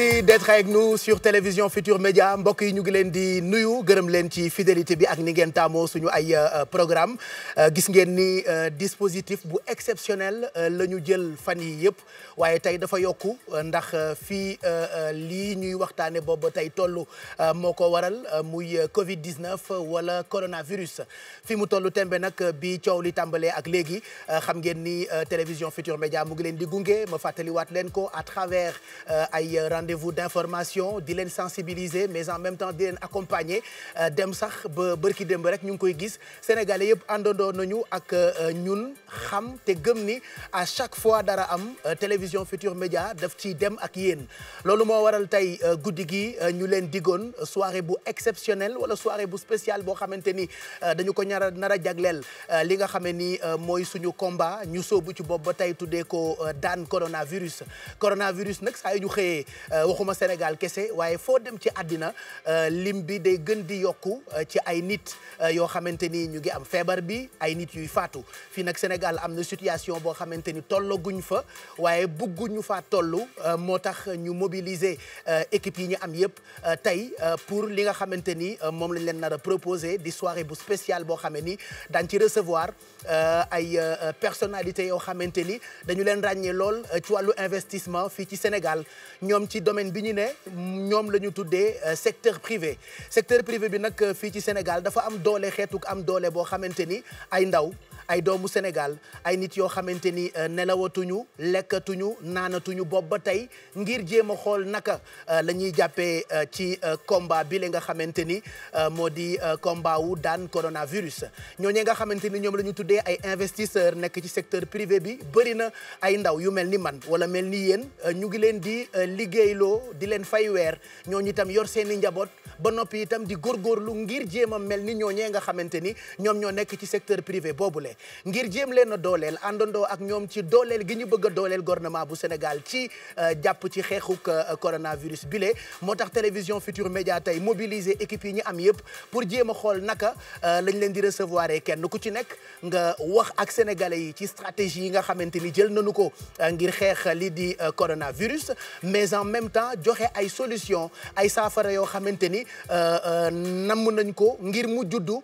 merci d'être avec nous sur télévision Futur Média mbokk yi ñu ngi leen di nuyu gërëm leen ci fidélité bi ak ni ngeen taamoo suñu ay euh, programme euh, gis ngeen ni euh, dispositif bu exceptionnel la ñu jël fan yi yëpp waaye tey dafa yokku euh, ndax euh, fii euh, lii ñuy waxtaane boobu tey toll moo ko waral muy Covid 19 wala coronavirus fi mu toll tembe nag bi coow li tàmbalee ak léegi xam ngeen ni télévision Futur Média mu ngi leen di gunge ma fàttaliwaat leen ko à travers ay rendez-vous d'information di leen sensibiliser mais en même temps di leen accompagner dem sax ba bërki démb rek ñu ngi koy gis sénégalais yëpp àndandoo nañu ak ñun xam te gëm ni à chaque fois dara am télévision télévision Futur Média daf ciy dem ak yéen loolu moo waral tey euh, guddi gi euh, ñu leen digoon soirée bu exceptionnelle wala soirée bu spéciale boo xamante ni euh, dañu ko ñara nar a jagleel li nga xamee ni mooy suñu combat ñu soobu ci bopp ba tey tuddee ko daan coronavirus coronavirus nag saa yu ñu xëyee waxuma Sénégal kese waaye foo dem ci àddina lim bi day gën di yokku ci ay nit yoo xamante ni ñu ngi am feebar bi ay nit yuy faatu fii nag Sénégal am na situation boo xamante ni tolloguñ fa bugguñu ñu faa toll euh, moo tax ñu mobiliser euh, équipe yi ñu am yëpp euh, tey pour li nga xamante ni moom lañ leen nar a proposer di soirée bu spéciale boo xamee ni dañ ci recevoir ay personnalités yoo xamante ni dañu leen ràññee lool ci wàllu investissement fii ci Sénégal ñoom ci domaine bi ñu ne ñoom la ñu tuddee secteur privé secteur privé bi nag fii ci Sénégal dafa am doole xeetuk am doole boo xamante ni ay ndaw ay doomu Sénégal ay nit yoo xamante ni euh, nelawatuñu lekkatuñu naanatuñu bopp ba tey ngir jéem a xool naka euh, la ñuy jàppee euh, ci combat bi li nga xamante ni moo di combat wu daan coronavirus. ñooñu nga xamante ni ñoom la ñu tuddee ay investisseurs nekk ci secteur privé bi bëri na ay ndaw yu mel ni man wala mel ni yéen ñu ngi leen di liggéeyloo di leen fay weer ñooñu itam yor seen i njaboot ba noppi itam di góorgóorlu ngir jéem a mel ni ñooñee nga xamante ni ñoom ñoo nekk ci secteur privé boobule. ngir jéem leen dooleel àndandoo ak ñoom ci dooleel gi ñu bëgg a dooleel gouvernement bu Sénégal ci euh, jàpp ci xeexuk euh, coronavirus bile moo tax télévision Futur Média tey mobilisé équipe yi ñu am yëpp pour jéem a xool naka euh, lañ leen di recevoir kenn ku ci nekk nga wax ak sénégalais yi ci stratégie yi nga xamante ni jël nañu ko ngir xeex lii di coronavirus mais en même temps joxe ay solution ay saafara yoo xamante ni namm nañ ko ngir mu juddu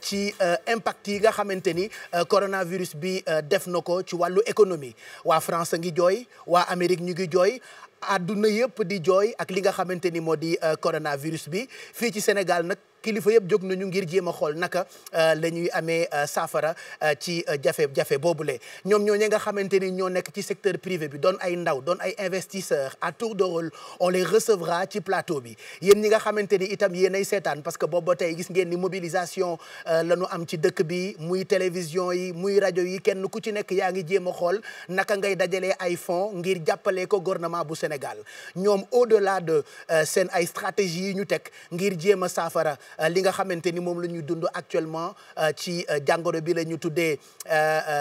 ci impact yi nga xamante ni Euh, coronavirus bi euh, def na ko ci wàllu économie waa France ngi jooy waa Amérique ñu ngi jooy àdduna yëpp di jooy ak li nga xamante ni moo di euh, coronavirus bi fii ci Sénégal nag kilifa yëpp jóg nañu ngir jéem a xool naka euh, la ñuy amee euh, saafara euh, ci jafe-jafe boobule ñoom ñoo ñi nga xamante ni ñoo nekk ci secteur privé bi doon ay ndaw doon ay investisseurs à tour de rôle on les recevra ci plateau bi yéen ñi nga xamante ni itam ay seetaan parce que booba tey gis ngeen ni mobilisation la ñu am ci dëkk bi muy télévision yi muy rajo yi kenn ku ci nekk yaa ngi jéem a xool naka ngay dajalee ay fonds ngir jàppale ko gouvernement bu Sénégal ñoom au-delà de seen ay stratégie yi ñu teg ngir jéem a saafara Euh, li nga xamante ni moom la ñu dund actuellement euh, ci euh, jàngoro bi la ñu tuddee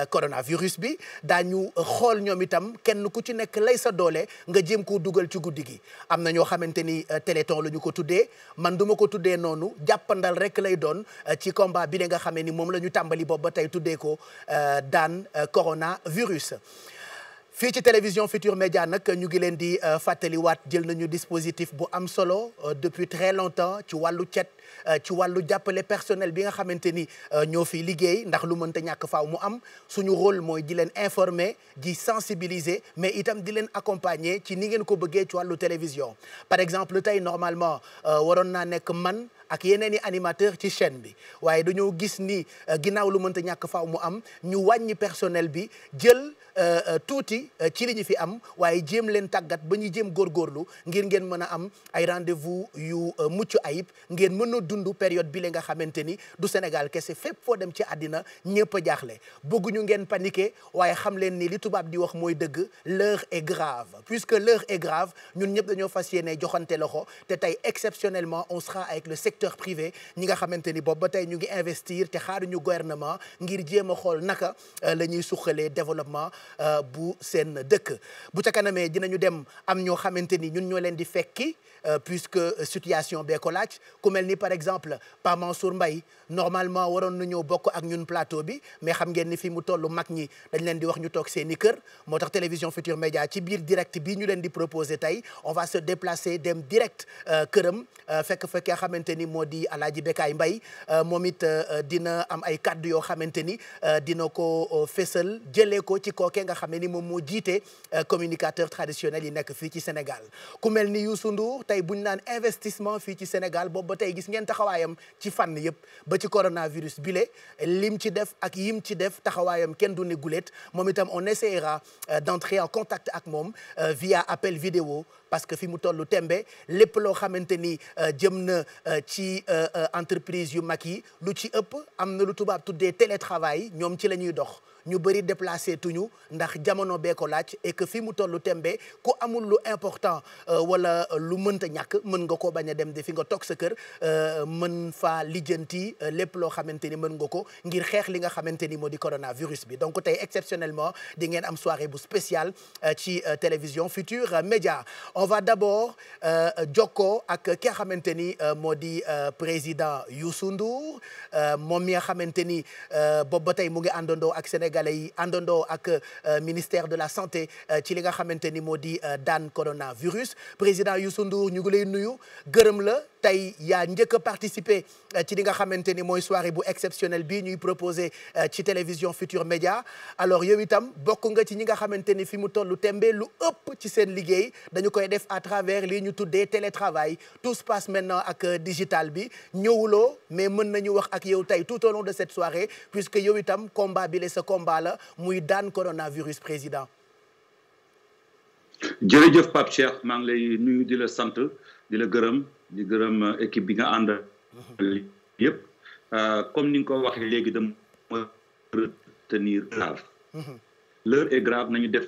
coronavirus bi daañu xool ñoom itam kenn ku ci nekk lay sa doole nga jéem koo dugal ci guddi gi am na ñoo xamante ni téléthon la ñu ko tuddee man duma ko tuddee noonu jàppandal rek lay doon ci combat bi la nga xamee ni moom la ñu tàmbali boobu ba tey tuddee ko daan coronavirus fii ci télévision Futur Média nag ñu ngi leen di fàttaliwaat jël nañu dispositif bu am solo depuis très longtemps ci wàllu cet Euh, ci wàllu jàppale personnel bi nga xamante ni euh, ñoo fi liggéey ndax lu mënta ñàkk faaw mu am suñu rôle mooy di leen informer di sensibiliser mais itam di leen accompagner ci ni ngeen ko bëggee ci wàllu télévision par exemple tey normalement euh, waroon naa nekk man ak yeneen i animateur ci chaîne bi waaye dañoo gis ni euh, ginnaaw lu mënta ñàkk faw mu am ñu wàññi personnel bi jël euh, euh, tuuti ci li ñu fi am waaye jéem leen tàggat ba ñu góor góorlu ngir ngeen mën a am ay rendez-vous yu mucc ayib ngeen mën a dund période bi la nga xamante ni du Sénégal kese fépp foo dem ci àddina ñëpp jaaxle bëgguñu ngeen paniquer waaye xam leen nii li tubaab di wax mooy dëgg l'heure est grave puisque l'heure est grave ñun ñëpp dañoo fas yéene joxante loxo te tey exceptionnellement on sera avec le secteur secteur privé ñi nga xamante ni boobu ba tey ñu ngi investir te xaaruñu gouvernement ngir jéem a xool naka euh, la ñuy suqalee développement euh, bu seen dëkk bu ca kanamee dinañu dem am ñoo xamante ni ñun ñoo leen di fekki Euh, puisque euh, situation bee ko laaj ku mel ni par exemple Pa Mansour mbay normalement waroon na ñëw bokk ak ñun plateau bi mais xam ngeen ni fi mu toll mag ñi dañ leen di wax ñu toog seeni kër moo tax télévision Futur Média ci biir direct bi ñu leen di proposer tey on va se déplacer dem direct euh, këram fekk fekk nga xamante ni moo di Alaaji ay mbay moom it dina am ay kaddu yoo xamante ni dina ko fésal jëlee ko ci kookee nga xam ne ni moom moo jiite communicateur traditionnel yi nekk fii ci Sénégal tey buñ naan investissement fii ci Sénégal boobu ba tey gis ngeen taxawaayam ci fànn yëpp ba ci coronavirus bi le lim ci def ak yim ci def taxawaayam kenn du ne gulet moom itam on essaiera euh, d'entrer en contact ak moom euh, via appel vidéo parce que fi mu tollu tembe lépp loo xamante ni euh, jëm na euh, ci euh, entreprise yu mag yi lu ci ëpp am na lu tubaab tuddee télétravail ñoom ci la ñuy dox ñu bëri déplacé tuñu ndax jamono bee ko laaj et que fi mu tollu tembe ku amul lu important wala lu mënta ñàkk mën nga ko bañ a dem de fi nga toog sa kër mën faa lijjanti lépp loo xamante ni mën nga ko ngir xeex li nga xamante ni moo di coronavirus bi donc tey exceptionnellement di ngeen am soirée bu spéciale ci télévision Futur Média on va d'abord euh, jokko ak ki nga xamante ni euh, moo di euh, président Youssou Ndour moom mi nga xamante ni bob ba tey mu ngi àndandoo ak sénégalais yi àndandoo ak ministère de la santé ci li nga xamante ni moo di daan coronavirus président Youssou Ndour ñu ngi lay nuyu gërëm la. tey yaa njëkk a participer euh, ci li nga xamante ni mooy soirée bu exceptionnelle bii ñuy proposé euh, ci télévision Futur Média alors yow itam bokk nga ci ñi nga xamante ni fi mu tollu tembe lu ëpp ci seen liggéey dañu koy def à travers li ñu tuddee télétravail tout se passe maintenant ak euh, digital bi ñëwuloo mais mën nañu wax ak yow tey tout au long de cette soirée puisque yow itam combat bi la sa combat la muy daan coronavirus président sant di la gërëm di gërëm euh, équipe bi nga ànd yëpp euh, comme ni nga ko waxee léegi dama retenir grave l'heure est grave nañu def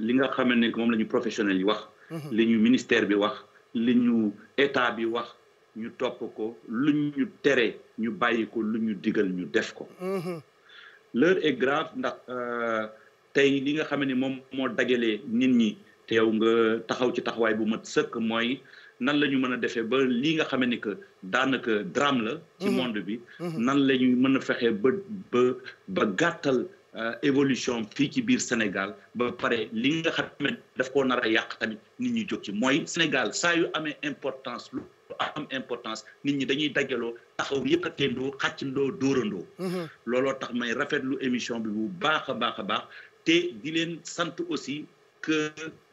li nga xam ne moom la ñu professionnels yi wax li ñu ministère bi wax li ñu état bi wax ñu topp ko lu ñu tere ñu bàyyi ko lu ñu digal ñu def ko l'heure est grave ndax euh, tey li nga xam ne moom moo dajalee nit ñi te yow nga taxaw ci taxawaay bu ma sëkk mooy nan la ñu mën a defee ba lii nga xamee ni que daanaka drame la. ci mhm. monde bi. Mhm. nan la ñuy mën a fexee ba ba ba gàttal euh, évolution fii ci biir Sénégal ba pare li nga xamee daf koo nar a yàq tamit nit ñi jóg ci mooy Sénégal saa yu amee importance lu am importance nit ñi dañuy dajaloo taxaw yëkkateendoo xàccandoo dóorandoo. Mhm. looloo tax may rafetlu émission bi bu baax a baax a baax te di leen sant aussi que.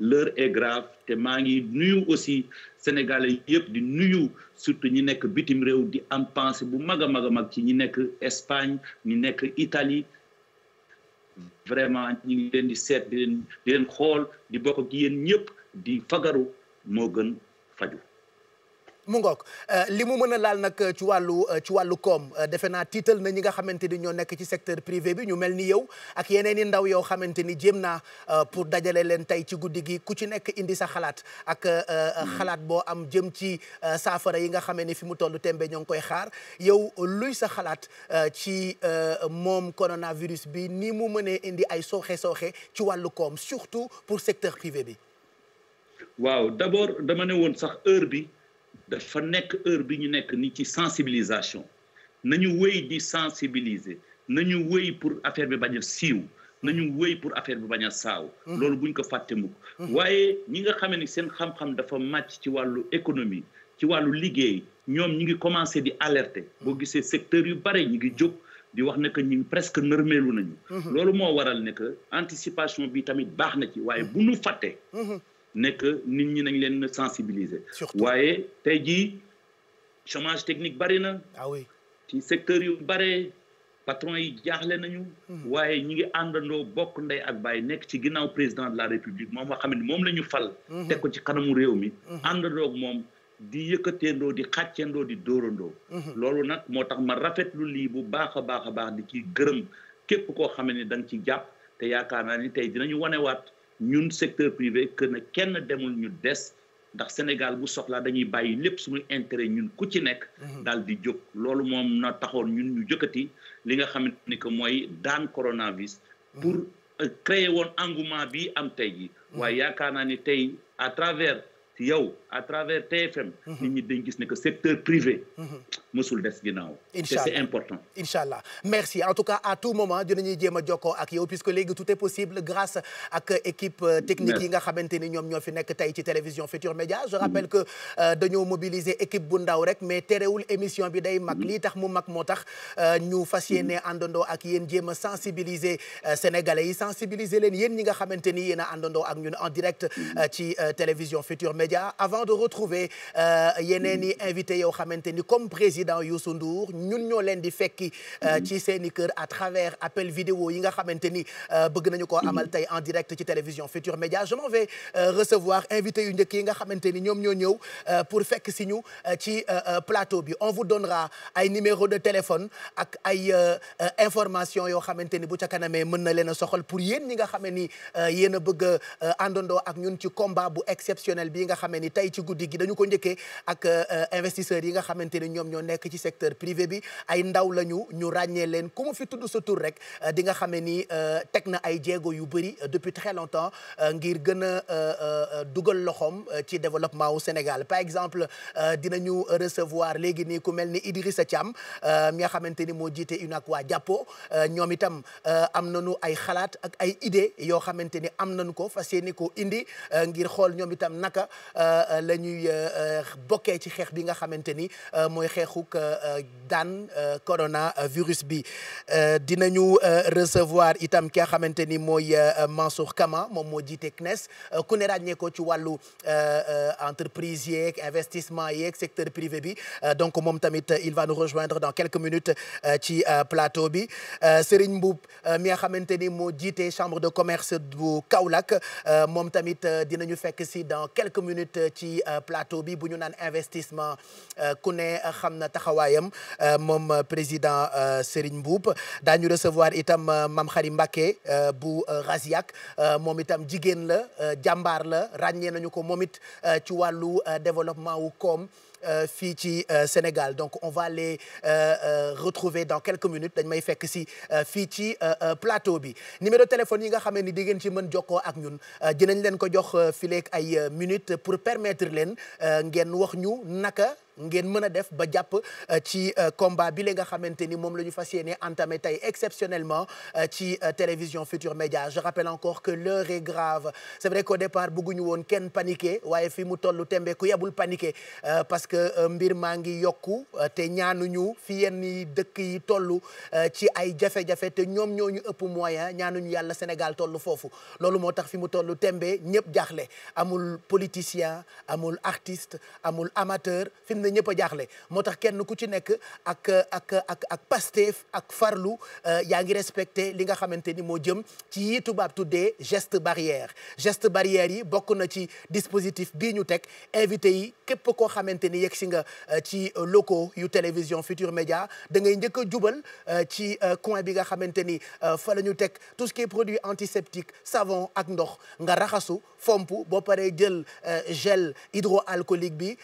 leur est grave te maa ngi nuyu aussi sénégalais yëpp di nuyu surtout ñi nekk bitim réew di am pensée bu mag a mag a mag ci ñi nekk Espagne ñi nekk Italie vraiment ñi ngi leen di seet di leen di leen xool di bokk ak yéen ñëpp di fagaru moo gën faju mu ngoog euh, li mu mën a laal nag euh, ci wàllu euh, ci wàllu koom defe naa tiital na ñi nga xamante ni ñoo nekk ci secteur privé bi ñu mel ni yow ak yeneen i ndaw yoo xamante ni jéem naa pour dajale leen tey ci guddi gi ku ci nekk indi sa xalaat ak xalaat boo am jëm ci saafara yi nga xamee ni fi mu toll tembe ñoo ngi koy xaar yow luy sa xalaat ci moom coronavirus bi nii mu mënee indi ay sooxe-sooxe ci wàllu koom surtout pour secteur privé bi waaw d'abord dama bi dafa nekk heure bi ñu nekk ni ci sensibilisation ñu wéy di sensibiliser ñu wéy pour affaire bi bañ a siiw na ñu wéy pour affaire bi bañ a saaw mm-hmm. loolu bu buñ ko fàtte mukk mm-hmm. waaye ñi nga xamee ni seen xam-xam dafa màcc ci wàllu économie ci wàllu liggéey ñoom ñi ngi commencé di alerter boo gisee secteur yu bare ñi ngi jóg di wax ne que ñu presque nërmeelu nañu mm-hmm. loolu moo waral ne anticipation bi tamit baax na ci waaye bu ñu fàtte nekk nit ñi nañ leen sensibiliser. waaye tey jii chômage technique bari na. ah oui ci secteur yu bare patron yi jaaxle nañu. Hmm. waaye ñi ngi àndandoo bokk ndey ak baay nekk ci ginnaaw président de la république moom nga xam ne moom lañu ñu fal. Hmm. teg ko ci kanamu réew mi. Hmm. àndandoo moom di yëkkateendoo di xàcceendoo di dóorandoo. loolu nag moo tax ma rafetlu lii bu baax a baax a baax di ci gërëm képp koo xam ne da ci jàpp te yaakaar naa ni tey dinañu wanewaat. ñun secteur privé que ne kenn demul ñu des ndax Sénégal bu soxla dañuy bàyyi lépp suñu intérêt ñun ku ci nekk. Mhm. daal di jóg loolu moom na taxoon ñun ñu jëkkati li nga xamante ni que mooy daan coronavirus. Mhm. pour euh, créer woon engument bi am tey ji mhm. waaye yaakaar naa ni tey à travers yow. à travers TFM. Mhm. nit ñi dañ gis mhm. incha allah c'est important. merci en tout cas à tout moment dinañuy jéem a jokkoo ak yow puisque léegi tout est possible grâce ak équipe euh, technique yi nga xamante ni ñoom ñoo fi nekk tey ci télévision Futur Média je mhm. rappelle que euh, dañoo mobiliser équipe bu ndaw rek mais terewul émission bi day mag li tax mu mag moo tax euh, ñu fas yéene àndandoo ak yéen jéem a sensibiliser sénégalais y sensibiliser leen yéen ñi nga xamante ni yéen a àndandoo ak ñun en direct ci télévision Futur temps de retrouver euh, yeneen i invité yoo xamante ni comme président Youssou Ndour ñun ñoo leen di fekki euh, mm-hmm. ci seen kër à travers appel vidéo yi nga xamante ni euh, bëgg nañu ko amal mm-hmm. tey en direct ci télévision Futur Média je m'en vais recevoir invité yu njëkk yi nga xamante ni ñoom ñoo ñëw pour fekk si ñu ci plateau bi on vous donnera ay numéro de téléphone ak ay information yoo xamante ni bu ca kanamee mën na leen a soxol pour yéen ñi nga xamee ni yéen a bëgg a ak ñun ci combat bu exceptionnel bi nga xamee ci guddi gi dañu ko njëkkee ak euh, investisseurs yi nga xamante ni ñoom ñoo nekk ci secteur privé bi ay ndaw lañu ñu ràññee leen ku mu fi tudd sa tur rek euh, di nga xamee ni euh, teg na ay jéego yu bëri depuis très longtemps ngir gën a dugal loxoom ci développement wu Sénégal par exemple dina ñu recevoir léegi nii ku mel ni Idrissa Thiam mi nga xamante ni moo jiite waa Jàppo ñoom itam am nañu ay xalaat ak ay idée yoo xamante ni am nañu ko fas yéene ko indi ngir xool ñoom itam naka la ñuy euh, euh, bokkee ci xeex bi nga xamante ni euh, mooy xeexuk daan coronavirus bi dina dinañu recevoir itam ki nga xamante ni mooy Mansour Kama moom moo jiite CNES ku ne ràññee ci wàllu entreprise yeeg investissement yeeg secteur privé bi donc moom tamit il va nous rejoindre dans quelques minutes ci plateau bi Serigne Mboup mi nga xamante ni moo jiite chambre de commerce bu Kaolack moom tamit dinañu fekk si dans quelques minutes ci ci euh, plateau bi bu ñu naan investissement euh, ku ne euh, xam na taxawaayam moom président Serigne Mboup daañu recevoir itam Mame Khary Mbacké bu Raziak moom itam jigéen la jàmbaar la ràññee nañu ko moom it ci wàllu développement wu koom Euh, fii ci euh, Sénégal donc on va les euh, retrouver dans quelques minutes dañ may fekk si fii ci plateau bi numéro téléphone yi nga xam ni di ngeen ci mën jokkoo ak ñun dinañ leen ko jox fileeg ay minutes pour permettre leen ngeen wax ñu naka ngeen mën a def ba jàpp euh, ci euh, combat bi la nga xamante ni moom la ñu fas yéene entamé tey exceptionnellement euh, ci télévision Futur Média je rappelle encore que leur est grave c'est vrai qu'au départ bëgguñu woon kenn paniqué waaye fi mu tollu tembe ku yebul paniqué parce que mbir maa ngi yokku te ñaanu ñaanuñu fi yenn dëkk yi toll ci ay jafe-jafe te ñoom ñoo ñu ëpp moyen ñaanuñu yàlla Sénégal toll foofu loolu moo tax fi mu toll tembe ñëpp jaaxle amul politicien ne ñëpp a jaaxle moo tax kenn ku ci nekk ak ak ak ak Pastef ak farlu euh, yaa ngi respecté li nga xamante ni moo jëm ci yi tubaab tuddee geste barrière geste barrière yi bokk na ci dispositif bii ñu teg invité yi képp koo xamante ni yegg si nga euh, ci euh, loco yu télévision Futur Média da ngay njëkk a jubal ci coin bi nga xamante ni fa la ñu teg tout ce qui est produit antiseptique savon ak ndox nga raxasu fomp boo paree jël gel hydroalcoolique bi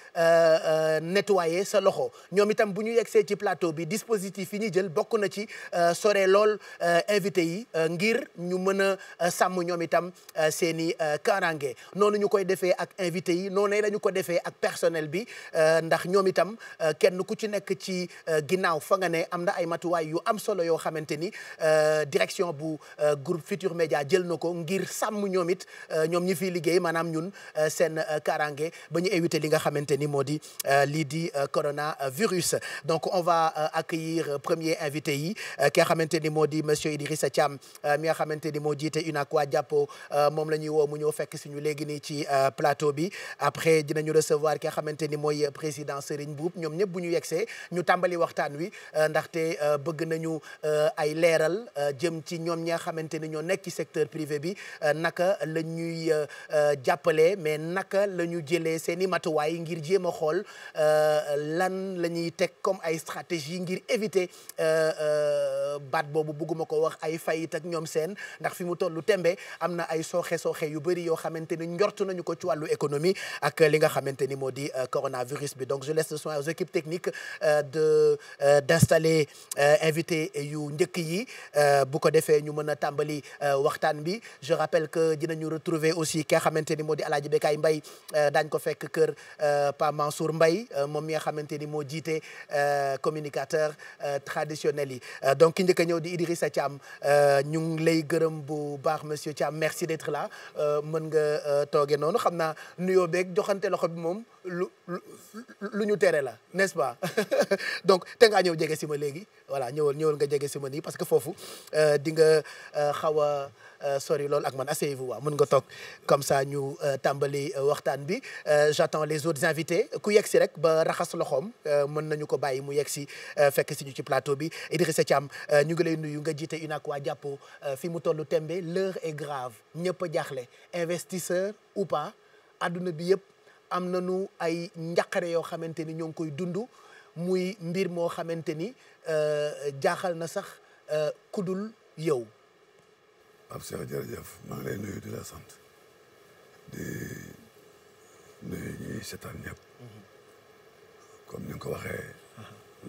nettoyer sa loxo ñoom itam bu ñu yegsee ci plateau bi dispositif yi ñuy jël bokk na ci euh, sore lool euh, invité yi euh, ngir ñu mën a sàmm ñoom itam seen i kaaraange noonu ñu koy defee ak invité yi noonu la ñu ko defee ak personnel bi ndax ñoom itam kenn ku ci nekk ci ginnaaw fa nga ne am na ay matuwaay yu am solo yoo xamante ni direction bu groupe Futur Média jël na ko ngir sàmm ñoom it ñoom ñi fiy liggéey maanaam ñun seen karange ba ñu éviter li nga xamante ni moo di lii di euh, coronavirus donc on va euh, accueillir euh, premier invité yi ki nga xamante ni moo di monsieur Idrissa Thiam mi nga xamante ni moo jiite waa Jàppo moom la ñuy woo mu ñëw fekk suñu léegi nii ci plateau bi après dinañu recevoir ki nga xamante ni mooy président Serigne Mboup ñoom ñëpp bu ñu yegsee ñu tàmbali waxtaan wi ndaxte bëgg nañu ay leeral jëm ci ñoom ñi nga xamante ni ñoo nekk ci secteur privé bi naka la ñuy jàppale mais naka lañu jële jëlee seen i matuwaay ngir jéem a xool Euh, lan la ñuy teg comme ay stratégie ngir éviter euh, euh, baat boobu bugguma ko wax ay faillite ak ñoom seen ndax fi mu tollu tembe am na ay sooxe sooxe yu bëri yoo xamante ni njort nañu ko ci wàllu économie ak li nga xamante ni moo di coronavirus bi donc je laisse le soin aux équipes techniques de d'installer invité yu njëkk yi bu ko defee ñu mën a tàmbali waxtaan bi je rappelle que dinañu retrouver aussi ki nga xamante ni moo di Alaaji Bekaay Mbay daañ ko fekk kër Pa Mansour Mbay Euh, moom mi xamante ni moo jiite euh, communicateur euh, traditionnel yi donc ki njëkk a ñëw di Idrissa Thiam ñu lay gërëm bu baax monsieur Thiam merci de d'être là mën nga tooge noonu xam naa nuyoo beeg joxante loxo bi moom lu lu lu ñu tere la n'est-ce pas donc te ngaa ñëw jege si ma léegi voilà ñëwal ñëwal nga jege si ma nii parce que foofu di nga Euh, sori loolu ak man asseyez-vous waaw mën nga toog comme ça ñu euh, tàmbali euh, waxtaan bi j'attends les autres invités ku yegg si rek ba raxas loxoom mën nañu ko bàyyi mu yegg si fekk si ñu ci plateau bi i Idrissa Thiam ñu ngi lay nuyu nga jiite waa jàppoo fi mu tollu tembe leur est grave ñëpp a jaaxle investisseur ou pas adduna bi yëpp am na nu ay njaqare yoo xamante ni ñoo ngi koy dund muy mbir moo xamante ni jaaxal na sax kudul yow ab Cheikh jërëjëf maa nuyu di la sant di nuyu ñuy seetaan ñëpp comme ni nga ko waxee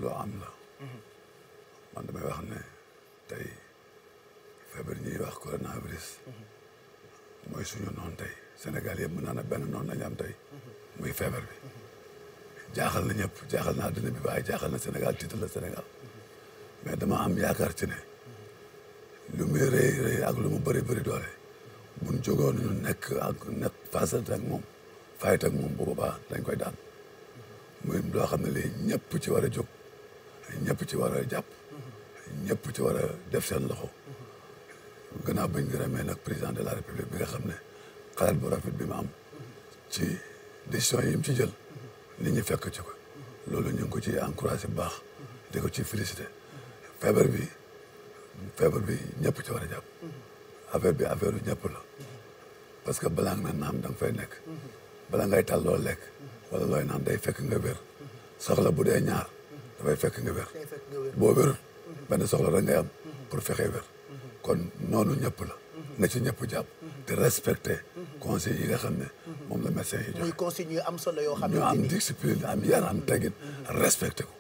loo am la man damay wax ne tey feebar ñuy wax coronavirus mooy suñu noon tey Sénégal yëpp mën naa ne benn noonu lañu am tey muy feebar bi jaaxal na ñëpp jaaxal na àddina bi waaye jaaxal na Sénégal tiital la Sénégal mais dama am yaakaar ci ne lu muy rëy rëy ak lu mu bëri bëri doole buñ jógoon ñu nekk ak nekk fasant ak moom fayit ak moom bu boobaa dañ koy daan muy loo xam ne lii ñëpp ci war a jóg ñëpp ci war a jàpp ñëpp ci war a def seen loxo gannaaw bañ gërëmee nag président de la république bi nga xam ne xalaat bu rafet bi ma am ci décision yi ci jël nit ñi fekk ci ko loolu ñu ngi ko ci encouragé bu baax di ko ci félicité feebar bi feebar bi ñëpp ci a jàpp. affaire bi affaire bi ñëpp la. parce que balaa nga naan da nga fay nekk. balaa ngay tal loo lekk. wala looy naan day fekk nga wér. soxla bu dee ñaar. dafay fekk nga wér. boo wérul benn soxla rek ngay am. pour fexe wér. kon noonu ñëpp la. na ci ñëpp jàpp. te respecté conseils yi nga xam ne moom la médecin yi joxe. muy am solo am yar am teggin respecté ko.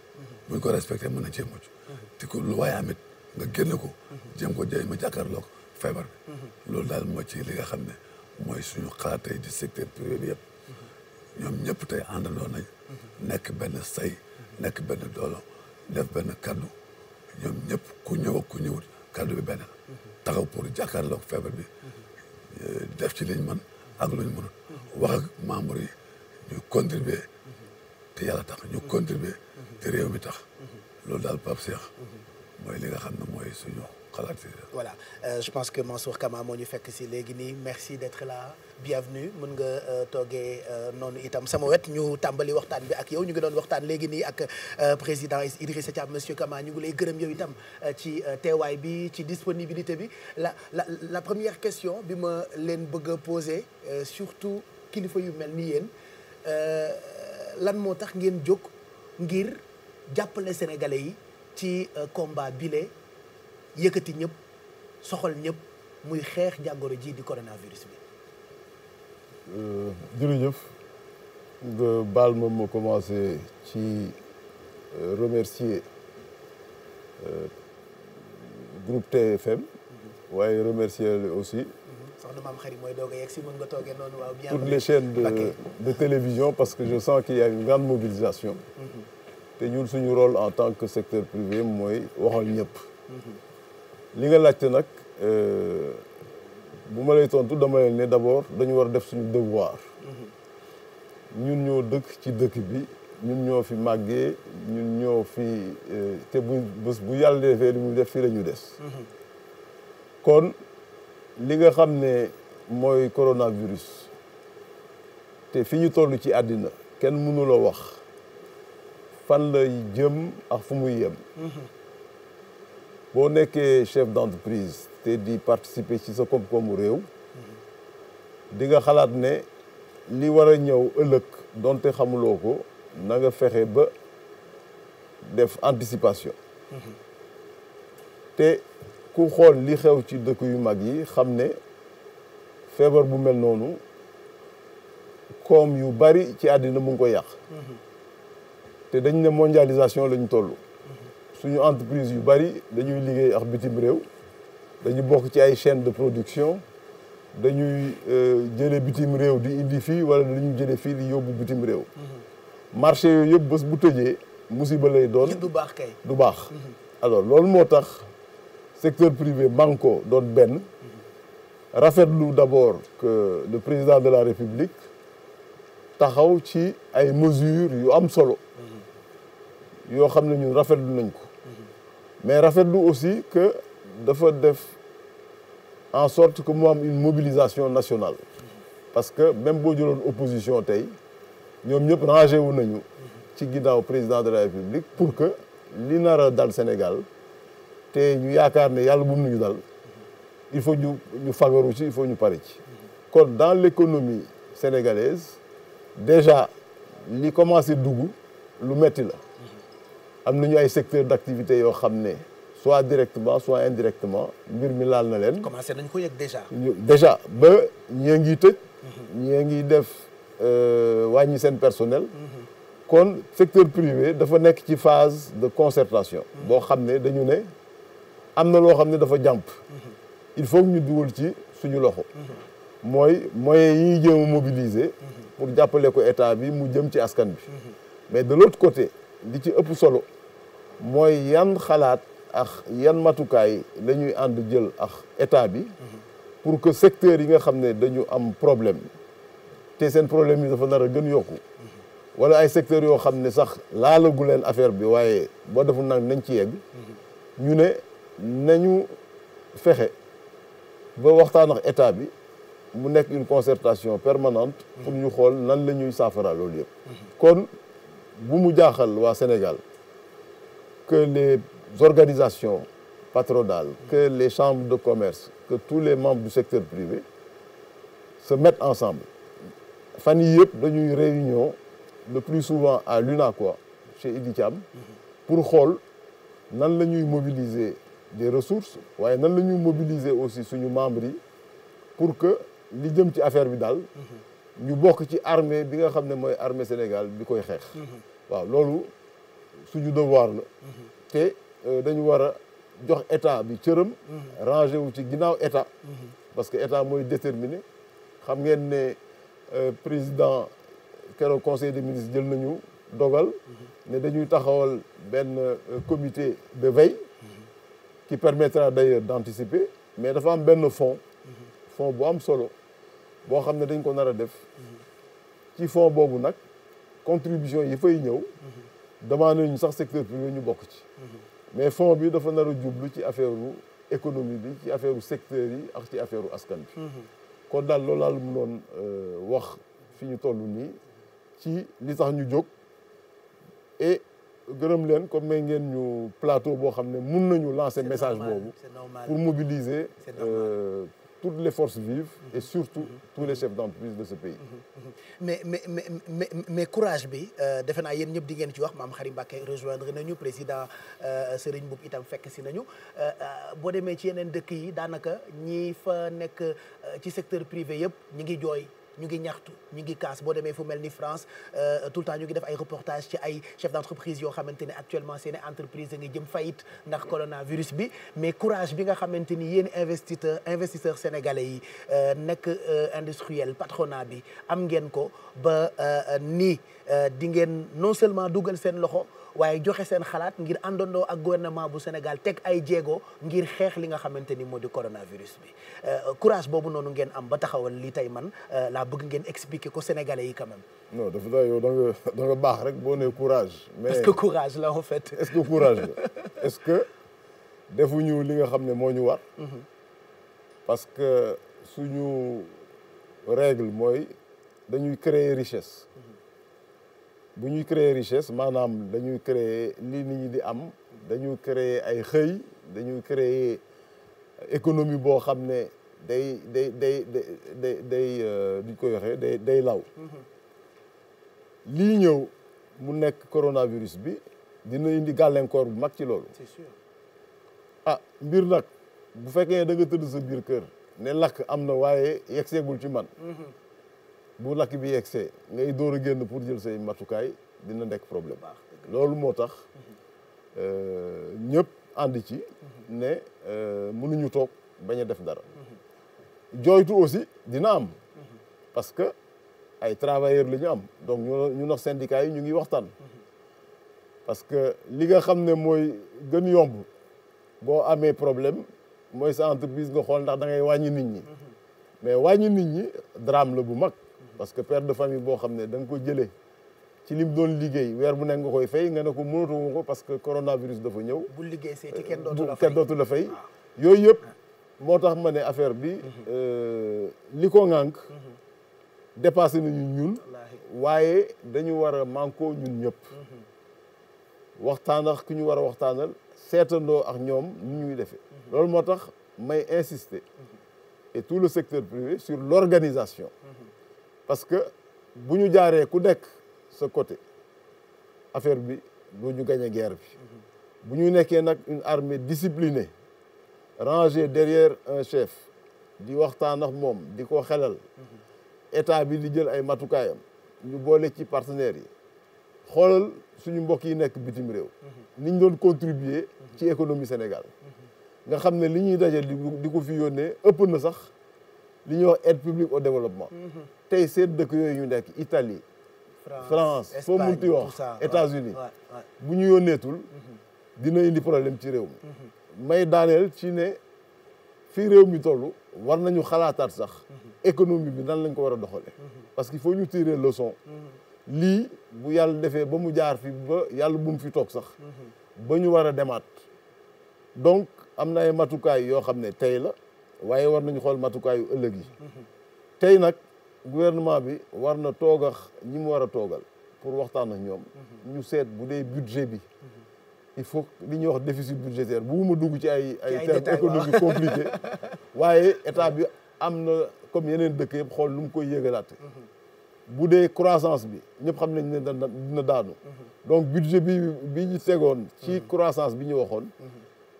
buñ ko respecté mën na cee mucc. te ku lu waaye nga génne ko jéem ko jaay ma jàkkaarloog feebar bi loolu daal moo ci li nga xam ne mooy suñu xalaat tey di secteur privé bi yëpp ñoom ñëpp tey àndandoo nañ nekk benn say nekk benn doolo def benn kaddu ñoom ñëpp ku ñëw ak ku ñëwut kaddu bi benn taxaw pour jàkkaarloog feebar bi def ci liñ man ak luñ mënut wax yi ñu contribuer te yàlla tax réew mi tax loolu daal Pape Cheikh mooy li nga xam ne mooy suñu xalaat si. voilà euh, je pense que Mansour kamaa moo ñu fekk si léegi nii merci d'être là bienvenue mën nga euh, toogee euh, noonu itam sama wet ñu tàmbali waxtaan bi ak yow ñu ngi doon waxtaan léegi nii ak président Idrissa am monsieur Kama ñu ngi lay gërëm yow itam ci teewaay bi ci disponibilité bi la la la première question bi ma leen bëgg a poser surtout kilifa yu mel ni yéen lan moo tax ngeen jóg ngir jàppale sénégalais yi. ci euh, combat bile yëkkati ñëpp soxal ñëpp muy xeex jàngoro ji di coronavirus bi. Euh, jërëjëf nga baal ma ma commencé ci euh, remercier groupe TFM. Mhm. waaye remercier aussi. Mhm. soxna maam xarit mooy doog a yegg si mën nga toogee noonu waaw. bien toutes les chaînes de parce que je sens qu'il y a une grande mobilisation. Mhm. te ñun suñu rôle en tant que secteur privé mooy waxoon ñëpp. li nga laajte nag euh, bu ma lay tontu dama leen ne d'abord dañu war def suñu devoir. ñun ñoo dëkk ci dëkk bi ñun ñoo fi màggee ñun ñoo fi euh, te bu bés bu yàlla defee li muy def fii la ñu des. kon li nga xam ne mooy coronavirus te fi ñu toll ci àddina kenn mënuloo wax. fan la jëm ak fu muy yem mhm. boo nekkee chef d'entreprise te di participer ci sa koom-koomu réew mhm. di nga xalaat ne li war a ñëw ëllëg donte xamuloo ko na nga fexe ba def anticipation mhm. te ku xool li xew ci dëkk yu mag yi xam ne feebar bu mel noonu koom yu bari ci àddina mu ngi ko yàq te dañ ne mondialisation lañ toll suñu entreprise yu bari dañuy liggéey ak bitim réew dañu bokk ci ay chaîne de production dañuy euh, jële bitim réew di indi fii wala dañu jële fii di yóbbu bitim réew mm-hmm. marché yooyu yëpp bës bu tëjee musiba lay doon du baax kay du baax mm-hmm. alors loolu moo tax secteur privé banco doon benn mm-hmm. rafetlu d'abord que le président de la république taxaw ci ay mesures yu am solo yoo xam ne rafet lu nañ ko mais rafetlu aussi que dafa def en sorte que mu am une mobilisation nationale parce que même boo jëloon opposition tey ñoom ñëpp rangé wu nañu ci ginnaaw président de la république pour que li nar a dal Sénégal te ñu yaakaar ne yàlla mun mu ñu dal il faut ñu ñu fagaru ci il faut ñu pare ci kon dans l'économie sénégalaise déjà li commencé dugg lu metti la am ñu ay secteur d' activité yoo xam ne soit directement soit indirectement mbir mi laal na leen. commencé nañ ko yëg déjà. déjà ba ñee ngi tëj. ñee ngi def euh, wàññi seen personnel. kon secteur privé dafa nekk ci phase de concertation. boo xam ne dañu ne am na loo xam ne dafa jàmp. il faut ñu dugal ci suñu loxo. mooy moyens yi ñuy jéem a pour jàppale ko état bi mu jëm ci askan bi. mais de l' côté. li ci ëpp solo mooy yan xalaat ak yan matukaay lañuy ànd jël ak état bi pour que secteur yi nga xam ne dañu am problème te seen problème yi dafa nar a gën yokku wala ay secteurs yoo xam ne sax laalagu leen affaire bi waaye boo deful nag nañ ci yegg ñu ne nañu fexe ba waxtaan ak état bi mu nekk une concertation permanente pour ñu xool nan la ñuy saafara loolu yëpp bu mu jaaxal waa Sénégal que les organisations patronales que les chambres de commerce que tous les membres du secteur privé se mettent ensemble fan yi yëpp dañuy réunion le plus souvent à l'UNACOIS chez Idi Thiam pour xool nan la ñuy mobiliser des ressources waaye nan la ñuy mobiliser aussi suñu membres yi pour que li jëm ci affaire bi daal ñu bokk ci armée bi nga xam ne mooy armée Sénégal bi koy xeex waaw loolu suñu devoir la mhm. te euh, dañu war a jox état bi cëram mhm. rangé wu ci ginnaaw état mhm. parce que état mooy déterminé xam ngeen ne euh, président keroog conseil des ministres jël nañu dogal ne dañuy taxawal benn euh, comité de veille qui permettra d'ailleurs d'anticiper mais dafa am benn fonds fonds bu am solo boo xam ne dañ ko nar a def ci fonds boobu nag contribution yi fay ñëw demandé ñu sax secteur privé ñu bokk ci mais fonds bi dafa nar a jublu ci affaire économie bi ci affaire secteur yi ak ci affaire askan bi kon daal loolu daal mu euh, wax fi ñu toll nii ci li sax ñu jóg et gërëm leen comme may ngeen ñu plateau boo xam ne mun nañu lancer message boobu pour mobiliser toutes les forces vives et surtout tous les chefs d'entreprise de ce pays. Mhm, mhm. mais mais mais mais, mais courage bi euh, defe naa yéen ñëpp di ci wax maam Xarim Mbàkke rejoindre nañu président euh, Serigne Mboup itam fekk si nañu euh, boo demee ci yeneen dëkk yi daanaka ñi fa nekk ci secteur privé yëpp ñi ngi jooy. ñu ngi ñaxtu ñu ngi kaas boo demee fu mel ni France euh, tout le temps ñu ngi def ay reportage ci ay chef d'entreprise yoo xamante ne actuellement seen entreprise a ngi jëm faillite ndax coronavirus bi mais courage bi nga xamante ni yéen investisseur investisseur sénégalais yi euh, nekk euh, industriel patronat bi am ngeen ko ba nii di ngeen non seulement dugal seen loxo waaye joxe seen xalaat ngir àndandoo ak gouvernement bu Sénégal teg ay jéego ngir xeex li nga xamante ni moo di coronavirus bi Euh, courage boobu noonu ngeen am ba taxawal li tey man euh, laa bëgg ngeen expliquer ko sénégalais yi quand même. non dafa daa yow da baax rek boo nee courage. mais est-ce que courage la en fait. est-ce que courage la est-ce que defuñu li nga xam ne moo ñu war. Mhm. parce que suñu règle mooy dañuy créer richesse. Mhm. bu ñuy créer richesse maanaam dañuy créer li nit ñi di am dañuy créer ay xëy dañuy créer. économie boo xam ne day day day day day duñ euh, koy waxee day day law mm-hmm. lii ñëw mu nekk coronavirus bi dina indi gàllankoor bu mag ci loolu c'est sûr ah mbir nag bu fekkee danga nga tëdd sa biir kër ne lakk am na waaye yeggseegul ci man mm-hmm. bu lakk bi yeggsee ngay door a génn pour jël say matukaay dina nekk problème loolu moo tax mm-hmm. euh, ñëpp ànd ci ne euh, mënuñu toog bañ a def dara jooytu aussi dina am parce que ay travailleurs la ñu am donc ñu nax syndicats yi ñu ngi waxtaan parce que li nga xam ne mooy gën yomb boo amee problème mooy sa entreprise nga xool ndax da ngay wàññi nit ñi mais wàññi nit ñi drame la bu mag parce que père de famille boo xam ne da nga ko jëlee ci doon liggéey weer bu nekk nga koy fay nga ne ko mënatuma ko parce que coronavirus dafa ñëw. bu liggéey seeti kenn dootu la fay kenn ah. dootu yooyu yëpp moo tax ma ne affaire bi mhm. euh, li ko ŋànk mhm. dépassé nañu ñun waaye dañu war a mànkoo ñun ñëpp mhm. waxtaan ak ku ñu war a waxtaanal seetandoo ak ñoom ni ñuy defee loolu moo tax may insister et tout le secteur privé sur l'organisation parce que bu ñu jaaree ku nekk sa côté affaire bi doo ñu gagné guerre bi bu ñu nekkee nag une armée disciplinée rangée derrière un chef di waxtaan ak moom di ko xelal état bi di jël ay matukaayam ñu boole ci partenaires yi xoolal suñu mbokk yi nekk bitim réew niñ doon contribuer ci économie Sénégal nga xam ne li ñuy dajal di ko fi yónnee ëpp na sax li ñuy wax aide publique au développement mhm. tey seen dëkk yooyu ñu nekk Italie France foo munti wax États-Unis bu ñu yónneetul mm-hmm. dina indi problème ci réew mi mm-hmm. may daaneel ci ne fii réew mi toll war nañu xalaataat sax mm-hmm. économie bi nan lañ ko war a doxalee parce que foo ñu tirer leçon lii bu yàll defee ba mu jaar fi ba yàlla bum fi toog sax ba ñu war a demaat donc am na ay matukaay yoo xam ne tey la waaye war nañu xool matukaayu ëllëg yi tey nag gouvernement bi war na toog ak ñi mu war a toogal pour waxtaan ak ñoom. Mhm. ñu seet bu dee budget bi. il faut li ñu wax déficit bu bugguma dugg ci ay. ay termes économiques waaye état bi am na comme yeneen dëkk yëpp xool lu mu koy yëgalaate. Mhm. bu dee croissance bi ñëpp xam nañ ne dina daanu. Mhm. donc budget bi bi ñu tegoon. ci croissance bi ñu waxoon.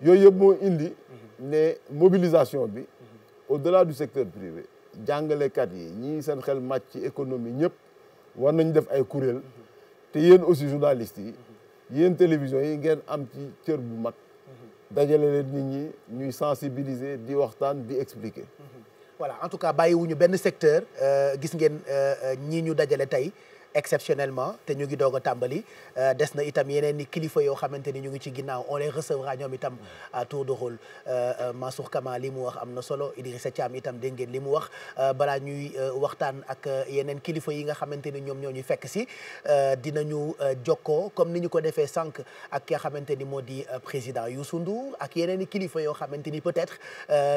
yooyu yëpp moo indi. ne mobilisation bi. au delà du secteur privé. jàngalekat yi ñii seen xel màcc ci économie ñëpp war nañ def ay kuréel te yéen aussi journalistes yi yéen télévision yi ngeen am ci cër bu mag dajale leen ñi ñuy sensibiliser di waxtaan di expliquer voilà en tout cas bàyyiwuñu benn secteur euh, gis ngeen euh, euh, ñii ñu dajale tey exceptionnellement te ñu ngi doog tàmbali euh, des na itam yeneen ni kilifa yoo xamante ni ñu ngi ci ginnaaw on les recevra ñoom itam à tour de rôle euh, euh, Kama li mu wax am na solo Idrissa Thiam itam dégg ngeen li mu wax balaa ñuy waxtaan ak yeneen kilifa yi nga xamante ni ñoom ñoo ñu fekk si dina ñu jokkoo comme ni ñu ko defee sànq ak ki nga xamante ni moo di président yu Ndour ak yeneen i kilifa yoo xamante ni peut-être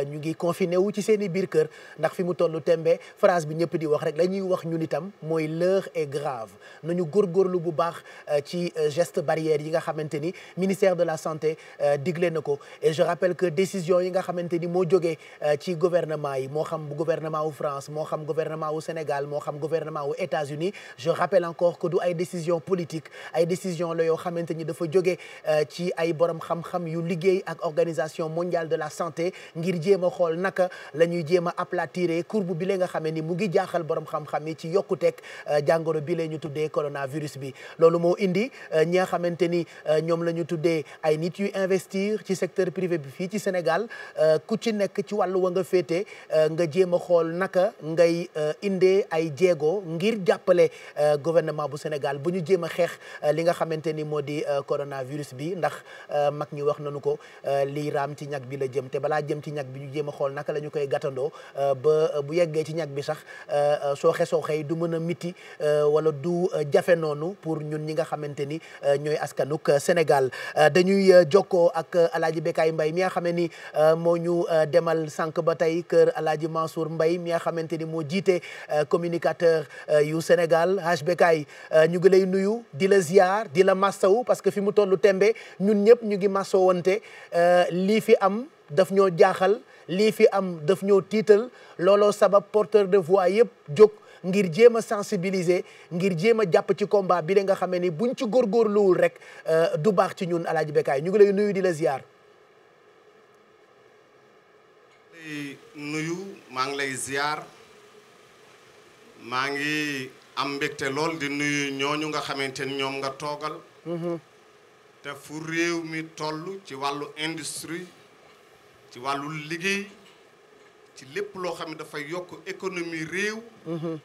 ñu ngi confiné wu ci seen i biir kër ndax fi mu tollu tembe phrase bi ñëpp di wax rek la ñuy wax ñun itam mooy l'heure est grave nañu góorgóorlu bu baax euh, ci euh, geste barrière yi nga xamante ni ministère de la santé euh, digle na ko et je rappelle que décision yi nga xamante ni moo joge ci gouvernement yi moo xam gouvernement wu France moo xam gouvernement wu Sénégal moo xam gouvernement wu États-Unis je rappelle encore que du ay décision politique ay décision la yoo xamante ni dafa joge ci ay borom xam-xam yu liggéey ak organisation mondiale de la santé ngir jéem a xool naka lañuy ñuy jéem a aplatir courbe bi la nga borom xam yi ci yokkuteeg bi la ñu tuddee coronavirus bi loolu moo indi euh, ñi nga xamante ni euh, ñoom la ñu tuddee ay nit yu investir ci secteur privé bi fii ci Sénégal euh, ku ci nekk ci wàllu wa nga féete nga jéem a xool naka ngay indee ay jéego ngir jàppale gouvernement bu Sénégal bu ñu jéem a xeex li nga xamante ni moo di coronavirus bi ndax mag ñi wax nañu ko lii ci ñag bi la jëm te balaa jëm ci ñag bi ñu jéem a xool naka la ñu koy gàttandoo ba bu yeggee ci ñag bi sax soo xesoo xëy du mën loola du euh, jafe noonu pour ñun ñi nga xamante ni euh, ñooy askanuk euh, Sénégal dañuy jokkoo ak alaaji Bekaay mbay mi nga xam ne ni moo ñu demal sànq ba tey kër alaaji Mansour Mbaye mi nga xamante ni moo jiite communicateur yu Sénégal HBK ñu ngi lay nuyu di la ziar di la massawu parce que fi mu tollu tembe ñun ñëpp ñu ngi massoo wante lii fi am daf ñoo jaaxal lii fi am daf ñoo tiital looloo sabab porteur de voix yëpp jóg ngir jéem a sensibiliser ngir jéem a jàpp ci combat bi la nga xamee ni buñ ci góorgóorluwul rek euh, du baax ci ñun alaaji Bécaye ñu ngi lay nuyu di la nuyu maa ngi lay ziar maa ngi am mbégte lool di nuyu ñooñu nga xamante ni ñoom nga toogal. Mm-hmm. te fu réew mi toll ci wàllu industrie ci wàllu liggéey ci lépp loo xam ne dafay yokk économie réew. Mm-hmm.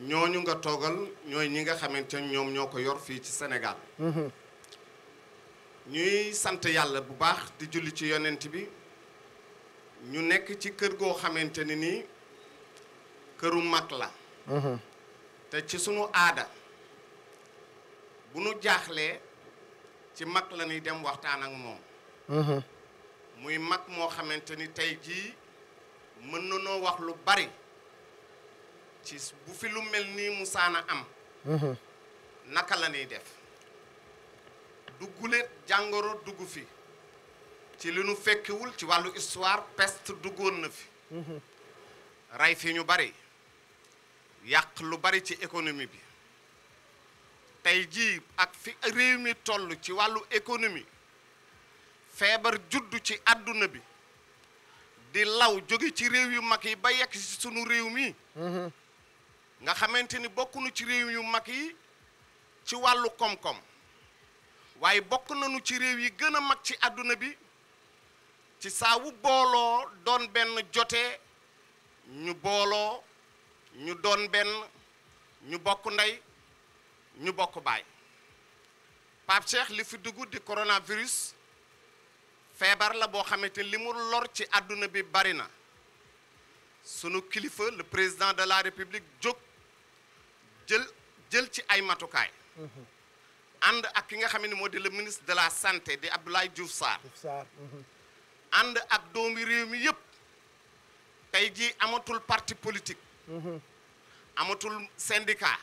ñooñu nga toogal ñooy ñi nga xamante ñoom ñoo ko yor fii ci Sénégal mhm. ñuy sant yàlla bu baax di julli ci yenent bi ñu nekk ci kër goo xamante ne nii këru mag la mhm. te ci sunu aada bu nu jaaxlee ci mag la ñuy dem waxtaan ak moom mhm. muy mag moo xamante ni tey jii mën na noo wax lu bari ci bu fi lu mel nii mu saana am mhm. naka la ñuy def dugguleet jàngoro dugg fi ci li nu fekkiwul ci wàllu histoire peste duggoon na fi mhm. rey fi ñu bari yàq lu bari ci économie bi tey jii ak fi réew mi toll ci wàllu économie feebar juddu ci àdduna bi di law jóge ci réew yu mag yi ba yegg ci sunu réew mi mhm. nga xamante ni bokkunu ci réew yu mag yi ci wàllu koom waaye bokk nañu ci réew yi gën a mag ci àdduna bi ci saawu booloo doon benn jotee ñu booloo ñu doon benn ñu bokk ndey ñu bokk baay Pape Cheikh li fi dugg di coronavirus feebar la boo xamante li mu lor ci àdduna bi bari na sunu kilifa le président de la république jóg jël jël ci ay matukaay. Mm-hmm. ànd ak ki nga xam ni moo di le ministre de la santé di Abdoulaye Diouf Sarr. Mm-hmm. ànd ak doomi réew mi yëpp. tey jii amatul parti politique. Mm-hmm. amatul syndicat.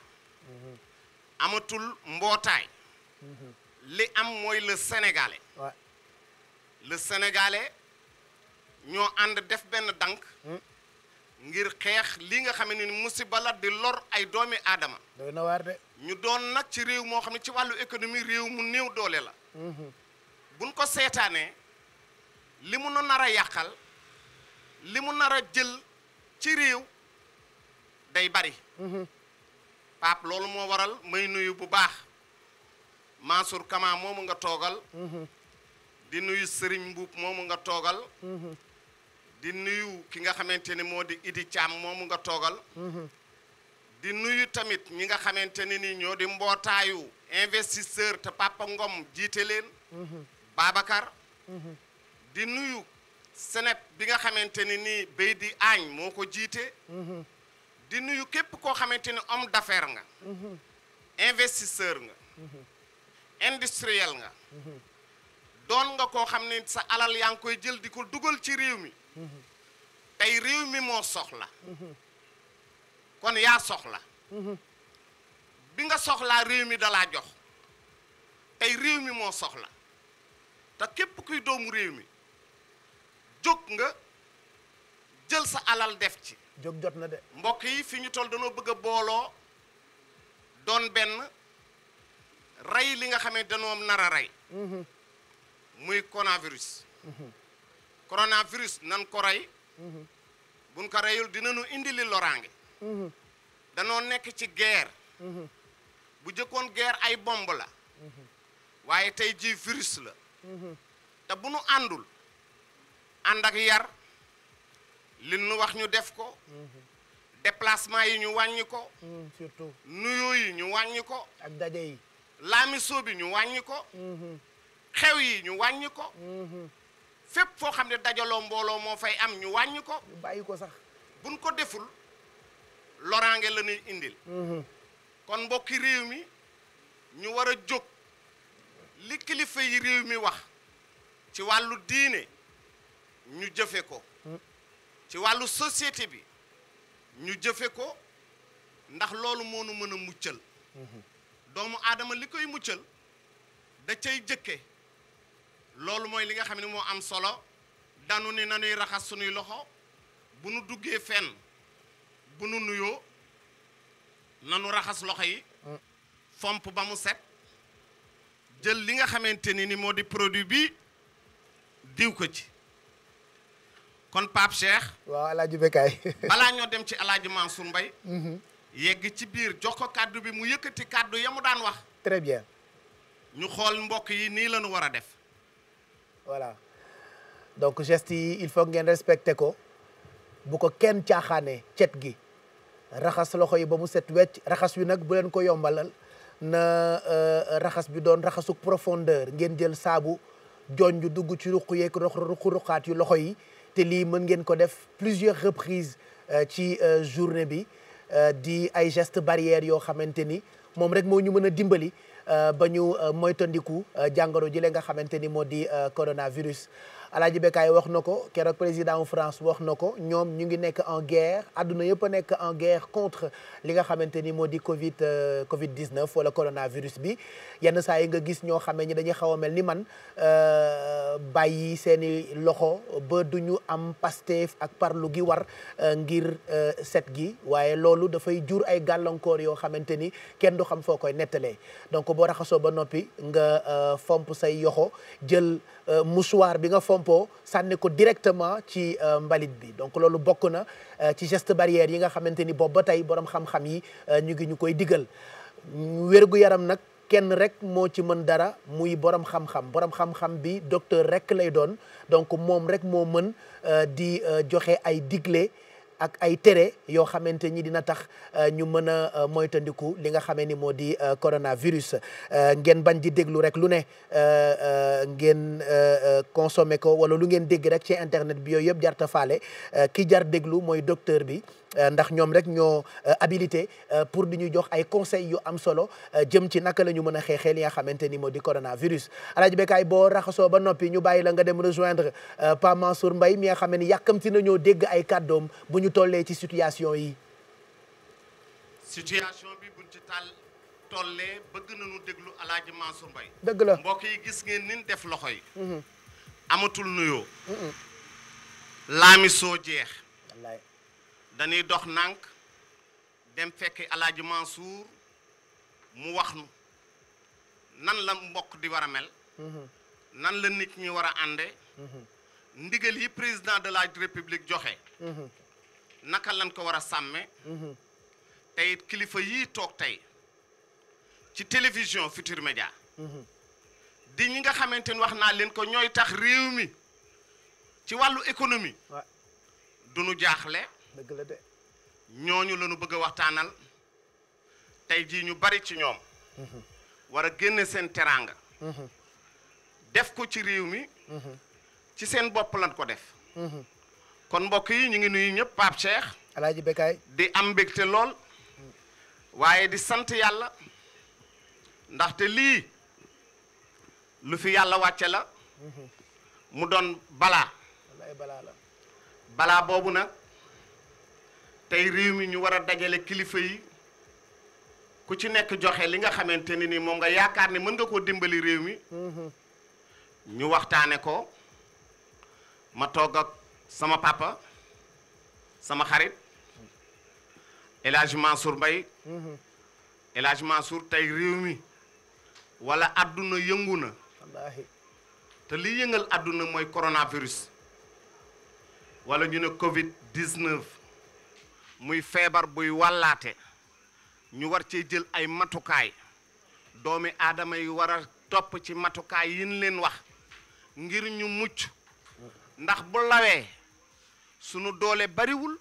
amatul mbootaay. li am mooy le sénégalais. le sénégalais ñoo ànd def benn dank. Mm. ngir xeex li nga xam ni musiba la di lor ay doomi aadama. doy ñu doon nag ci réew moo xam ne ci wàllu économie réew mu néew doole la. Mhm. buñ ko seetaanee li mu nu nar a yàqal li mu nar a jël ci réew day bari. Mhm. Pape loolu moo waral may nuyu bu baax Mansour Kama moomu nga toogal. Mhm. di nuyu sëriñ Mbuub moomu nga toogal. di nuyu ki nga xamante ni moo di Idi Thiam moomu nga toogal mhm. di nuyu tamit ñi nga xamante ni nii ñoo di mbootaayu investisseur te Papa Ngom jiite leen mhm. Babacar mhm. di nuyu Seneb bi nga xamante ni nii béy di aañ moo ko jiite di nuyu képp koo xamante ni homme d'affaires nga investisseur nga industriel nga doon nga koo xam ne sa alal yaa ngi koy jël di ko dugal ci réew mi tey réew mi moo soxla kon yaa soxla bi nga soxlaa réew mi dalaa jox tey réew mi moo soxla te képp kuy doomu réew mi jóg nga jël sa alal def ci jóg jot na de mbokk yi fi ñu toll danoo bëgg a booloo doon benn rey li nga xam ne danoo nar a rey muy coronavirus. coronavirus nan ko rey. buñ ko reyul dinañu indi li loraange. danoo nekk ci guerre. bu jëkkoon guerre ay bomb la. waaye tey jii virus la. te bu nu àndul ànd ak yar li nu wax ñu def ko. déplacement yi ñu wàññi ko. surtout yi ñu wàññi ko. ak yi. laamisoo bi ñu wàññi ko. xew yi ñu wàññi ko. Mhm. fépp foo xam ne dajaloo mbooloo moo fay am ñu wàññi ko. ñu ko sax. buñ ko deful loraange la indil. Mhm. kon mbokki réew mi ñu war a jóg li kilifa yi réew mi wax ci wàllu diine ñu jëfe ko. Mm. ci wàllu société bi ñu jëfe ko ndax loolu moo nu mën a muccal. Mhm. doomu aadama li koy muccal da cay jëkke loolu mooy li nga xam ne moo am solo danu ni nanuy raxas sunuy loxo bu nu duggee fenn bu nu nuyoo nanu raxas loxo yi fomp ba mu set jël li nga xamante ni ni moo di produit bi diw ko ci kon Pape Cheikh waaw alaaji bekaay balaa ñoo dem ci alaaji Mansour Mbaye mhm. yegg ci biir jox ko kàddu bi mu yëkkati kàddu ya mu daan wax très bien ñu xool mbokk yi nii la ñu war a def voilà donc geste yi il faut ngeen respecté ko bu ko kenn caaxaanee cet gi raxas loxo yi ba mu set wecc raxas wi nag bu leen ko yombalal na euh, euh, raxas bi doon raxasuk profondeur ngeen jël saabu jooñ ju dugg ci ruq yeeg ruq ruqaat yu loxo yi te lii mën ngeen ko def plusieurs reprises euh, ci journée bi di ay gestes barrières yoo xamante ni moom rek moo ñu mën a dimbali ba ñu euh, moytandiku euh, jàngoro ji le nga xamante ni moo di euh, coronavirus Alaaji Bekaay wax na ko keroog président France wax na ko ñoom ñu ngi nekk en guerre àdduna yëpp a nekk en guerre contre li nga xamante ni moo di Covid euh, Covid 19 wala coronavirus bi yenn saa yi nga gis ñoo xamee ñi dañuy xaw a mel ni man euh, bàyyi seeni loxo ba du ñu am Pastef ak parlu gi war euh, ngir set gi waaye loolu dafay jur ay gàllankoor yoo xamante ni kenn du xam foo koy nettalee donc boo raxasoo ba noppi nga fomp say yoxo jël. Euh, mouchoir bi nga fompoo sànni ko directement ci euh, mbalit bi donc loolu bokk na euh, ci geste barrière yi nga xamante ni boobu ba tey borom xam-xam yi ñu ngi ñu koy digal wérgu yaram nag kenn rek moo ci mën dara muy borom xam-xam borom xam-xam bi docteur rek lay doon donc moom rek moo mën di joxe ay digle. ak ay tere yoo xamante ni dina tax euh, ñu mën a euh, moytandiku li nga xamee ni moo di euh, coronavirus ngeen bañ di déglu rek lu ne ngeen consommer ko wala lu ngeen dégg rek ci internet bi yooyu yëpp jarta faale ki jar déglu mooy docteur bi Euh, ndax ñoom rek ñoo euh, habilité euh, pour di ñu jox ay conseil yu am solo jëm ci naka la ñu mën a xeexee li nga xamante ni moo di coronavirus. Alaaji Bécaye boo raxasoo ba noppi ñu bàyyi la nga dem rejoindre Pa Mansour mbay mi nga xam ne yàkkamti nañoo dégg ay kàddoom bu ñu tollee ci situation yi. situation bi buñ ci taal tollee bëgg nañu déglu Alaaji Mansour Mbaye. dëgg la mbokk gis ngeen ni def loxo yi. Mm-hmm. amatul nuyoo. laami soo jeex. dañuy dox nank dem fekk alaaji Mansour mu wax nu nan la mbokk di war a mel mhm. nan la nit ñi war a ànde mhm. ndigal yi président de la république joxe mhm. naka lañ ko war a sàmme tey kilifa yi toog tey ci télévision Futur Média di ñi nga xamante ni wax naa leen ko ñooy tax réew mi ci wàllu économie duñu jaaxle dëgg la de ñooñu la ñu bëgg a waxtaanal tey jii ñu bari ci ñoom mhm. war a génne seen teraanga mhm. def ko ci réew mi mhm. ci seen bopp lan ko def kon mbokk yi ñu ngi nuyu ñëpp Pape Cheikh di am mbégte lool waaye di sant yàlla ndaxte lii lu fi yàlla wàcce la mu doon balaa balaa la boobu nag tey réew mi ñu war a dajale kilifa yi ku ci nekk joxe li nga xamante ne nii moom nga yaakaar ne mën nga koo dimbali réew mi ñu waxtaane ko ma toog ak sama papa sama xarit El Hadj Mansour Mbaye El tey réew mi wala àdduna yëngu na te li yëngal àdduna mooy coronavirus walla ñu ne Covid 19. muy feebar buy wàllaate ñu war cee jël ay matukaay doomi aadama yi war topp ci matukaay yin leen wax ngir ñu mucc ndax bu lawee sunu doole bariwul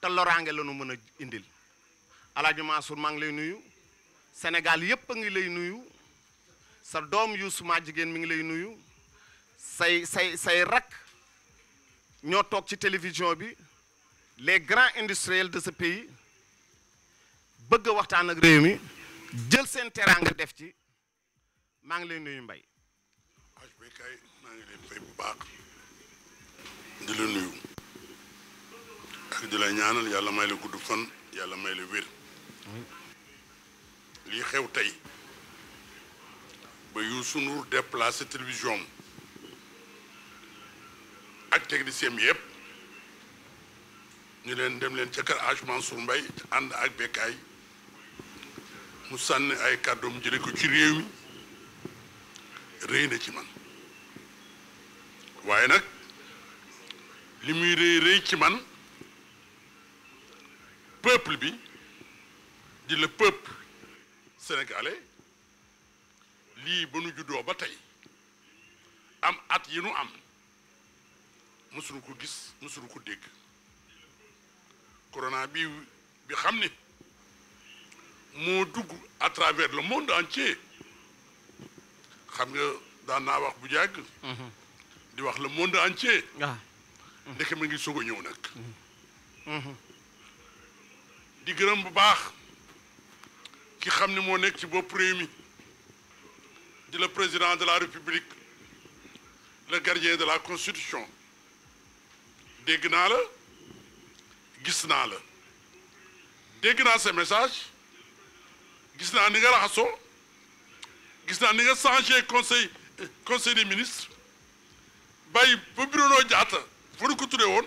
te loraange lanu mën a indil Alaaji Mansour maa ngi lay nuyu senegal yépp a ngi lay nuyu sa doom Youssouma jigéen mi ngi lay nuyu say say say rakk ñoo toog ci télévision bi les grands industriels de ce pays bëgg waxtaan ak réew mi jël seen teraanga def ci maa ngi lay nuyu mbay HBK maa ngi leen fay bu baax di la nuyu ak di la ñaanal yàlla may la gudd fan yàlla may la wér lii xew tey ba yu Youssou Ndour déplacé télévision ak technicien bi yëpp. ñu leen dem leen ca kër Hadj Mansour Mbaye ànd ak bekkaay mu sànni ay mu jële ko ci réew mi réy na ci man waaye nag li muy réy réy ci man peuple bi di la peuple sénégalais lii ba nu juddoo ba tey am at yi nu am mësuñu ko gis mësulu ko dégg corona bi bi xam ni moo dugg à travers le monde entier xam nga daan naa wax bu jàgg mhm. di wax le monde entier ah. mhm. ndeke mi ngi soog a ñëw nag mhm. di gërëm bu baax ki xam ni moo nekk ci bopp réew mi di le président de la république le gardien de la constitution dégg naa la gis naa la dégg naa sa message gis naa ni nga raxasoo gis naa ni nga sange conseil conseil des ministres bàyyi ba Bruno Diatta fa nu ko tuddee woon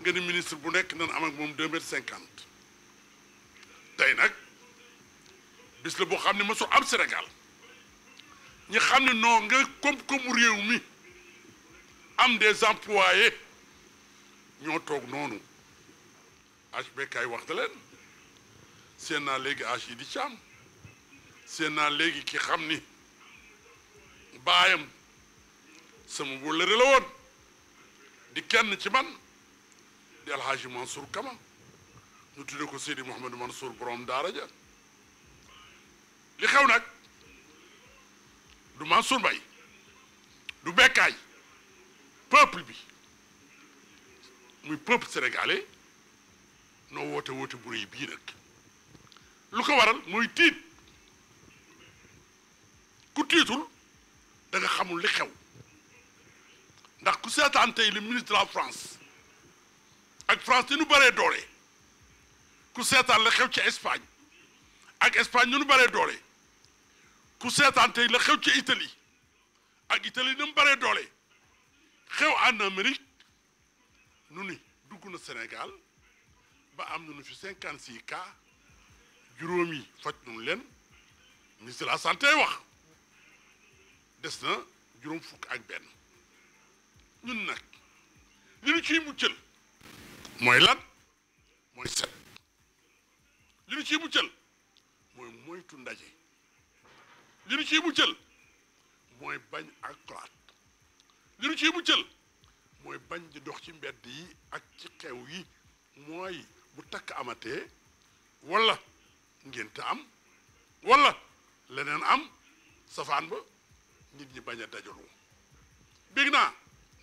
nga ni ministre bu nekk nan am ak moom deux mètres cinquante tey nag bis la boo xam ne mosul am Sénégal ñi xam ne noo nga koom-koomu réew mi am des employés ñoo toog noonu HBK yi wax na leen seen naa léegi âge yi di caam seen naa léegi ki xam ni baayam sama wóllëre la woon di kenn ci man di alxaaji Mansour Kama ñu tudde ko Seydi Mouhamadou Mansour borom daara ja li xew nag du Mansour Mbaye du bekkaay peuple bi muy peuple sénégalais noo woote woote bu rëy bii nag lu ko waral mooy tiit ku tiitul da xamul li xew ndax ku seetaan tey le ministre de France ak France ni nu baree doole ku seetaan la xew ci Espagne ak Espagne ni nu baree doole ku seetaan tey la xew ci Italie ak Italie ni mu baree doole xew en Amérique nu ni dugg na Sénégal ba am nañu fi cinquante six cas juróom yi faj nañu leen ministre de la santé wax des na juróom fukk ak benn ñun nag li ñu ciy muccal mooy lan mooy set li ñu ciy muccal mooy moytu ndaje li ñu ciy muccal mooy bañ ak xalaat li ñu ciy muccal mooy bañ di dox ci mbedd yi ak ci xew yi mooy bu takk amatee wala ngénte am wala leneen am safaan ba nit ñi bañ a dajaloo bég naa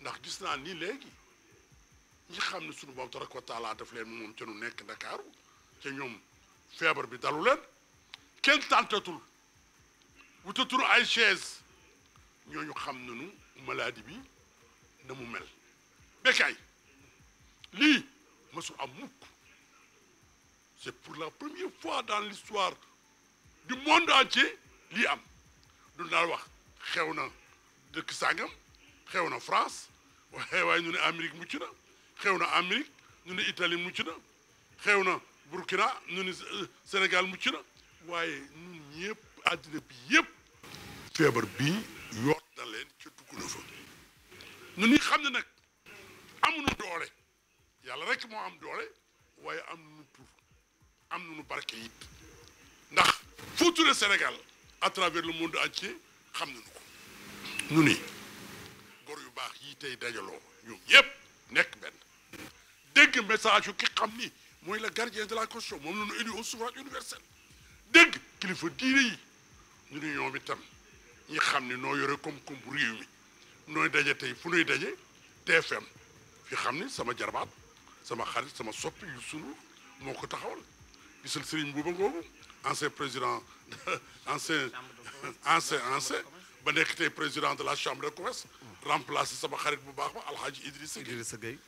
ndax gis naa ni léegi ñi xam ne sunu bopp tabaraka wa taala daf leen moom ca nu nekk ndakaaru ca ñoom feebar bi dalu leen kenn tàntatul wutatul ay chaise ñooñu xam nañu maladie bi na mu mel bekkaay lii mësul am mukk c'est pour la première fois dans l'histoire du monde entier lii am du daal wax xew na dëkk sàngam xew na France waaye waaye ñu ne Amérique mucc na xew na Amérique ñu ne Italie mucc na xew na Burkina ñu ne Sénégal mucc waaye ñun ñëpp àddina bi yëpp feebar bi yor leen ca dugg fa ñun ñi xam ne nag amuñu doole yàlla rek moo am doole waaye am nu tur am na nañu barke it ndax foo tuddee Sénégal à travers le monde entier xam nañu ko ñu ni gor yu baax yi tey dajaloo ñoom ñëpp nekk benn dégg message yu ki xam ni mooy le gardien de la constitution moom la ñu élu au suffrage universel dégg kilifa diine yi ñu ni ñoom itam ñi xam ni noo yore koom-koom bu réew mi nooy daje tey fu nuy daje TFM fi xam ni sama jarbaat sama xarit sama soppi yu sunu moo ko taxawal gisal Serigne Bouba Ngom ancien président ancien ancien ancien ba nekk tey président de la chambre de commerce remplacé sama xarit bu baax ba alxaaji Idrissa Idrissa tey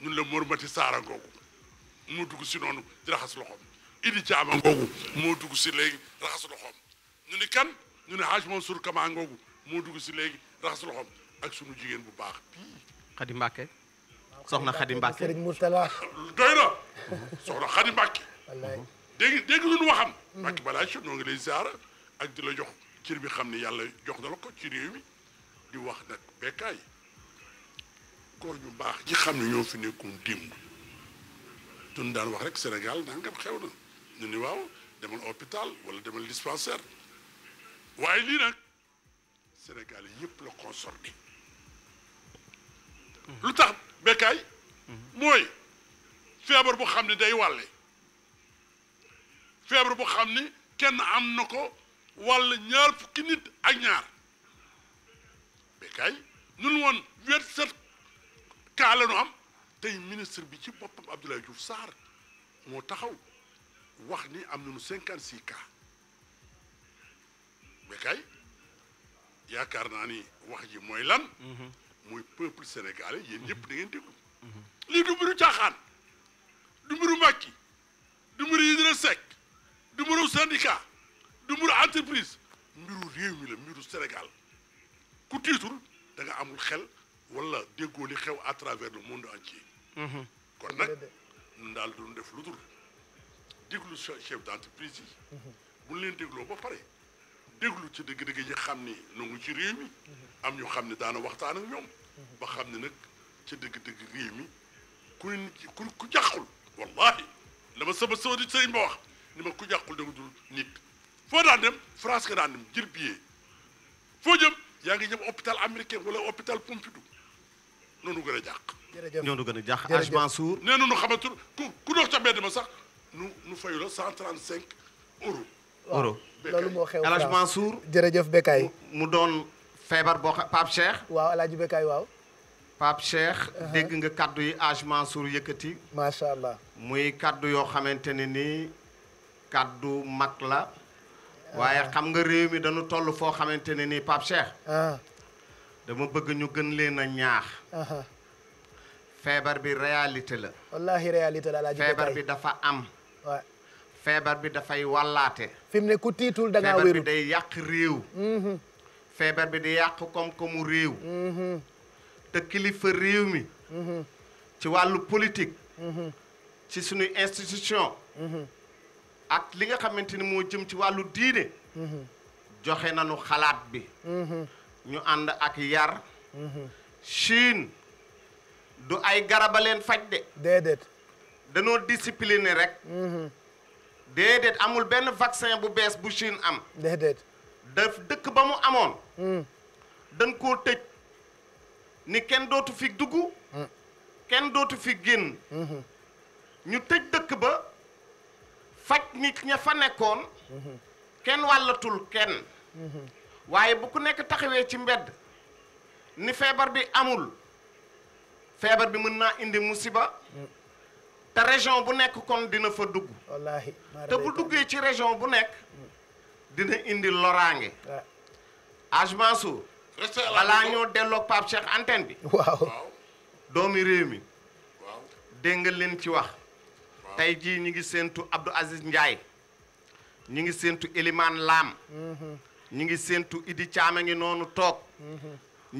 ñun la mormati saara ngoogu moo dugg si noonu di raxas loxoom idi caama ngoogu moo si léegi raxas loxoom ñu ni kan ñu ne Hadj Mansour Kama ngoogu moo dugg si léegi raxas ak sunu jigéen bu baax Xadi Mbàkke soxna Xadi Mbàkke Sëriñ soxna Xadi Mbàkke wallaay mhm. dégg dégg lu waxam. Mbacke balaa si ñoo ngi lay ziara ak di la jox bi xam ni yàlla jox na la ci réew mi di wax nag bekkaay góor ñu baax ci xam ni ñoo fi nekkoon démb duñ daan wax rek Sénégal nangam xew na ñu ni waaw demal hôpital wala demal dispensaire waaye lii nag Sénégal yëpp la concerné mhm. lu tax bekkaay mhm. mooy feebar bu xam ne day wàlle feebar bu xam ni kenn am na ko walla ñaar fukki nit ak ñaar béykay ñun woon vingt-sept cas la am tey ministre bi ci boppam Abdoulaye Diouf Sarr moo taxaw wax ni am nañu cinquante six cas béykay yaakaar naa ni wax ji mooy lan mhm. mooy peuple sénégalais yéen ñëpp da ngeen déglu mhm. du mbiru caaxaan du mbiru Macky du mbiru Idrissa Seck du mbiru syndicat du mbiru entreprise mbiru réew mi la mbiru Sénégal ku tiitul da amul xel wala déggoo li xew à travers le monde entier. Mhm. kon nag ñun daal doon def lu dul déglu chef d'entreprise yi. Mhm. bu leen dégloo ba pare déglu ci dëgg-dëgg ñi xam ni nangu ci réew mi. Mhm. am ñu xam ne daana waxtaan ak ñoom. ba xam ne nag ca dégg dëgg réew mi ku ku ku jaxul. wallahi la ma sama sama di sëriñ ba wax. ni ma ku jàqul da nga nit foo daan dem France nga daan dem jël billet foo jëm yaa ngi jëm hôpital américain wala hôpital Pompidou noonu gën a jàq. jërëjëf gën a jàq Hadj Mansour. nee na nu xamante ku ku dox ca mbedd ma sax nu nu fayu la 135 euros. euro loolu moo xew El jërëjëf Bekay mu doon feebar boo xam Cheikh. waaw El Hadj Cheikh. Uh-huh. dégg nga kàddu yi Hadj Mansour yëkkati. macha allah muy kaddu yoo xamante ne nii. kàddu mag la waaye ah. xam nga réew mi dañu toll foo xamante ne nii Pape ah. dama bëgg ñu gën leen a ñaax feebar bi réalité la wallaahi réalité la feebar bi dafa am feebar bi dafay wallaate fi mu ne ku tiitul da ngaa day yàq réew mm-hmm. feebar bi di yàq koom-koomu réew mm-hmm. te kilifa réew mi mm-hmm. ci wàllu politique ci suñuy institution ak li nga xamante ni moo jëm ci wàllu diine joxe nañu xalaat bi ñu ànd ak yar Chine du ay garaba leen faj de déedéet danoo discipliné rek déedéet amul benn vaccin bu bees bu Chine am déedéet daf dëkk ba mu amoon hmm. dañ koo tëj ni kenn dootu fi dugg hmm. kenn dootu fi génn hmm. ñu tëj dëkk ba faj nit ña fa nekkoon kenn wàllatul kenn waaye bu ku nekk taxawee ci mbedd ni feebar bi amul feebar bi mën naa indi musiba te région bu nekk kon dina fa dugg te bu duggee ci région bu nekk dina indi loraange Aj Mansour balaa ñoo delloog Pape antenne bi doomi réew mi dégg leen ci wax tey jii ñi ngi séentu Abdou Aziz Ndiaye ñi ngi séentu Elimane Lam ñi ngi séentu Idi Thiam a ngi noonu toog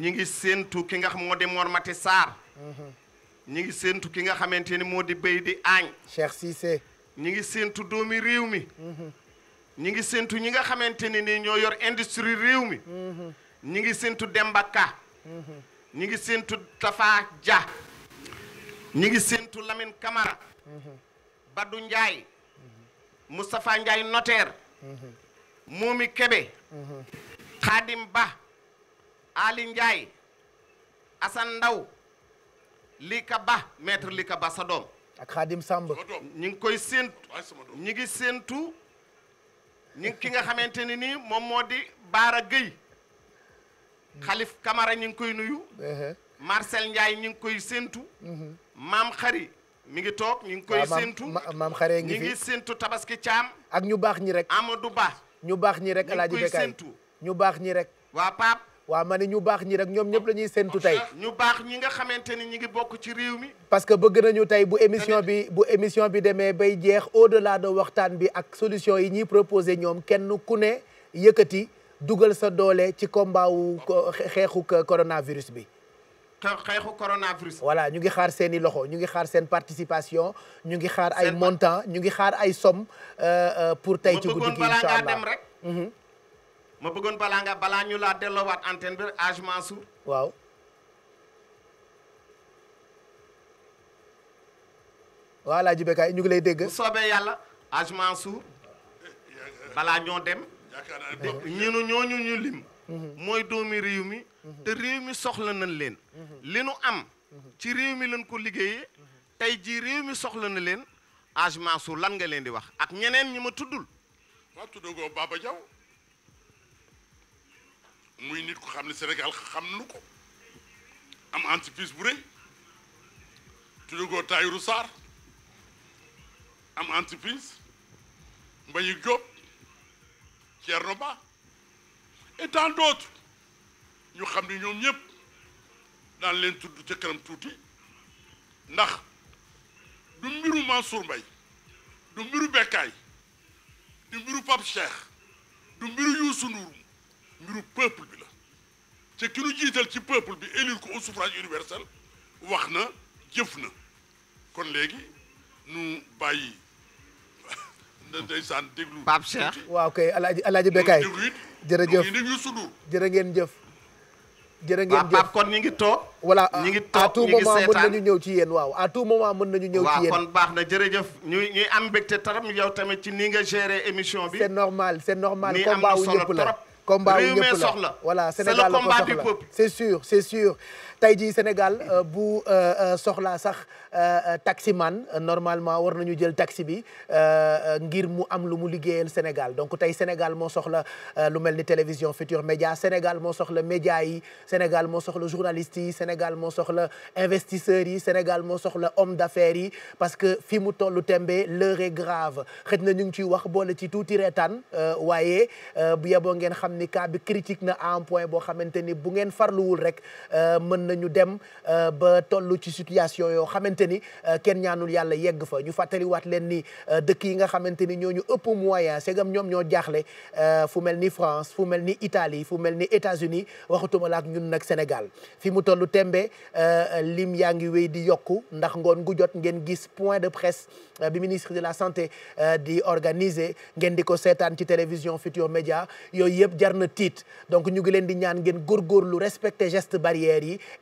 ñi ngi séentu ki nga xam moo di Mor Mati Sarr ñi ki nga xamante ni moo di béy di aañ Cheikh Cissé ñi ngi séentu doomi réew mi ñi ngi séentu ñi nga xamante ni nii ñoo yor industrie réew mi ñi ngi séentu Demba Ka ñi ngi séentu Tafa Dia ñi ngi séentu Lamine Camara Badou Ndiaye Moustapha Ndiaye notaire Moumi Kebe Khadim Ba Ali Ndiaye Assane Ndaw Lika Ba maître Lika Ba sa doom ak Khadim Samb ñi ngi koy séentu ñi ngi séentu ki nga xamante ni moom moo di Baara Gueye Khalif Kamara ñi ngi koy nuyu Marcel Ndiaye ñi ngi koy séentu maam xari mi ngi toog ñu ngi koy séntu maam xare ngi fi ñu ngi tabaski caam ak ñu baax ñi rek Amadou baax ñu baax ñi rek alaaji Bekaay ñu baax ñi rek waa Pape waa ma ne ñu baax ñi rek ñoom ñëpp lañuy ñuy séntu tey ñu baax ñi nga xamante ni ñi ngi bokk ci réew mi parce que bëgg nañu tey bu émission bi bu émission bi demee bay jeex de la de waxtaan bi ak solution yi ñuy proposé ñoom kenn ku ne yëkkati dugal sa doole ci combat wu xeexu coronavirus bi xeexu coronavirus. voilà ñu ngi xaar seeni loxo ñu ngi xaar seen participation ñu ngi xaar ay montant ñu ngi xaar ay somme euh, euh, pour tey ci guddi gi incha allah dem mhm. ma bëggoon balaa nga balaa ñu laa delloowaat antenne bi âge Mansour. waaw. voilà Jibekaay ñu ngi lay dégg. bu soobee yàlla âge Mansour balaa ñoo dem. yaakaar naa ñooñu ñu lim. mooy doomi réew mi te réew mi soxla nañ leen li nu am ci réew mi lañ ko liggéeyee tey jii réew mi soxla na leen Hadj Mansour lan nga leen di wax ak ñeneen ñi ma tuddul waa tuddagoo Baba Diaw muy nit ko xam ne Sénégal xam nu ko am entreprise bu rëy tuddagoo Tahirou Sarr am entreprise Mbaye Diop Thierno Ba et tant ñu xam ni ñoom ñëpp daan leen tudd ca tuuti ndax du mbiru Mansour Mbaye du mbiru Bekkaay du mbiru Pape Cheikh du mbiru Youssou Ndour mbiru peuple bi la te ki nu jiital ci peuple bi élire ko au suffrage universel wax na jëf na kon léegi nu bàyyi ndeysaan déglu Pape Cheikh waaw kay Alaaji Alaaji Bekkaay jërëjëf jërë ngeen jëf. jërë ngeen kon ñu ngi toog. voilà ñu ngi toog à tout moment ci yéen waaw à tout moment mën nañu ñëw ci baax na jërëjëf ñuy ñuy am mbégte taram yow tamit ci ni nga gérer émission bi. c'est normal c'est normal combat wu ñëpp la combat wu ñëpp la voilà Sénégal la ko soxla c'est sûr c'est sûr. tey jii Sénégal euh, bu euh, euh, soxla sax taximan normalement war nañu jël taxi bi ngir mu am lu mu liggéeyal Sénégal donc tey Sénégal moo soxla lu mel ni télévision Futur Média Sénégal moo soxla média yi Sénégal moo soxla journalistes yi Sénégal moo soxla investisseurs yi Sénégal moo soxla homme d'affaires yi parce que fi mu tollu tembe l'heure est grave xëj na ñu ngi ciy wax boole ci tuuti reetaan waaye bu yeboo ngeen xam ni cas bi critique na à un point boo xamante ni bu ngeen farluwul rek mën ñu dem euh, ba toll ci situation yoo xamante ni euh, kenn ñaanul yàlla yegg fa ñu fàttaliwaat leen ni euh, dëkk yi nga xamante ni ñoo ñu ëpp moyen segam ñoom ñoo jaaxle fu mel ni France fu mel ni Italie fu mel ni États-Unis waxatuma laak ñun nag Sénégal fi mu toll tembe lim yaa ngi wéy di yokku ndax ngoon gu jot ngeen gis point de presse bi ministre de la santé di organiser ngeen di ko seetaan ci télévision Futurs Médias yooyu yëpp jar tiit donc ñu ngi leen di ñaan yi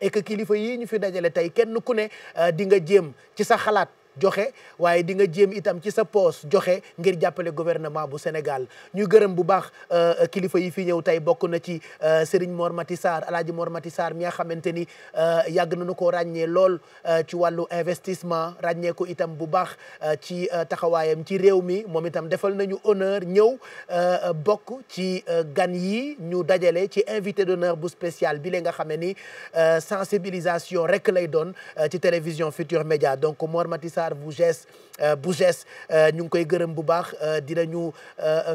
et que kilifa yii ñu fi dajale tey kenn ku ne euh, di nga jéem ci sa xalaat joxe waaye di nga jéem itam ci sa poos joxe ngir jàppale gouvernement bu Sénégal ñu gërëm bu baax euh, kilifa yi fi ñëw tey bokk na ci euh, Serigne Mor Mati Sarr Alaaji Mor Mati Sarr mi nga xamante ni euh, yàgg nañu ko ràññee lool ci wàllu investissement ràññee ko itam bu baax ci taxawaayam ci réew mi moom itam defal nañu honneur ñëw bokk ci gan yi ñu dajale ci invité d'honneur bu spécial bi la nga xamee ni sensibilisation rek lay doon ci télévision Futur Média donc Mor Mati Sarr Sarr bu GES euh, bu GES euh, ñu ngi koy gërëm bu baax dina euh, dinañu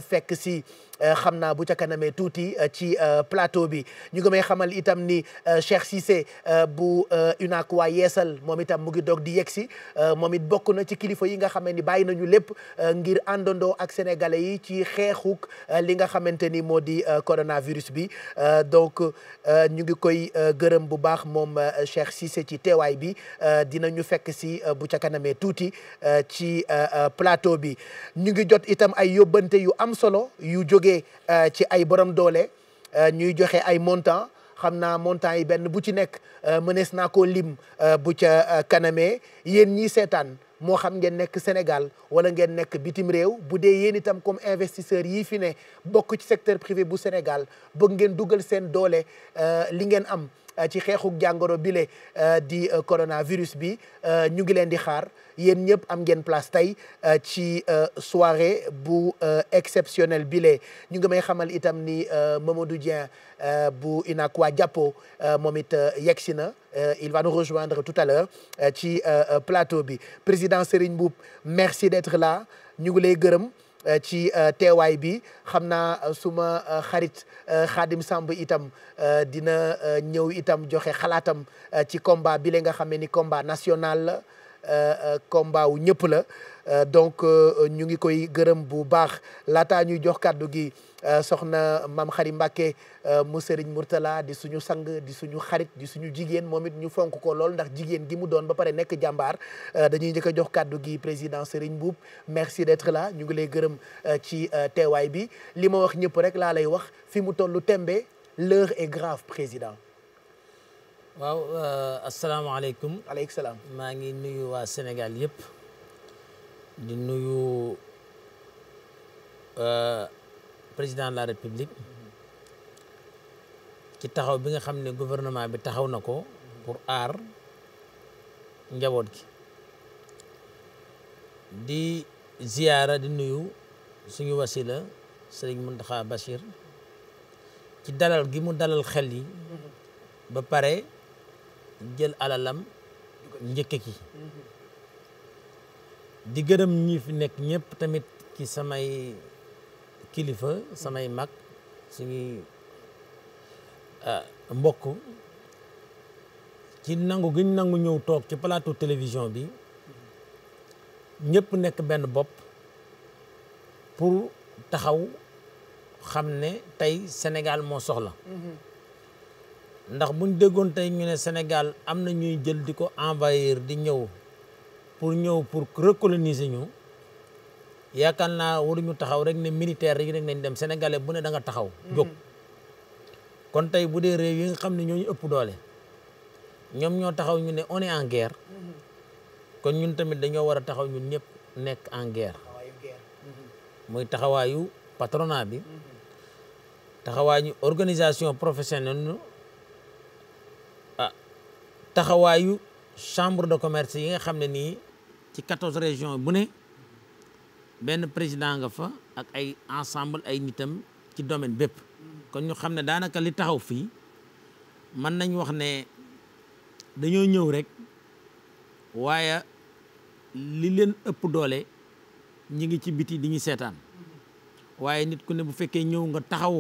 fekk si Euh, xam naa bu ca kanamee tuuti euh, ci euh, plateau bi ñu ngi may xamal itam ni Cheikh Cissé bu UNACOIS Yeesal moom itam mu ngi dog di yegg yegsi moom it bokk na ci kilifa yi nga xamee ni bàyyi nañu lépp ngir àndandoo ak sénégalais yi ci xeexuk li nga xamante ni moo di coronavirus bi donc ñu ngi koy gërëm bu baax moom Cheikh Cissé ci teewaay bi dina ñu fekk si bu ca kanamee tuuti ci plateau bi ñu ngi jot itam ay yóbbante yu am solo yu jóge jógee euh, ci ay borom doole euh, ñuy joxe ay montant xam naa montant yi benn bu ci nekk euh, mënees naa ko lim bu ca kanamee yéen ñii seetaan moo xam ngeen nekk Sénégal wala ngeen nekk bitim réew bu dee yéen itam comme investisseurs yii fi ne bokk ci secteur privé bu Sénégal bëgg ngeen dugal seen doole li ngeen am Euh, ci xeexu jàngoro bile euh, di euh, coronavirus bi ñu ngi leen di xaar yéen ñëpp am ngeen place tey ci soirée bu exceptionnel bile ñu ngi may xamal itam ni Mamadou Dieng bu Inakwa Jàppo moom it si na il va nous rejoindre tout à l'heure ci plateau bi président Serigne bu merci d'être là ñu ngi lay gërëm Euh, ci euh, teewaay bi xam naa euh, suma xarit Xaadim Samb itam dina ñëw itam joxe xalaatam ci combat bi la nga xamee ni combat national la combat wu ñëpp la donc ñu ngi koy gërëm bu baax laataa ñuy jox kàddu gi Euh, soxna maam Xari Mbàkke euh, mu Sëriñ Murtala di suñu sang di suñu xarit di suñu jigéen moom it ñu fonk ko lool ndax jigéen gi mu doon ba pare nekk jàmbaar euh, dañuy njëkk a jox kàddu gi président Sëriñ Buub merci d'être là ñu ngi lay gërëm ci teewaay bi li ma wax ñëpp rek laa lay wax fi mu tollu tembe l'heure est grave président waaw asalaamaaleykum aleykum salaam maa ngi nuyu waa Sénégal yëpp di nuyu président de la république ci taxaw bi nga xam ne gouvernement bi taxaw na ko pour aar njaboot gi di ziyaara di nuyu suñu wasila sëriñ Muntaxa Bachir ci dalal gi mu dalal xel yi ba pare jël alalam njëkk ki di gërëm ñi fi nekk ñëpp tamit ci samay kilifa samay mag su ngi ah, mbokk ci nangu gi nangu ñëw toog ci palaatu télévision bi ñëpp nekk benn bopp pour taxaw xam ne tey Sénégal moo soxla mm-hmm. ndax buñ déggoon tey ñu ne Sénégal am na ñuy jël di ko envahir di ñëw pour ñëw pour recoloniser ñu yaakaar naa waruñu taxaw rek ne militaire yi rek nañ dem sénégalais bu ne da nga taxaw jóg kon tey bu dee réew yi nga xam ne ñooñu ëpp doole ñoom ñoo taxaw ñu ne on est en guerre kon ñun tamit dañoo war a taxaw ñu ñëpp nekk en guerre muy taxawaayu patronat bi taxawaayu organisation professionnelle ah taxawaayu chambre de commerce yi nga xam ne nii ci quatorze régions bu ne benn président nga fa ak ay ensemble ay nitam ci domaine bépp kon ñu xam ne daanaka li taxaw fii mën nañ wax ne dañoo ñëw rek waaye li leen ëpp doole ñi ngi ci biti di ñu seetaan waaye nit ku ne bu fekkee ñëw nga taxaw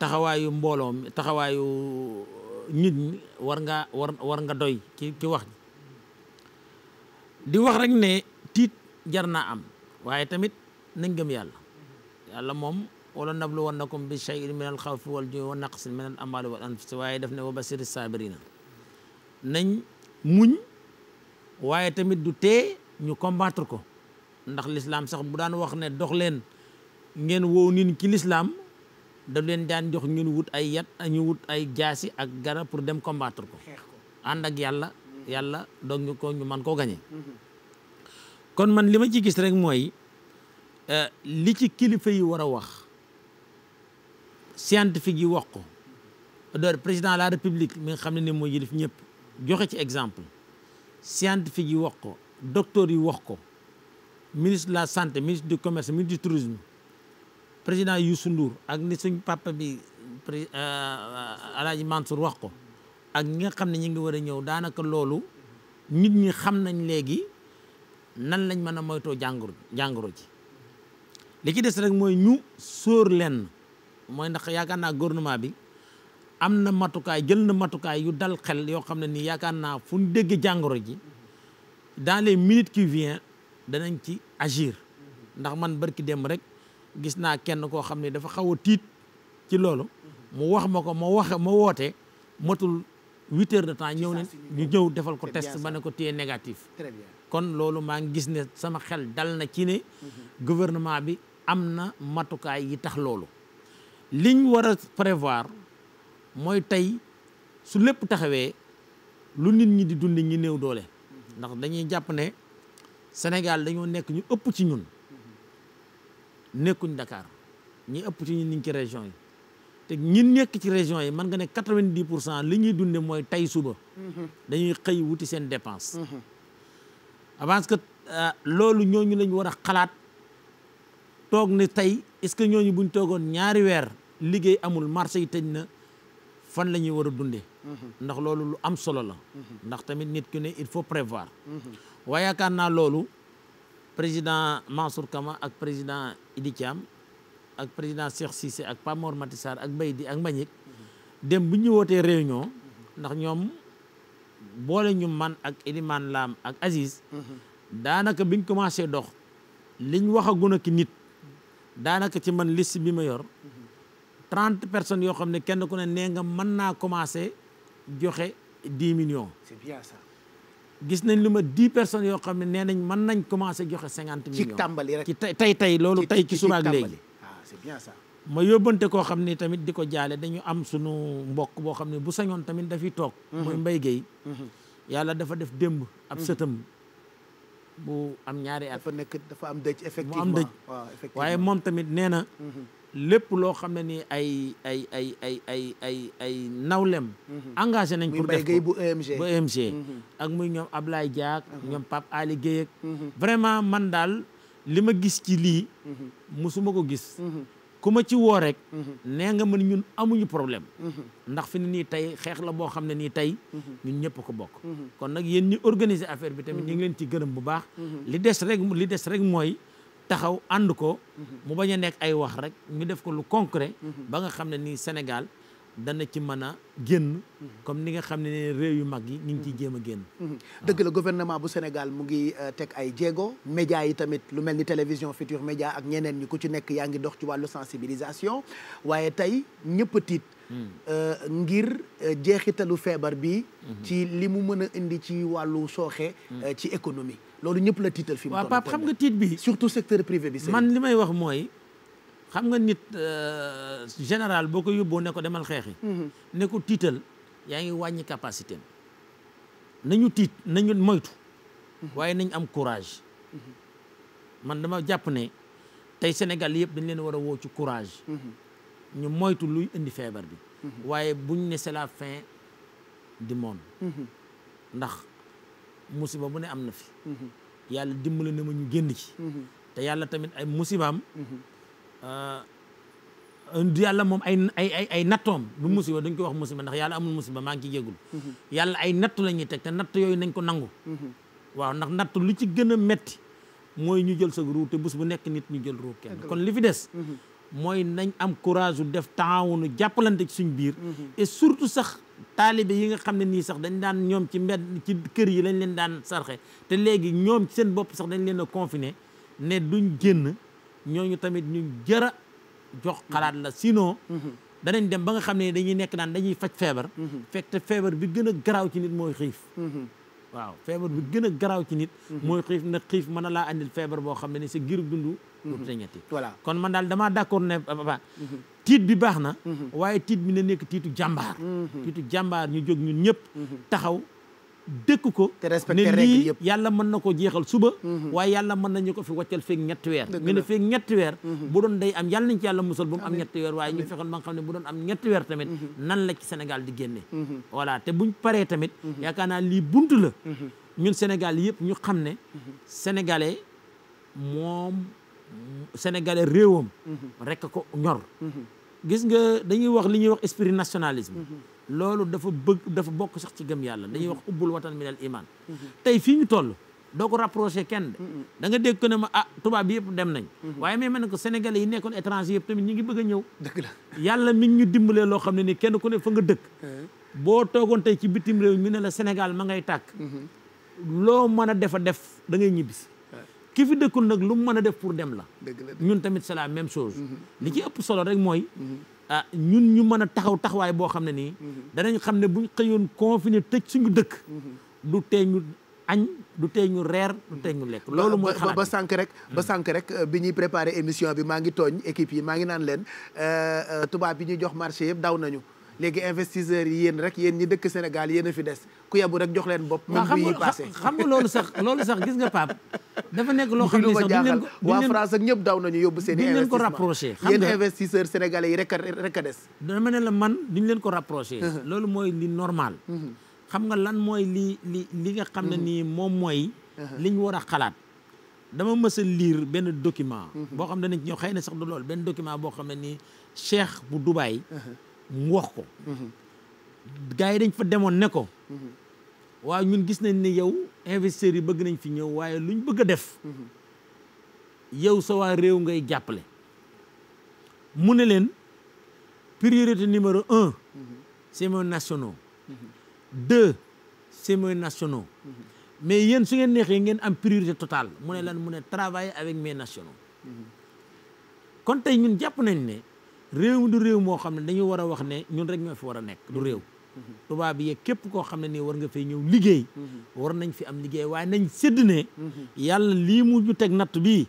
taxawaayu mbooloo mi taxawaayu uh, nit ñi war nga war nga doy ci ci wax di wax rek ne tiit jar naa am waaye tamit nañ gëm yàlla yàlla moom wala nablu wannakum bi shay'in min al xawfi wal ju'i wa naqsin min al amwali wal anfusi waaye daf ne wa basiri sabirina nañ muñ waaye tamit du tee ñu combattre ko ndax l'islam sax bu daan wax ne dox leen ngeen woow nin ci lislaam da leen daan jox ngeen wut ay yat ñu wut ay jaasi ak gara pour dem combattre ko ànd ak yàlla yàlla doog ñu ko ñu man koo gañe kon man li ma ci gis rek mooy euh, li ci kilifa yi war a wax scientifique yi wax ko door président la république mi nga xam ne ni moo yilif ñëpp joxe ci exemple scientifique yi wax ko docteur yi wax ko ministre la santé ministre du commerce ministre du tourisme président Youssou Ndour ak ni suñ papa bi euh, euh, Alaaji Mansour wax ko ak ñi nga xam ne ñi ngi war a ñëw daanaka loolu nit ñi xam nañ léegi nan lañ mën a moytoo jàngoro jàngoro ji li ci des rek mooy ñu sóor leen mooy ndax yaakaar naa gouvernement bi am na matukaay jël na matukaay yu dal xel yoo xam ne nii yaakaar naa fu ñu dégg jàngoro ji dans les minutes qui viennent danañ ci agir ndax man barki dem rek gis naa kenn koo xam ne dafa xaw a tiit ci loolu mu wax ma ko ma waxe ma woote matul huit heures de temps ñëw ne ñu ñëw defal ko test ba ne ko téye négatif. kon loolu maa ngi gis ne sama xel dal na ci ne gouvernement bi am na matukaay yi tax loolu liñ war a prévoir mooy tey su lépp taxawee lu nit ñi di dund ñi néew doole ndax dañuy jàpp ne Sénégal dañoo nekk ñu ëpp ci ñun nekkuñ Dakar ñi ëpp ci ñun ñu ci région yi te ñin nekk ci région yi mën nga ne quatre vingt pour cent li ñuy dunde mooy tey suba mhm. dañuy xëy wuti seen dépense mhm. je pense que euh, loolu ñooñu lañ war a xalaat toog ne tey est-ce que ñooñu buñ toogoon ñaari weer liggéey amul marché yi tëj na fan la ñuy war a dundee. Mm-hmm. ndax loolu lu am solo la. Mm-hmm. ndax tamit nit ki ne il faut prévoir. Mm-hmm. waaye yaakaar naa loolu président Mansour Kama ak président Idi Thiam ak président Cheikh Cissé ak Pamor Matissar ak Baydi ak Mbagnick dem bu ñu wootee réunion ndax ñoom. boole ñu man ak Eliman laam ak Aziz. daanaka biñ commencé dox liñ waxagun a ki nit daanaka ci man liste bi ma yor trente personnes yoo xam ne kenn ku ne nee nga mën naa commencé joxe dix millions. gis nañ lu ma dix personnes yoo xam ne nee nañ mën nañ commencé joxe cinquante millions. ci tàmbali rek ci tey tey loolu tey ci suba ak léegi. ma yóbbante koo xam ni tamit di ko jaale dañu am sunu mbokk boo xam ne bu sañoon tamit dafiy toog mm-hmm. muy Mbaye Guèye mm-hmm. yàlla dafa def démb ab mm-hmm. sëtam bu am ñaari at nekk dafa am dëj effectivement mu am dëj waaye moom tamit nee na lépp loo xam ne ni ay ay ay ay ay ay ay nawlem engagé nañ pour def ko bu EMG bu EMG ak muy ñoom Ablaye Diak ñoom Pape Ali Guèye ak man daal lima gis ci lii musuma ko gis ku ma ci woo rek. Mhm. nee nga mën ñun amuñu problème. Mhm. ndax fi ne nii tey xeex la boo xam ne nii tey. Mhm. ñun ñëpp ko bokk. kon nag yéen ñi organiser affaire bi tamit ñu ngi leen ci gërëm bu baax. li des rek li des rek mooy. taxaw ànd ko mu bañ a nekk ay wax rek ñu def ko lu concret ba nga xam ne nii Sénégal dana ci mën a génn comme ni nga xam ne réew yu mag yi ñu ngi ciy jéem a génn mhm. dëgg la gouvernement bu Sénégal mu ngi euh, teg ay jéego média yi tamit lu mel ni télévision Futurs média ak ñeneen ñi ku ci nekk yaa ngi dox ci wàllu sensibilisation waaye tey ñëpp tiit hmm. euh, ngir euh, jeexitalu feebar bi mhm. ci li mu mën a indi ci wàllu sooxee hmm. ci économie loolu ñëpp la tiital fi mu toll waaw nga tiit bi surtout secteur privé bi man li may wax mooy xam nga nit euh, général boo ko yóbboo ne ko demal xeexi mhm. nekko ko tiital yaa ngi wàññi capacité nañu tiit nañu moytu mhm. waaye nañ am courage mhm. man dama jàpp ne tey Sénégal yëpp dañ leen war a woo ci courage ñu moytu luy indi feebar bi waaye buñ ne c'est la fin du monde ndax musiba bu ne am na fi yàlla dimbali na ma ñu génn ci te yàlla tamit ay musibaam Euh, yàlla moom ay ay ay ay nattoom du musiba dañ koy wax musiba ndax yàlla amul musiba maa ngi ciy jéggul mhm. yàlla ay nattu la ñuy teg te natt yooyu nañ ko nangu mhm. waaw ndax natt lu ci gën a metti mooy ñu jël sa ruu te bés bu nekk nit ñu jël ruu kenn kon li fi des mhm. mooy nañ am courage def taawunu jàppalante ci suñ biir et surtout sax taalibe yi nga xam ne nii sax dañ daan ñoom ci mbedd ci kër yi lañ leen daan sarxe te léegi ñoom ci seen bopp sax dañ leen a confiné ne duñ génn ñooñu tamit ñu jëra jox xalaat la sino mhm. danañ dem ba nga xam ne dañuy nekk naan dañuy faj feebar mhm. fekk te feebar bi gën a garaaw ci nit mooy xiif mhm. waaw feebar bi gën a garaaw ci nit mooy xiif na xiif mën a laa andil feebar boo xam ne ni sa giru dund dutute ñetti kon man daal damaa d'accord ne papa tiit bi baax na waaye tiit bi na nekk tiitu jàmbaar tiitu jàmbaar ñu jog ñun ñëpp taxaw dëkk ko te respecté règle yëpp yàlla mën na ko jeexal suba mhm. waaye yàlla mën nañu ko fi wàccal feeg ñetti weer nga ne feeg ñetti weer mhm. bu doon day am yàlla nañ ci yàlla musal bu mu am ñetti weer waaye ñu fexoon ba nga xam ne bu doon am ñetti weer tamit mhm. nan la ci Sénégal di génne voilà te buñ paree tamit yaakaar naa lii buntu la ñun senegal yëpp ñu xam ne sénégalais moom sénégalais réewam rek ko ñor gis nga dañuy wax li ñuy wax esprit nationalisme loolu dafa bëgg dafa bokk sax ci gëm yàlla dañuy wax ubbul watan min al iman mhm. tey fii ñu toll doo ko rapproché kenn de mhm. da nga dégg ko ne ma ah tubaab bi yëpp dem nañ mhm. waaye mais man ne ko sénégalais yi nekkoon étranger yëpp tamit ñi ngi bëgg a ñëw dëgg la yàlla ñu dimbalee loo xam ne ni kenn ku ne fa nga dëkk eh. boo toogoon tey ci bitim réew mi ne la sénégal ma ngay tàkk loo mën a defa def dangay ngay ñibbisi eh. ki fi dëkkul nag lu mu mën a def pour dem la ñun tamit c'est la même chose li ci ëpp solo rek mooy ah ñun ñu mën a taxaw taxawaay boo xam ne nii mhm. danañ xam ne buñ xëyoon confiné tëj suñu dëkk mhm. du tee ñu añ du tey ñu reer du tey ñu lekk loolu mooy xalaat ba sànq rek ba mhm. sànq rek euh, bi ñuy préparé émission bi maa ngi tooñ équipe yi maa ngi naan leen euh, euh, tubaab bi ñuy jox marché yëpp daw nañu léegi investisseurs yi yéen rek yéen ñi dëkk Sénégal yéen a fi des ku yebu rek jox leen bopp même bu yi xam nga loolu sax loolu sax gis nga Pape dafa nekk loo xam ne sax duñ leen ko waa France ñëpp daw nañu yóbbu seen i investissement duñ leen ko rapproché xam nga yéen investisseurs sénégalais yi des dama ne la man duñ leen ko rapproché loolu mooy li normal xam nga lan mooy li li li nga xam ne nii moom mooy liñ war a xalaat dama mës liir benn document boo xam ne nañ ñoo xëy na sax du loolu benn document boo xam ne nii cheikh bu Dubaï mu wax ko gars yi dañ fa demoon ne ko waaw ñun gis nañ ne yow investisseurs yi bëgg nañ fi ñëw waaye luñ bëgg a def yow sa waa réew ngay jàppale mu ne leen priorité numéro un c'est mes nationaux deux c'est mes nationaux mais yéen su ngeen neexee ngeen am priorité totale mu ne lan mu ne travailler avec mes nationaux kon tey ñun jàpp nañ ne réew mi du réew moo xam ne dañu war a wax ne ñun rek ñoo fi war a nekk du réew mm-hmm. tubaab yi képp koo xam ne ni war nga fay ñëw liggéey mm-hmm. war nañ fi am liggéey waaye nañ sédd ne mm-hmm. yàlla lii mu ñu teg natt bi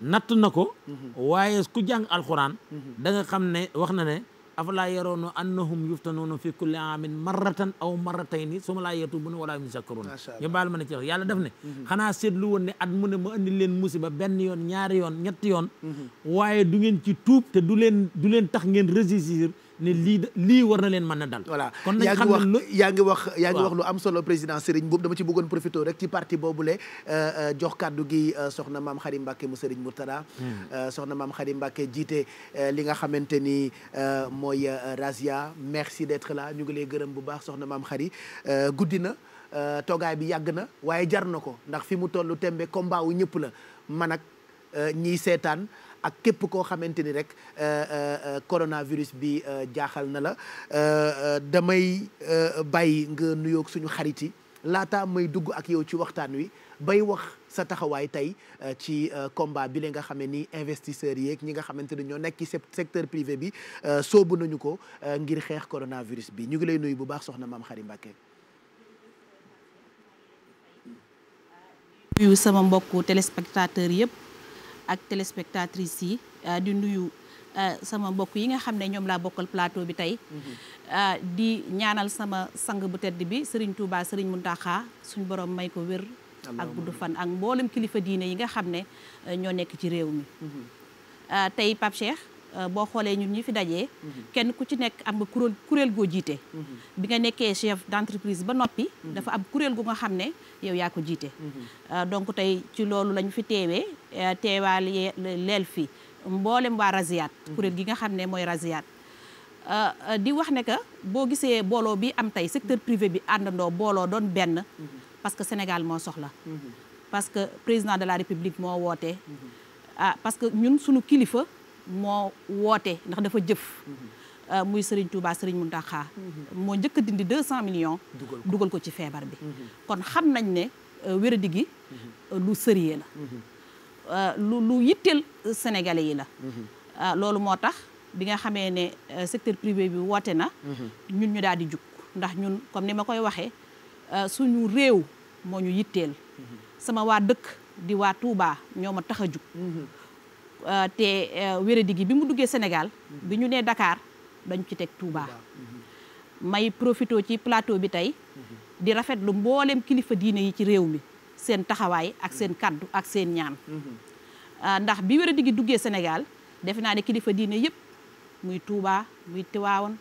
natt na ko waaye ku jàng alxuraan da nga xam ne wax na ne afalaa yaroona annahum yuftanuuna fi kulli aamin marratan aw marratayni suma laa yatuubuuna wala hum yuzakkaruun ñu baal ma ne ci wax yàlla def ne mhm. xanaa seetlu woon ne ma andi leen musiba benn yoon ñaari yoon ñetti yoon mhm. waaye du ngeen ci tuub te du leen du leen tax ngeen régissir ne lii lii war na leen mën a dal. voilà kon yaa ngi wax yaa ngi wax yaa ngi wax lu am solo président Serigne Mboup dama ci bëggoon profité rek ci parti boobule euh, euh, jox kàddu gi euh, soxna maam Xarim Mbacke mu Serigne Mourtada. Hmm. soxna maam Xarim jiite li nga xamante ni mooy Razia merci d'être là ñu ngi lay gërëm bu baax soxna maam Xari guddi na toogaay bi yàgg na waaye jar na ko ndax fi mu tollu tembe combat wu ñëpp la man ak ñii seetaan. ak képp koo xamante ni rek euh, euh, euh, coronavirus bi jaaxal na la damay bàyyi nga nuyook suñu xarit yi laataa may dugg ak yow ci waxtaan wi bay wax sa taxawaay tey ci combat bi la nga xam ni investisseurs yeeg ñi nga xamante ni ñoo nekk ci secteur privé bi soobu nañu ko ngir xeex coronavirus bi ñu ngi lay nuyu bu baax soxna maam Xari Mbàkke nuyu sama mbokku téléspectateur yëpp ak téléspectatrices yi euh, di nuyu euh, sama mbokk yi nga xam ne ñoom laa bokkal plateau bi tey mm-hmm. euh, di ñaanal sama sang bu tedd bi Serigne Touba Serigne Mountakha suñ borom may ko wér ak gudd fan ak mboolem kilifa diine yi nga xam ne ñoo nekk ci réew mi mm-hmm. tey Pape boo xoolee ñun ñi fi dajee mm-hmm. kenn ku ci nekk am nga kuréel kuréel goo jiite bi nga nekkee chef d'entreprise ba noppi dafa am kuréel gu nga xam ne yow yaa ko jiite donc tey ci loolu lañu fi teewee Eh, teewaal leel fi mboolem waa Raziat mhm. kuréel gi nga xam ne mooy Raziat eh, eh, di wax ne que boo gisee booloo bi am tey secteur privé bi àndandoo booloo doon benn mhm. parce que Sénégal moo soxla mhm. parce que président de la République moo woote ah parce que ñun suñu kilifa moo woote ndax dafa jëf muy Serigne Touba Serigne Mountakha moo njëkk dindi deux cent millions dugal ko ci feebar bi kon xam nañ ne wéradi gi lu sérieux la Euh, lu lu yitteel sénégalais yi la. Euh, loolu moo tax bi nga xamee ne euh, secteur privé bi woote na. ñun ñu daal di jug ndax ñun comme ni ma koy waxee suñu réew moo ñu yitteel. sama waa dëkk di waa Touba ñoo ma tax a jug. te wéradi gi bi mu duggee Sénégal bi ñu nee dakaar dañu ci teg Touba. may profito ci plateau bi tey di rafetlu mboolem kilifa diine yi ci réew mi. seen taxawaay ak seen mm-hmm. kaddu ak seen ñaan mm-hmm. ah, ndax bi wér a duggee Sénégal defe naa ne kilifa diine yëpp muy Touba muy Tiwaawan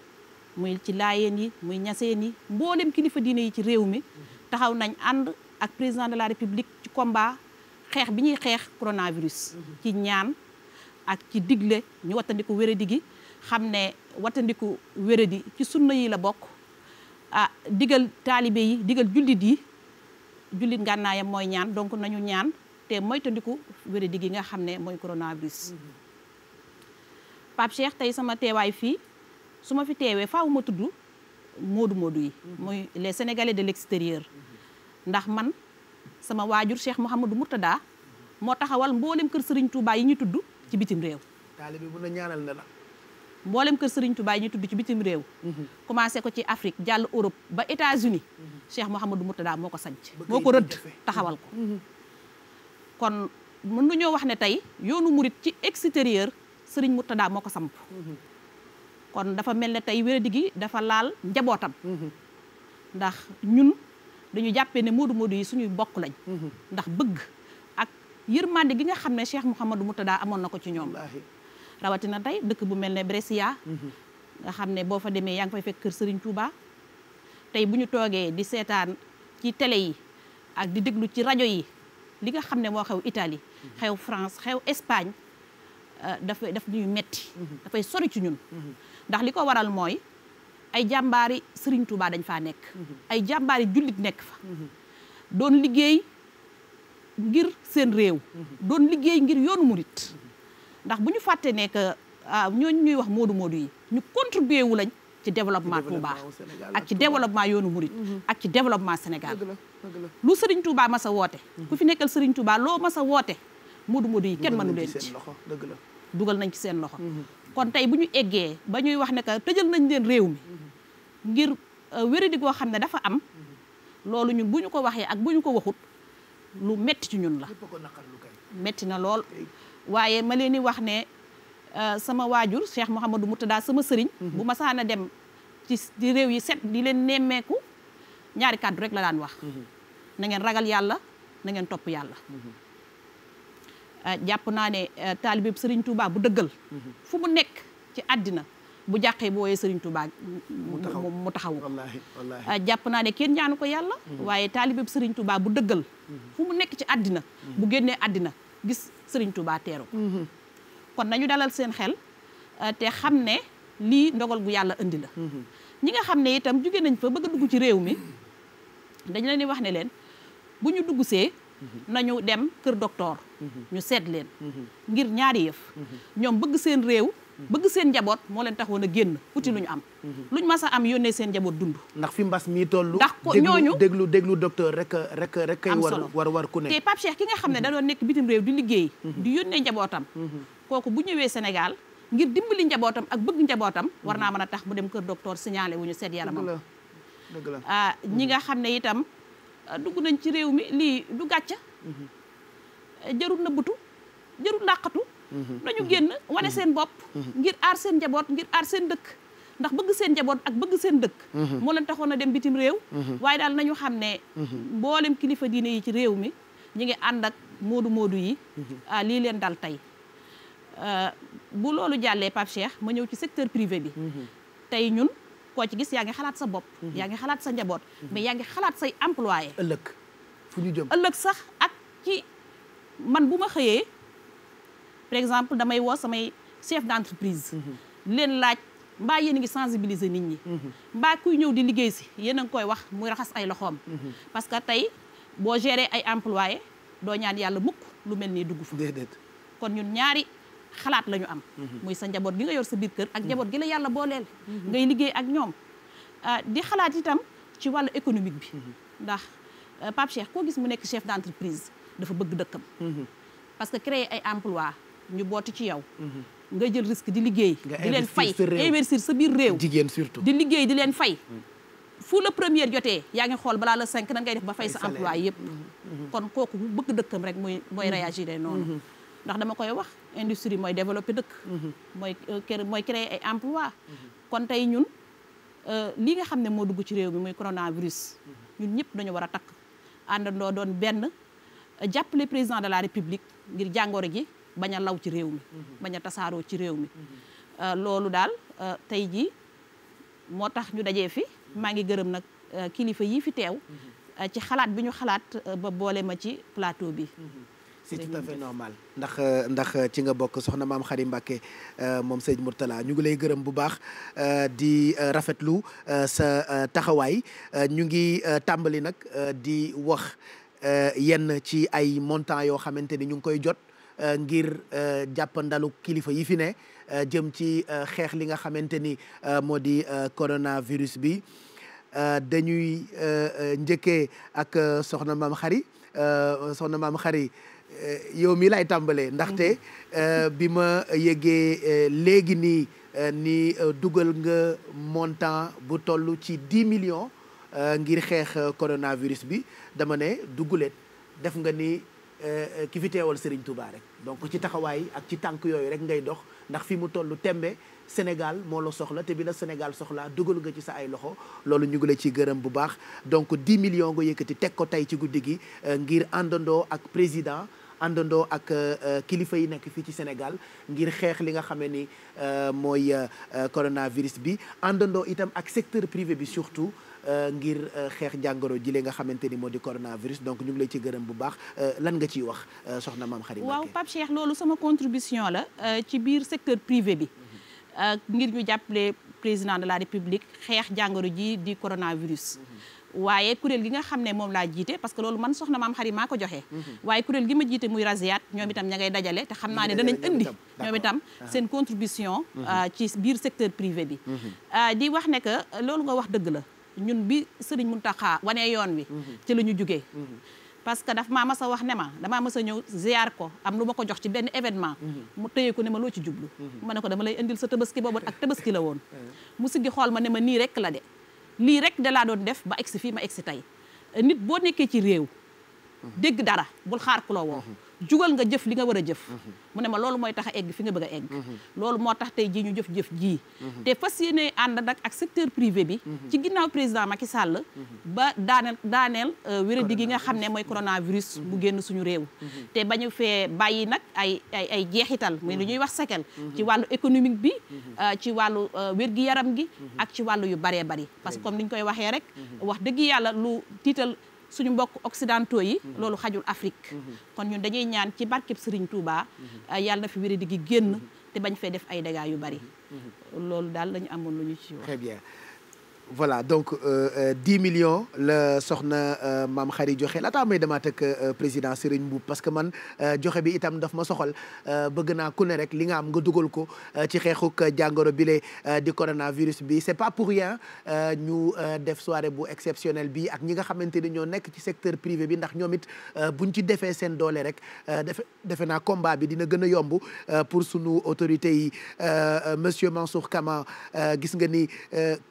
muy ci laayeen yi muy ñaseen yi mboolem kilifa diine yi ci réew mi mm-hmm. taxaw nañ ànd ak président de la république ci combat xeex bi ñuy xeex coronavirus ci ñaan ak ci digle ñu wattandiku wéradi gi xam ne wattandiku wéradi ci sunna yi la bokk ah digal taalibe yi digal jullit yi jullit ngànnaayam mooy ñaan donc nañu ñaan te moytandiku wéradi gi nga xam ne mooy coronavirus. Pape Cheikh tey sama teewaay fii su ma fi teewee faaw ma tudd moodu moodu yi. mooy les sénégalais de l'extérieur. ndax man sama waajur Cheikh Mouhamadou Mourtada moo taxawal mboolem kër Serigne Touba yi ñu tudd ci bitim réew. taalibe bu na na la. mboolem kër Serigne Touba yi ñu tudd ci bitim réew mhm. commencé ko ci Afrique jàll Europe ba États-Unis mhm. Cheikh Mouhamadou daa moo ko sanc moo ko rëdd mhm. taxawal ko kon mën nañoo wax ne tey yoonu murit ci extérieur Serigne daa moo ko samp kon dafa mel ne tey wéradi gi dafa laal njabootam ndax ñun dañu jàppee ne moodu moodu yi suñuy bokk lañ ndax bëgg ak yërmande gi nga xam ne Cheikh Mouhamadou daa amoon na ko ci ñoom rawatina tey dëkk bu mel ne Brescia nga xam ne boo fa demee yaa ngi fay fekk kër Serigne Touba tey bu ñu toogee di seetaan ci télé yi ak di déglu ci rajo yi li nga xam ne moo xew itali xew France xew Espagne euh, dafay daf ñuy metti dafay sori ci ñun ndax li ko waral mooy ay jàmbaari Serigne Touba dañ faa nekk ay jàmbaari jullit nekk fa doon liggéey ngir seen réew doon liggéey ngir yoonu murit ndax bu ñu fàtte ne que ah, ñooñu ñuy wax moodu moodu yi ñu contribué wu lañ ci développement Touba ak ci développement yoonu Mouride. Mhm. ak ci développement Sénégal lu Serigne Touba mas a woote ku mhm. fi nekkal Serigne Touba loo mas a woote moodu moodu yi kenn mënu leen ci dugal nañ ci seen loxo mhm. kon tey bu ñu eggee ba ñuy wax ne que tëjal nañ leen réew mi ngir euh, wéradi goo xam ne dafa am loolu ñun bu ñu ko waxee ak bu ñu ko waxut lu metti ci ñun la metti na lool waaye ma leen di wax ne euh, sama waajur Cheikh Mouhamadou Moutada sama sëriñ. Mhm. bu ma saana dem ci di réew yi set di leen nemmeeku ñaari kàddu rek la daan wax. Mhm. na ngeen ragal yàlla na ngeen topp yàlla. Mhm. Euh, jàpp naa ne euh, taalibe Serigne Touba bu dëggal. fu mu nekk ci àddina bu jàqee bu wooyee Serigne Touba. mu taxaw mu jàpp naa ne kenn ñaanu ko yàlla. waaye taalibe Serigne Touba bu dëggal. fu mu nekk ci àddina. bu génnee àddina gis Serigne Touba teeru ko mm-hmm. kon nañu dalal seen xel euh, te xam ne li ndogal gu yàlla indi la mm-hmm. ñi nga xam ne itam jóge nañ fa bëgg a dugg ci réew mi dañ leen di wax ne leen bu ñu dugg see mm-hmm. nañu dem kër doktor ñu seet leen ngir ñaari yëf ñoom bëgg seen réew bëgg seen njaboot moo leen taxoon a génn uti lu ñu am luñ mas a am yónnee seen njaboot dund ndax fi mbas mii toll ndax ko ñooñu déglu déglu docteur rek rek rek kay war war war ku ne te Pape ki nga xam ne da doon nekk bitim réew di liggéey mhm. di yónnee njabootam mhm. kooku bu ñëwee Sénégal ngir dimbali njabootam ak bëgg njabootam war naa mën a tax bu dem kër docteur signalé wu ñu seet yaramam dëgg la ah ñi nga xam ne itam ah, dugg nañ ci réew mi lii du gàcca mhm. eh, na nëbbutu jarul làqatu Mhm. nañu génn wane mhm. seen bopp mhm. ngir aar seen njaboot ngir aar seen dëkk ndax bëgg seen njaboot ak bëgg seen dëkk moo leen taxoon na dem bitim réew waaye daal nañu xam ne mboolem kilifa diine yi ci réew mi ñu ngi ànd ak moodu moodu yi ah lii leen dal tey ah, bu loolu jàllee Pape ma ñëw ci secteur privé bi tey ñun koo ci gis yaa ngi xalaat sa bopp yaa ngi xalaat sa njaboot mais yaa ngi xalaat say employé ëllëg fu ëllëg sax ak ci man bu ma xëyee par exemple damay woo samay chef d'entreprise leen laaj mbaa yéen a ngi sensibiliser nit ñi mbaa kuy ñëw di liggéey si yéen a ngi koy wax muy raxas ay loxoom parce que tey boo gérer ay employé doo ñaan yàlla mukk lu mel nii dugg fa déedéet kon ñun ñaari xalaat lañu am muy sa njaboot gi nga yor sa biir kër ak njaboot gi la yàlla booleel ngay liggéey ak ñoom ah, di xalaat itam ci wàllu économique bi ndax Pape Cheikh koo gis mu nekk chef d'entreprise dafa bëgg dëkkam mhm. ñu booti ci yow mhm. nga jël risque di liggéey di leen fay sa biir réew jigéen surtout di liggéey di leen fay mhm. fu la première jotee yaa ngi xool balaa la cinq nan ngay def ba fay sa emploi yëpp mhm. kon kooku bu bëgg dëkkam rek mooy mooy réagir noonu ndax dama koy wax industrie mooy développer dëkk mooy euh, mooy créer ay emploi kon tey ñun euh, li nga xam ne moo dugg ci réew mi muy coronavirus ñun ñëpp dañu war a takk àndandoo doon benn jàppale président de la république ngir jàngoro gi bañ a law ci réew mi mm-hmm. bañ a tasaaroo ci réew mi euh, loolu daal euh, tey jii moo tax ñu dajee fi mm-hmm. maa ngi gërëm nag euh, kilifa yi fi teew mm-hmm. ci xalaat bi ñu xalaat ba boole ma ci plateau bi c'est tout à fait normal ndax ndax ci nga bokk soxna maam Xari Mbàkke moom sëñ Mourtala ñu ngi lay gërëm bu baax di rafetlu sa taxawaay ñu ngi tàmbali nag di wax yenn ci ay montant yoo xamante ni ñu ngi koy jot Euh, ngir euh, jàppandalu kilifa yi fi ne euh, jëm ci xeex li nga xamante ni moo di coronavirus bi dañuy njëkkee ak soxna maam xari soxna yow mi lay tàmbalee ndaxte mm-hmm. bi ma yëgee léegi nii ni dugal nga montant bu toll ci dix millions ngir xeex coronavirus bi dama ne dugguleen def nga ni Eh, eh, ki fi teewal Serigne Touba rek donc ci taxawaay ak ci tànk yooyu rek ngay dox ndax fi mu toll tembe Sénégal moo la soxla te bi la Sénégal soxlaa dugal nga ci sa ay loxo loolu ñu ngi la ciy gërëm bu baax donc 10 million nga yëkkati teg ko tey ci guddi gi eh, ngir àndandoo ak président àndandoo ak kilifa yi nekk fii ci Sénégal ngir xeex li nga xamee ni mooy coronavirus bi àndandoo itam ak secteur privé bi surtout Euh, ngir euh, xeex jàngoro ji li nga xamante ni moo di coronavirus donc ñu ngi lay ci gërëm bu baax euh, lan nga ciy wax soxna maam xarit waaw Pape Cheikh loolu sama contribution la ci biir secteur privé bi ngir ñu jàppale président de la république xeex jàngoro ji di coronavirus waaye kuréel gi nga xam ne moom laa jiite parce que loolu man soxna maam maa ko joxe. waaye kuréel gi ma jiite muy Raziat ñoom itam ña ngay dajale te xam naa ne danañ indi ñoom itam uh-huh. seen contribution uh-huh. ci biir secteur privé bi uh-huh. di wax ne loolu nga wax dëgg la ñun bi sëriñ Muntaxa wane yoon wi mhm. ci la ñu jugee mhm. parce que daf maa mas a wax ne ma damaa mas a ñëw ziar ko am lu ma ko jox ci benn événement mhm. mu tëye ko ne ma loo ci jublu ma ne ko dama lay indil sa tabaski boobu ak tabaski la woon mu siggi xool ma ne ma nii rek la de lii rek da laa doon def ba egsi fii ma egsi tey nit boo nekkee ci réew dégg dara bul xaar ku la woo jugal nga jëf li nga war a jëf mhm. mu ne ma loolu mooy tax a egg fi nga bëgg a egg mhm. loolu moo tax tey jii ñu jëf jëf jii mhm. te fas yéene ànd nag ak secteur privé bi ci ginnaaw président Macky Sall ba daaneel daaneel euh, wéradi gi nga xam ne mooy coronavirus bu génn suñu réew te bañu fee bàyyi nag ay ay ay jeexital muy lu ñuy wax sekel ci wàllu économique bi euh, ci wàllu euh, wér-gi-yaram gi ak ci wàllu yu baree bari parce que comme ni ñu koy waxee rek wax dëgg yàlla lu tiital suñu mbokk occidentaux yi mhm. loolu xajul Afrique mhm. kon ñun dañuy ñaan ci barkeb Serigne Touba mhm. yàlla na fi wéri di gi génn te bañ fee def ay dégâts yu bari loolu daal lañu amoon lu ñu ci wax voilà donc euh, euh, dix millions la soxna euh, maam xari joxe laataa may demaat ak président Serigne Mboup parce que man joxe bi itam daf ma soxal bëgg naa ku ne rek li nga am nga dugal ko ci xeexuk jàngoro bile di coronavirus bi c'est pas pour rien ñu def soirée bu exceptionnel bi ak ñi nga xamante ni ñoo nekk ci secteur privé bi ndax ñoom it buñ ci defee seen doole rek defe defe naa combat bi dina gën a yomb pour sunu autorité yi monsieur Mansour Kama gis nga ni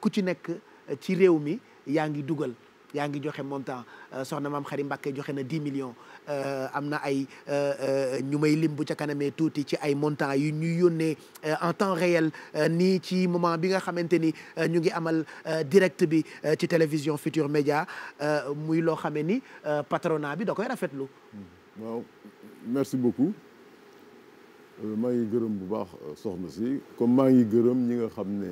ku ci nekk ci réew mi yaa ngi dugal yaa ngi joxe montant euh, soxna maam Xari Mbàkke joxe na 10 million euh, am na ay euh, ñu may lim bu ca kanamee tuuti ci ay montant yu ñuy yónnee en temps réel nii ci moment bi nga xamante ni ñu ngi amal direct bi ci télévision Futur Média muy loo xame ni patronat bi da koy rafetlu. Hmm. merci beaucoup maa ngi gërëm bu baax soxna si comme maa ngi gërëm ñi nga xam ne.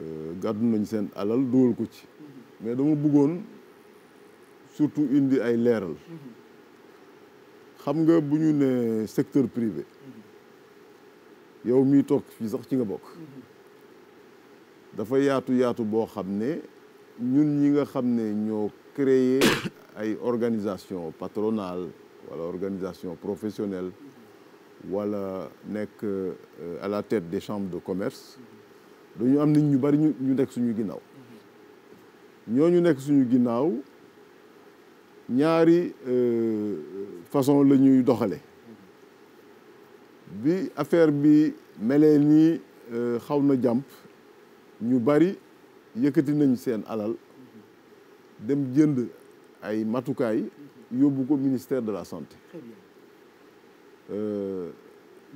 Euh, gàddu nañ seen alal dugal ko ci mais dama buggoon surtout indi ay leeral xam nga bu ñu ne secteur privé yow mi toog fii sax ci nga bokk dafa yaatu yaatu boo xam ne ñun ñi nga xam ne ñoo créer ay organisation patronal wala organisation professionnelle wala nekk euh, à la tête des chambres de commerce dañu am nit ñu bari ñu ñu nekk suñu ginnaaw ñu nekk suñu ginnaaw ñaari euh, façon la ñuy doxale bi affaire bi melee nii euh, xaw na jàmp ñu bari yëkkati nañ seen alal dem jënd ay matukaay yóbbu ko ministère de la santé euh,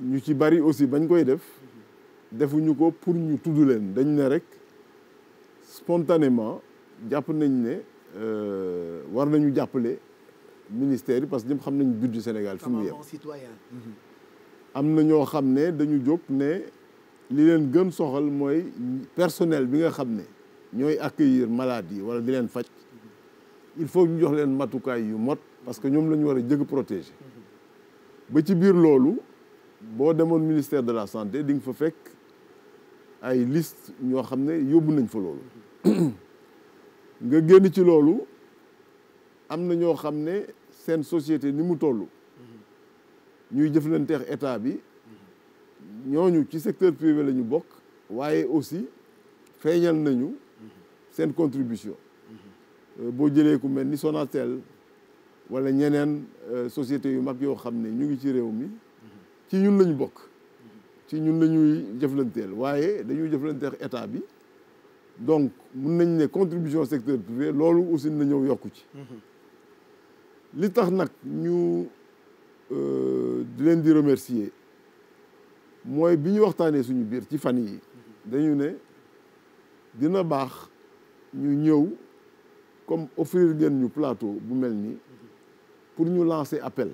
ñu ci bari aussi bañ koy def defuñu ko pour ñu tudd leen dañ ne rek spontanément jàpp nañ ne euh, war nañu jàppale ministère yi parce que ñëpp xam nañ budget Sénégal fi mu yem am na ñoo xam ne dañu jóg ne li leen gën soxal mooy personnel bi nga xam ne ñooy accueillir malade yi wala di leen faj il faut ñu jox leen matukaay yu mot parce que ñoom la ñu war a jëg protéger mm-hmm. ba ci biir loolu boo demoon ministère de la santé di nga fa fekk ay liste ñoo xam ne yóbbu nañ fa loolu nga génn ci loolu am na ñoo xam ne seen société ni mu toll ñuy jëflanteex état bi ñooñu ci secteur privé la ñu bokk waaye aussi feeñal nañu seen contribution euh, boo jëlee ku mel ni Sonatel wala ñeneen euh, société yu mag yoo xam ne ñu ngi ci réew mi ci ñun lañu bokk ci ñun la ñuy jëflanteel waaye dañuy jëflanteel état bi donc mun nañ ne contribution secteur privé loolu aussi nañoo yokku ci mm-hmm. li tax nag ñu euh, di leen di remercier mooy bi ñu waxtaanee suñu biir ci fan yi mm-hmm. dañu ne dina baax ñu ñëw comme offrir ngeen ñu plateau bu mel nii mm-hmm. pour ñu lancer appel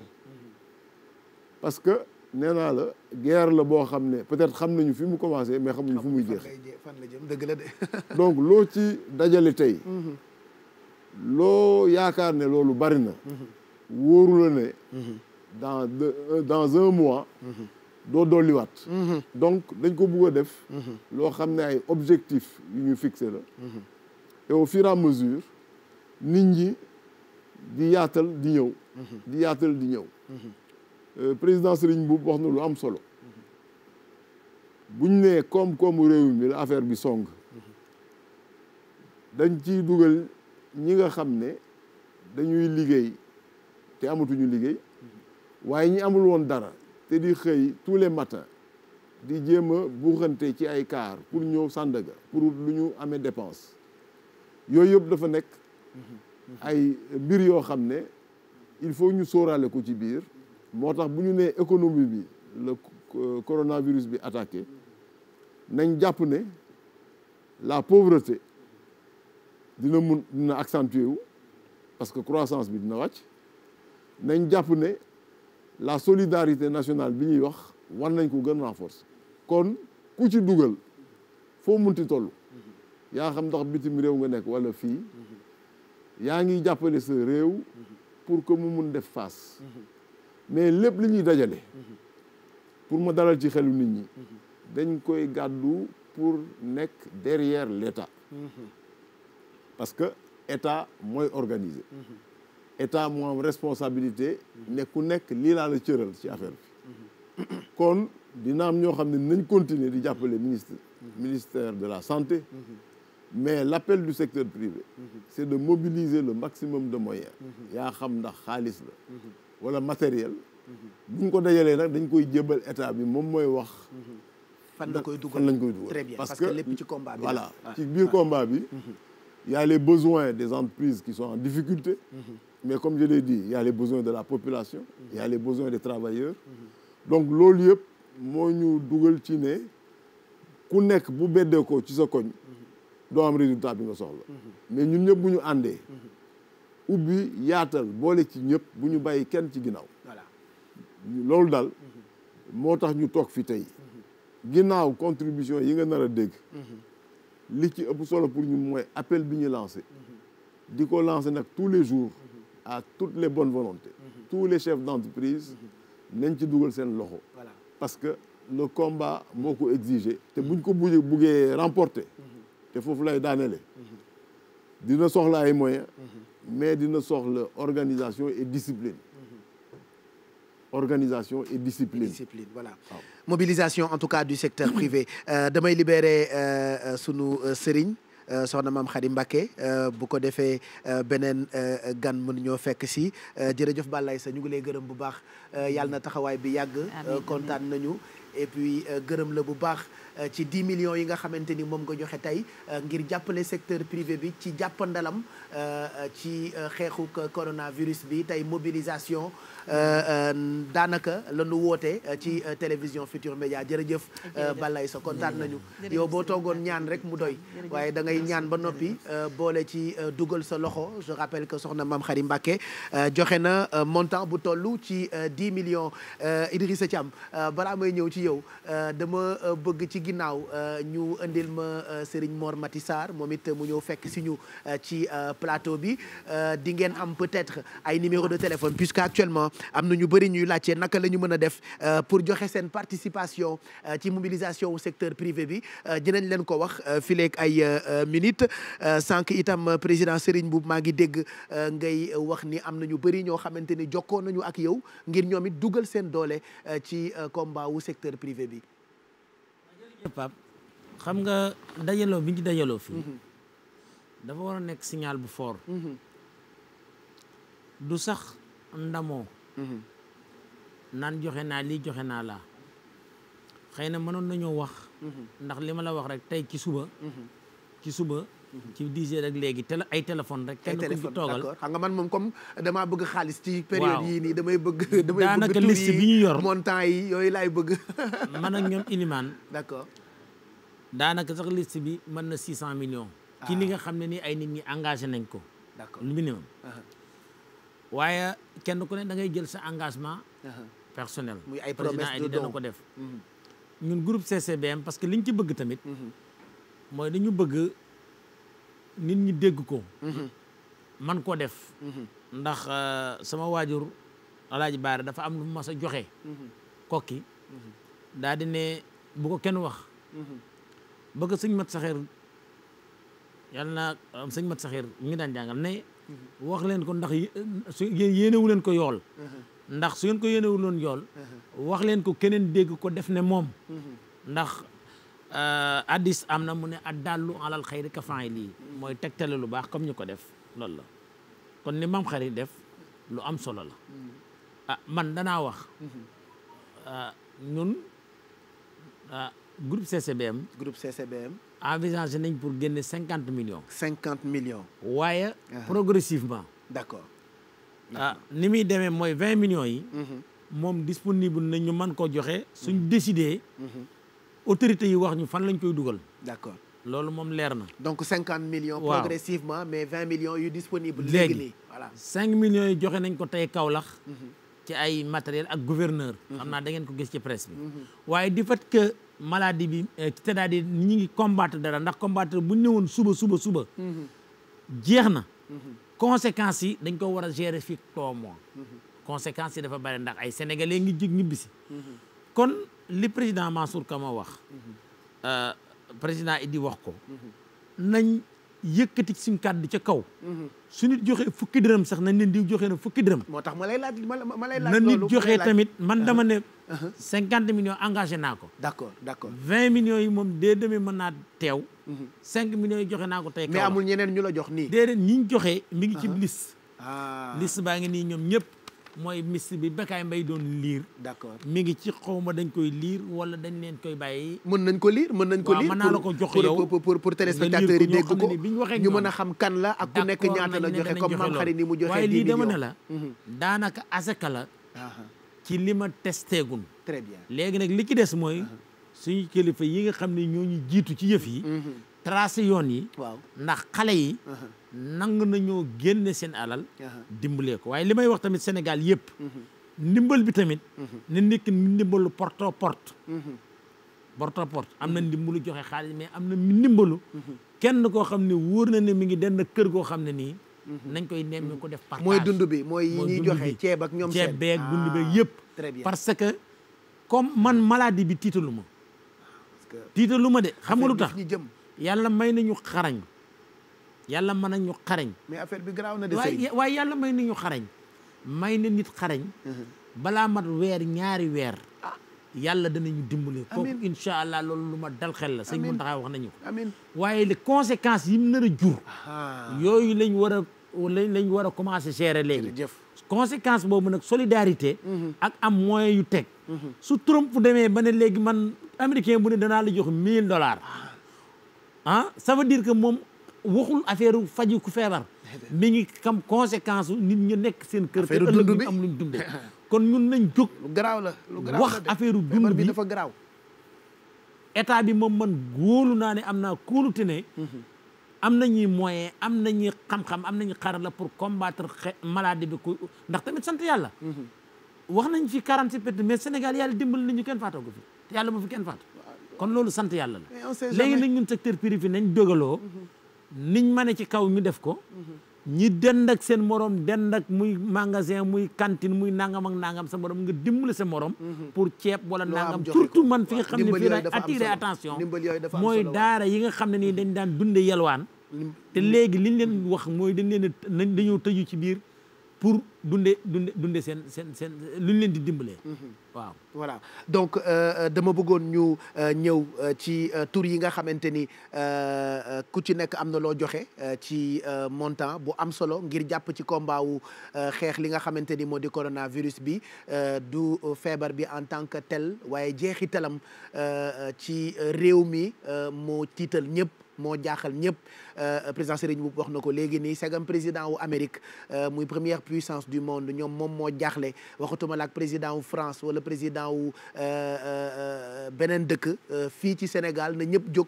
parce que nee naa la guerre la boo xam ne peut-être xam nañu fi mu commencé mais xamuñu fi muy jeex fan la jëm dëgg la de donc loo ci dajale tey mhm. loo yaakaar ne loolu bari na mhm. wóoru ne mhm. dans euh, dans un mois doo dolliwaat donc dañ ko bëgg a def loo xam ne ay objectif yu ñu fixé la et au fur à mesure nit ñi di yaatal di ñëw di yaatal di ñëw Euh, président Serigne Mboup wax na lu am solo buñ nee koom-koomu réew mi la affaire bi song dañ ciy dugal ñi nga xam ne dañuy liggéey te amatuñu liggéey waaye ñi amul woon dara te di xëy tous les matins di jéem a buuxante ci ay kaar pour ñëw Sandaga pour lu ñu amee dépense yooyu yëpp dafa nekk ay mbir yoo xam ne il faut ñu sóoraale ko ci biir moo tax bu ñu nee économie bi le coronavirus bi attaqué nañ jàpp ne la pauvreté dina mun dina accentuer wu parce que croissance bi dina wàcc nañ jàpp ne la solidarité nationale bi ñuy wax war nañ ko gën force kon ku ci dugal foo mun munti toll yaa xam ndax bitim réew nga nekk walla fii yaa ngi jàppale sa réew pour que mu mun def face mais lépp li ñuy dajale pour ma dalal ci xelu nit ñi dañ koy gàddu pour nekk derrière l'État parce que État mooy organisé État moo am responsabilité ne ku nekk lii laa la cëral ci affaire bi kon dina am ñoo xam ne nañ continuer di jàppale ministre ministère de la santé mais l'appel du secteur privé c'est de mobiliser le maximum de moyens yaa xam ndax xaalis la wala matériel. bu ñu ko dajalee nag dañ koy jébbal état bi moom mooy wax. fan la koy dugal fan koy dugal. très parce que lépp ci combat bi voilà ah. ci biir bi. Ah. a les besoins des entreprises qui sont en difficulté. Mm-hmm. mais comme je di dit il y a les de la population. Mm-hmm. il y a les des travailleurs. Mm-hmm. donc loolu yëpp moo ñu dugal ci ne ku nekk bu beddee ko ci sa koñ. doo résultat bi nga soxla. mais ñun ñëpp bu ñu àndee. ubbi yaatal boole ci ñëpp bu ñu bàyyi kenn ci ginnaaw voilà loolu daal moo tax ñu toog fi tey ginnaaw contribution yi nga nar a li ci ëpp solo pour ñu mooy appel bi ñu lancé di ko lancé nag tous les jours mhm. à toutes les bonnes volontés mhm. tous les chefs d'entreprise mhm. nañ ci dugal seen loxo parce que le combat moo ko exigé te buñ ko bu buggee remporter te foofu lay daanele dina soxla ay moyens mais dina soxla organisation et discipline. organisation et discipline. voilà mobilisation en tout cas du secteur privé euh, damay libérer euh, euh sunu euh, sëriñ soxna maam Khady Mbacké bu ko defee beneen gan mën ñoo fekk si jërëjëf Balaye sax ñu ngi lay gërëm bu baax yàlla na taxawaay bi yàgg. kontaan nañu et puis gërëm la bu baax. Euh, ci 10 millions yi nga xamante ni moom nga joxe tey euh, ngir jàppale secteur privé bi ci jàppandalam euh, ci xeexuk coronavirus bi tey mobilisation Euh, euh, daanaka la nu woote euh, ci télévision Futur Média jërëjëf balaay sa kontaan nañu yow boo toogoon ñaan rek mu doy waaye da ngay ñaan ba noppi boole ci dugal sa loxo je rappelle que soxna Maam Xari Mbàkke joxe na montant bu toll ci dix millions Idrissa Thiam balaa may ñëw ci yow dama bëgg ci ginnaaw ñu indil ma Serigne Mor Mati Sarr moom it mu ñëw fekk si ñu ci plateau bi di ngeen am peut-être ay numéro de téléphone puisque actuellement am na ñu bëri ñuy laajte naka lañu mën a def euh, pour joxe seen participation euh, ci mobilisation au secteur privé bi euh, dinañ leen ko wax fileeg ay minutes sànq itam président Serigne bu maa ngi dégg ngay wax ni am na ñu bëri ñoo xamante ni jokkoo nañu ak yow ngir ñoom it dugal seen doole ci combat wu secteur privé bi. Pape xam nga dajaloo bi ñu dajaloo fii. Mhm. dafa war a nekk signal bu fort. Mhm. du sax ndamoo. naan joxe naa lii joxe naa laa xëy na manoon na nañoo wax ndax li ma la wax rek tey ci suba ci suba ci 10 rek léegi télé ay téléphone rek kenn ku fi toogal xam nga man moom comme damaa bëgg xaalis ci période yii nii damay bëgg damay daanaka liste bi ñu yor montant yi yooyu laay bëgg man ak ñoom Ilimane d'accord daanaka sax liste bi mën na 600 million ci ah. li nga xam ne nii ay nit ñi engagé nañ ko d'accord lu minimum uh-huh. waaye kenn ku ne da ngay jël sa engagement. Uh-huh. personnel muy ay promesse de ko def. Mm-hmm. ñun groupe CCBM parce que liñ ci bëgg tamit. Mm-hmm. mooy dañu bëgg nit ñi dégg ko. Mm-hmm. man koo def. ndax euh, sama waajur Alaaji Baare dafa am lu ma sa joxe. kokki daa di ne bu ko kenn wax. bëgg sëñ mat saxeer yàlla na sëñ mat saxeer ñu ngi daan jàngal ne. wax leen ko ndax su yéenewu leen ko yool ndax su ngeen ko yéenewu leen yool wax leen ko keneen dégg ko def ne moom ndax euh, addis am na mu ne addallu alal xayri ka faa'ili mooy tegtale lu baax comme ñu ko def loolu la kon ni mam xari def lu am solo la ah man dana wax euh, ñun group euh, CCBM groupe CCBM envisagé nañ pour génne cinquante millions. cinquante millions. waaye. Uh -huh. progressivement. d' accord. ah ni muy demee mooy vingt millions yi. Mhm. moom disponible nañ ñu mën koo joxe. suñ mhm. décidé. Mhm. autorités yi wax ñu fan lañ koy dugal. d' accord loolu moom leer na. donc cinquante millions. Wow. progressivement mais vingt millions yu disponible. léegi nii voilà cinq millions yi joxe nañ ko tey Kaolack. ci ay matériel ak gouverneur. xam naa dangeen ko gis ci presse bi. waaye du fait que maladie bi euh, c'est-à-dire ñi ngi combattre dara ndax combattre bu ñëwoon suba suba suba. jeex na. conséquences yi dañ ko war a gérer fii trois mois. conséquences dafa bari ndax ay sénégalais ngi jig ñibbisi. kon li président Mansour Kama wax. Euh, président Idi wax ko. yëkkati ci suñu kàddu ca kaw. su nit joxee fukki dërëm sax nañ leen di joxee na fukki dërëm. moo tax ma lay laaj ma lay laaj na nit joxee tamit man dama ne. Uh-huh. Uh-huh. cinquante millions engagé naa ko. d' accord d' accord vingt millions yi moom dee demee mën naa teew. Uh-huh. cinq millions yi joxe naa ko tey. kaw mais amul ñeneen ñu la jox nii. déedéet ñi ñu joxe. mi ngi ci liste. Ah. liste baa ngi nii ñoom ñëpp. mooy miss bi Bécaye Mbaye doon liir. d'accord mi ngi ci xaw ma dañ koy liir wala dañ leen koy bàyyi. mën nañ ko liir mën nañ ko liir. waaw mën naa la ko jox yow pour pour pour téléspectateurs yi dégg ko ñu mën a xam kan la ak ku nekk ñaata la joxe comme maam xarit ni mu joxe. waaye lii la. Mhm. daanaka asaka la. ci li ma testé gun. très bien léegi nag li ci des mooy. suñu kilifa yi nga xam ne ñoo ñu jiitu ci yëf yi. Mhm. tracé yoon yi. waaw ndax xale yi. nang nañoo génne seen alal dimbalee ko waaye li may wax tamit Sénégal yëpp mhm. ndimbal bi tamit mhm. ne nekk ndimbalu porte à mhm. am na ndimbalu joxe xaalis mais am na ndimbalu kenn koo xam ne wóor na ne mi ngi denn kër goo xam ne nii nañ koy nemmi ko def partage mooy dund bi mooy yi joxe ceeb ak ñoom seen ceeb ah, yëpp très bien parce que comme man maladie bi tiitalu ma tiitalu ma de xam lu tax yàlla may nañu xarañ yàlla mën na ñu xarañ. mais affaire bi garaaw na de. waaye waaye yàlla may na ñu xarañ. may na nit xarañ. Mhm. balaa mat weer ñaari weer. Ah. yàlla danañu dimbali. amiin kooku incha allah loolu lu ma dal xel la. amiin sëñ Mountakha wax nañu ko. waaye les conséquences yi mu nar a jur. yooyu lañ war a lañ war a commencé gérer léegi. conséquence boobu nag solidarité. Mhm. ak am moyen yu teg. Mhm. su Trump demee ba ne léegi man américain bu ne danaa la jox 1000 dollars. Ah. ah ça veut dire moom. waxul affaire faju ku feebar mi ngi kam conséquence nit ñu nekk seen kër te ëllëg ñu am luñ kon ñun nañ jóg garaaw la lu garaaw wax affaire dund bi dafa garaaw état bi moom man góolu naa ne am naa kóolute ne mm-hmm. am na nañuy moyen am na xam-xam am nañu xarala pour combattre maladie bi ku ndax tamit sant yàlla mm-hmm. wax nañ fi quarante pet mais Sénégal yàlla dimbali na kenn faatoo ko fi te yàlla bu fi kenn faatu kon loolu sant yàlla la léegi nañ ñun secteur privé nañ dogaloo mm-hmm. niñ mane ci kaw ñu def ko ñi dend ak seen morom dend ak muy magasin muy cantine muy nangam ak nangam sa morom nga dimb dimbali sa morom mhm. pour ceeb wala nangam surtout man fi nga xam ne fii lay attiré attention mooy daara yi nga xam ne nii dañ daan dunde yelwaan te léegi liñ leen wax mooy dañ leen na ñëw tëju ci biir pour dunde dunde dunde seen seen seen lu leen di dimbalee. Mhm. waaw voilà donc euh, euh, dama bëggoon ñu euh, ñëw ci tur yi nga xamante ni ku ci nekk am na loo joxe ci montant bu am solo ngir jàpp ci combat xeex li nga xamante ni moo di coronavirus bi du feebar bi en tant que tell waaye jeexitalam ci réew mi moo tiital ñëpp. moo jaaxal ñëpp euh, président Serigne bu wax na ko léegi nii sagam président wu Amérique euh, muy première puissance du monde ñoom moom moo jaaxle waxatuma la ak président wu France wala président wu euh, beneen dëkk fii ci Sénégal na ñëpp jog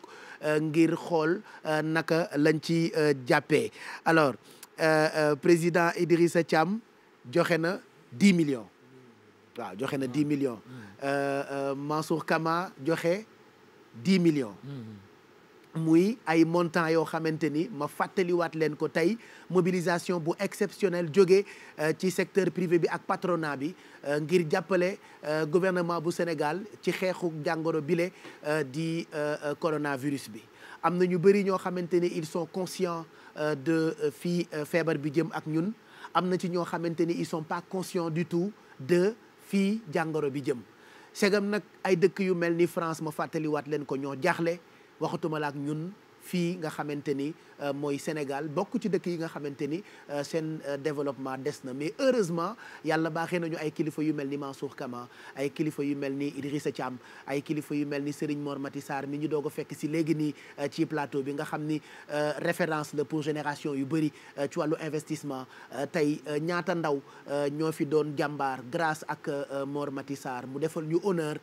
ngir xool naka lañ ci jàppee alors président Idrissa Thiam joxe na dix millions waaw joxe na dix millions Mansour Kama joxe dix millions mm-hmm. muy ay montant yoo xamante ni ma fàttaliwaat leen ko tey mobilisation bu exceptionnelle jóge euh, ci secteur privé bi ak patronat bi euh, ngir jàppale euh, gouvernement bu Sénégal ci xeexu jàngoro bile di coronavirus bi am na ñu bëri ñoo xamante ni ils sont conscients de fii feebar bi jëm ak ñun am na ci ñoo xamante ni ils sont pas du tout de fii jàngoro bi jëm segam nag ay dëkk yu mel ni France ma fàttaliwaat leen ko ñoo jaaxle waxatuma la ak ñun fii nga xamante ni euh, mooy Sénégal bokk ci dëkk yi nga xamante ni euh, seen euh, développement des na mais heureusement yàlla baaxee nañu ay kilifa yu mel ni Mansour Kama ay kilifa yu mel ni Idrissa Thiam ay kilifa yu mel ni Serigne Mor Mati Sarr mi ñu doog fekk si léegi nii ci plateau bi nga xam ni référence la pour génération yu bëri ci wàllu investissement tey ñaata ndaw ñoo fi doon jàmbaar grâce ak Mor Mati Sarr mu defal ñu honneur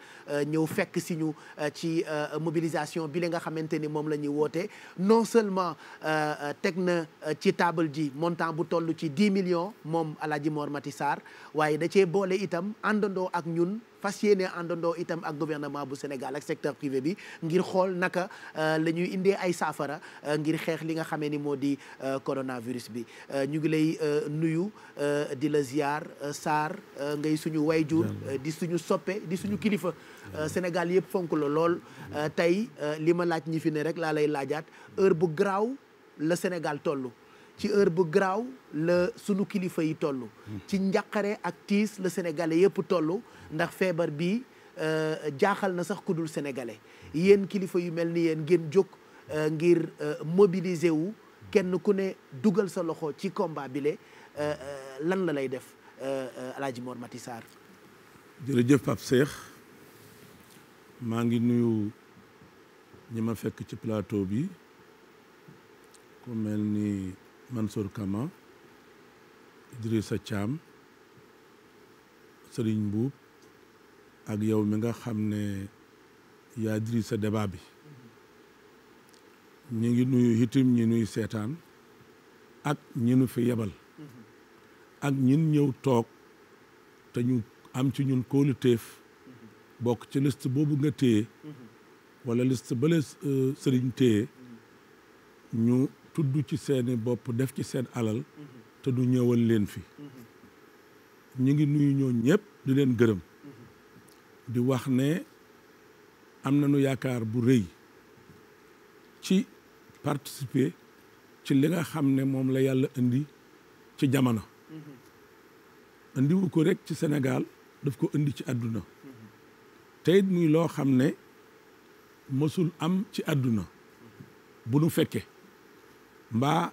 ñëw fekk si ñu ci mobilisation bi la nga xamante ni moom la ñuy woote non seulement euh, euh, teg na euh, ci table ji montant bu toll ci dix millions moom Alaaji Mor Mati Sarr waaye da cee boole itam àndandoo ak ñun fas yéene àndandoo itam ak gouvernement bu Sénégal ak secteur privé bi ngir xool naka euh, la ñuy indee ay saafara euh, ngir xeex li nga xamee ni moo di euh, coronavirus bi ñu ngi lay nuyu di la ziar Sarr ngay suñu way jur di suñu soppe di suñu kilifa Sénégal yëpp fonk la lool tey li ma laaj ñi fi rek laa lay laajaat heure bu garaaw la Sénégal tollu ci heure bu garaaw la sunu kilifa yi tollu ci njàqare ak tiis la sénégalais yëpp toll ndax feebar bi euh, jaaxal na sax ku dul sénégalais yéen kilifa yu mel ni yéen ngeen jóg euh, ngir euh, mobiliser wu kenn ku ne dugal sa loxo ci komba bile lan la lay def El Hadj Mor Maty Sarr. jërëjëf Pape maa ngi nuyu ñi ma fekk ci plateau bi ku mel ni. Mansour Kama sa caam sëriñ Mbuub ak yow mi nga xam ne yaa diri sa débat bi ñu ngi nuyu itam ñi nuyu seetaan ak ñi nu fi yebal ak ñin ñëw toog te ñu am ci ñun kóoluteef bokk ci liste boobu nga téye wala liste bële euh, sëriñ téye ñu tudd ci seeni bopp def ci seen alal te du ñëwal leen fi ñu ngi nuyu ñoo ñëpp di leen gërëm di wax ne am nañu yaakaar bu rëy ci participer ci li nga xam ne moom la yàlla indi ci jamono indiwu ko rek ci Sénégal daf ko indi ci àdduna tey muy loo xam ne mësul am ci àdduna bu nu fekkee mbaa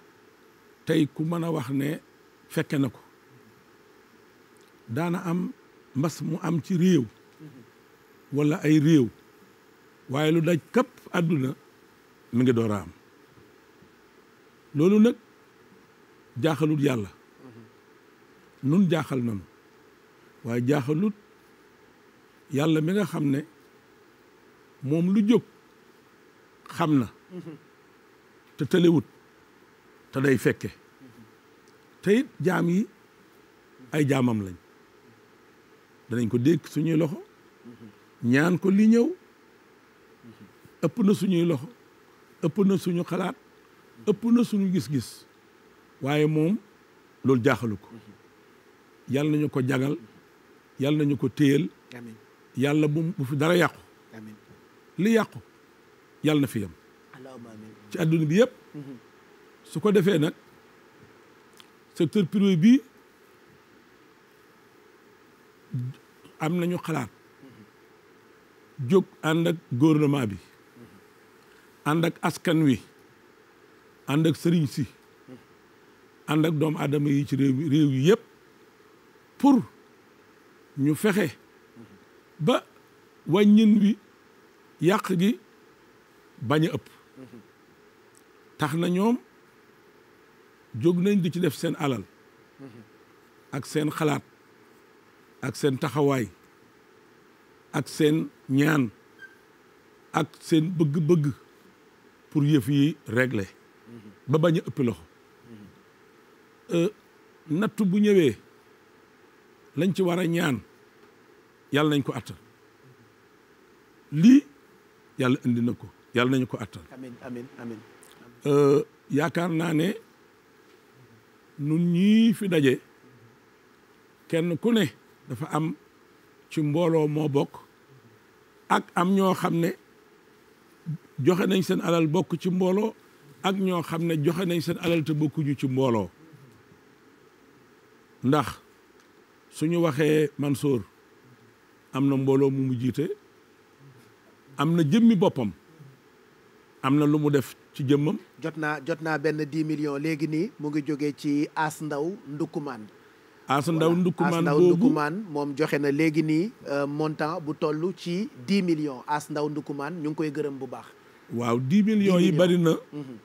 tey ku mën a wax ne fekke na ko daana am mbas mu am ci réew walla ay réew waaye lu daj kapp àdduna mu ngi door a am loolu nag jaaxalut yàlla nun jaaxal nanu waaye jaaxalut yàlla mi nga xam ne moom lu jóg xam na mhm. te te day fekke te jaam yi ay jaamam lañ danañ ko dénk suñuy loxo ñaan ko li ñëw ëpp na suñuy loxo ëpp na suñu xalaat ëpp na suñu gis-gis waaye moom loolu jaaxalu ko yàlla nañu ko jagal yàlla nañu ko téyel yàlla bu bu fi dara yàqu li yàqu yàlla na fi yem ci adduna bi yëpp mhm. su ko defee nag secteur privé bi am nañu xalaat jóg ànd ak gouvernement bi ànd ak askan wi ànd ak sëriñ si ak doomu aadama yi ci réew réew yi yëpp pour ñu fexe ba wàññin wi yàq gi bañ a ëpp tax na ñoom jóg nañ di ci def seen alal ak seen xalaat ak seen taxawaay ak seen ñaan ak seen bëgg-bëgg pour yëf yi regle ba bañ a ëpp loxo euh, nattu bu ñëwee lañ ci war a ñaan yàlla nañ ko attal lii yàlla indi na ko yàlla nañ ko attal amiin amiin nun ñii fi daje kenn ku ne dafa am ci mbooloo moo bokk ak am ñoo xam ne joxe nañ seen alal bokk ci mbooloo ak ñoo xam ne joxe nañ seen alal te bokkuñu ci mbooloo ndax su ñu waxee man Mansour am na mbooloo mu mu jiite am na jëmmi boppam am na lu mu def ci jëmmam. jot naa jot naa benn dix million léegi nii mu ngi jógee ci As Ndaw Ndukumaan. As Ndaw Ndukumaan boobu As Ndaw Ndukumaan moom joxe na léegi nii euh, montant bu toll ci dix million As Ndaw Ndukumaan ñu ngi koy gërëm bu baax. waaw dix million yi bari na. Mhm.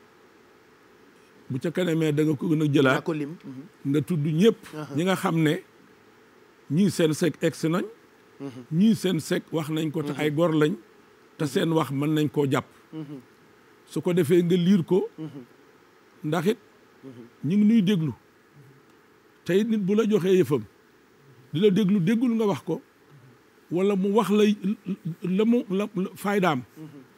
bu ca kanamee da nga ko gën a jëlaat ko mhm. nga tudd ñëpp. Uh-huh. ñi nga xam ne ñii seen sec egsi nañ. Mhm. ñii seen sec wax nañ ko te ay gor lañ. te seen wax mën nañ koo jàpp. su ko defee nga liir ko ndax it ñu ngi nuy déglu tey nit bu la joxee yëfam di la déglu déggul nga wax ko wala mu wax la la mu la faydaam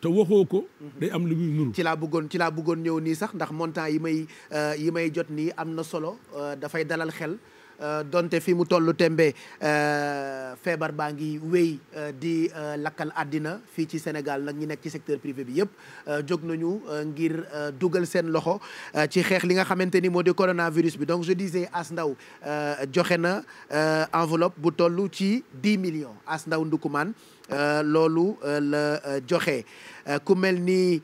te waxoo ko day am lu muy nuru ci laa bëggoon ci laa bëggoon ñëw nii sax ndax montant yi may euh, yi may jot nii am na solo euh, dafay dalal xel Euh, donte fi mu tollu tembe euh, feebar baa ngi wéy euh, di lakkal àddina fii ci Sénégal nag ñi nekk ci secteur privé bi yëpp jog nañu ngir dugal seen loxo ci xeex li nga xamante ni moo di coronavirus bi donc je disais As Ndaw joxe na enveloppe bu toll ci dix millions As Ndaw Ndukumaan loolu la joxe ku mel ni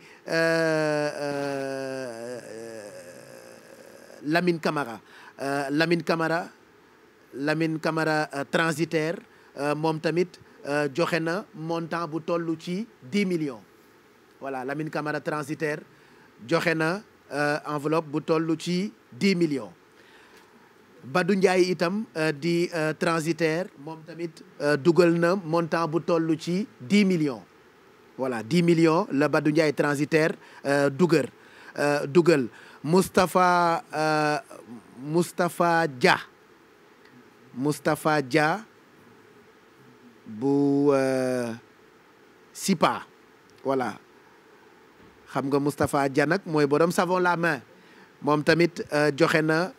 Lamine Camara Lamine Camara Lamine Camara euh, transitaire euh, moom tamit euh, joxe na montant bu toll ci dix millions voilà Lamine Camara transitaire joxe na enveloppe bu tollu ci dix millions Badou Ndiaye itam di transitaire moom tamit dugal na montant bu toll ci dix millions voilà dix millions la Badou Ndiaye transitaire dugal dugal Moustapha Moustapha Dia Moustapha Dia bu euh, Sipa voilà xam nga Moustapha Dia nag mooy borom savon la main moom tamit euh, joxe na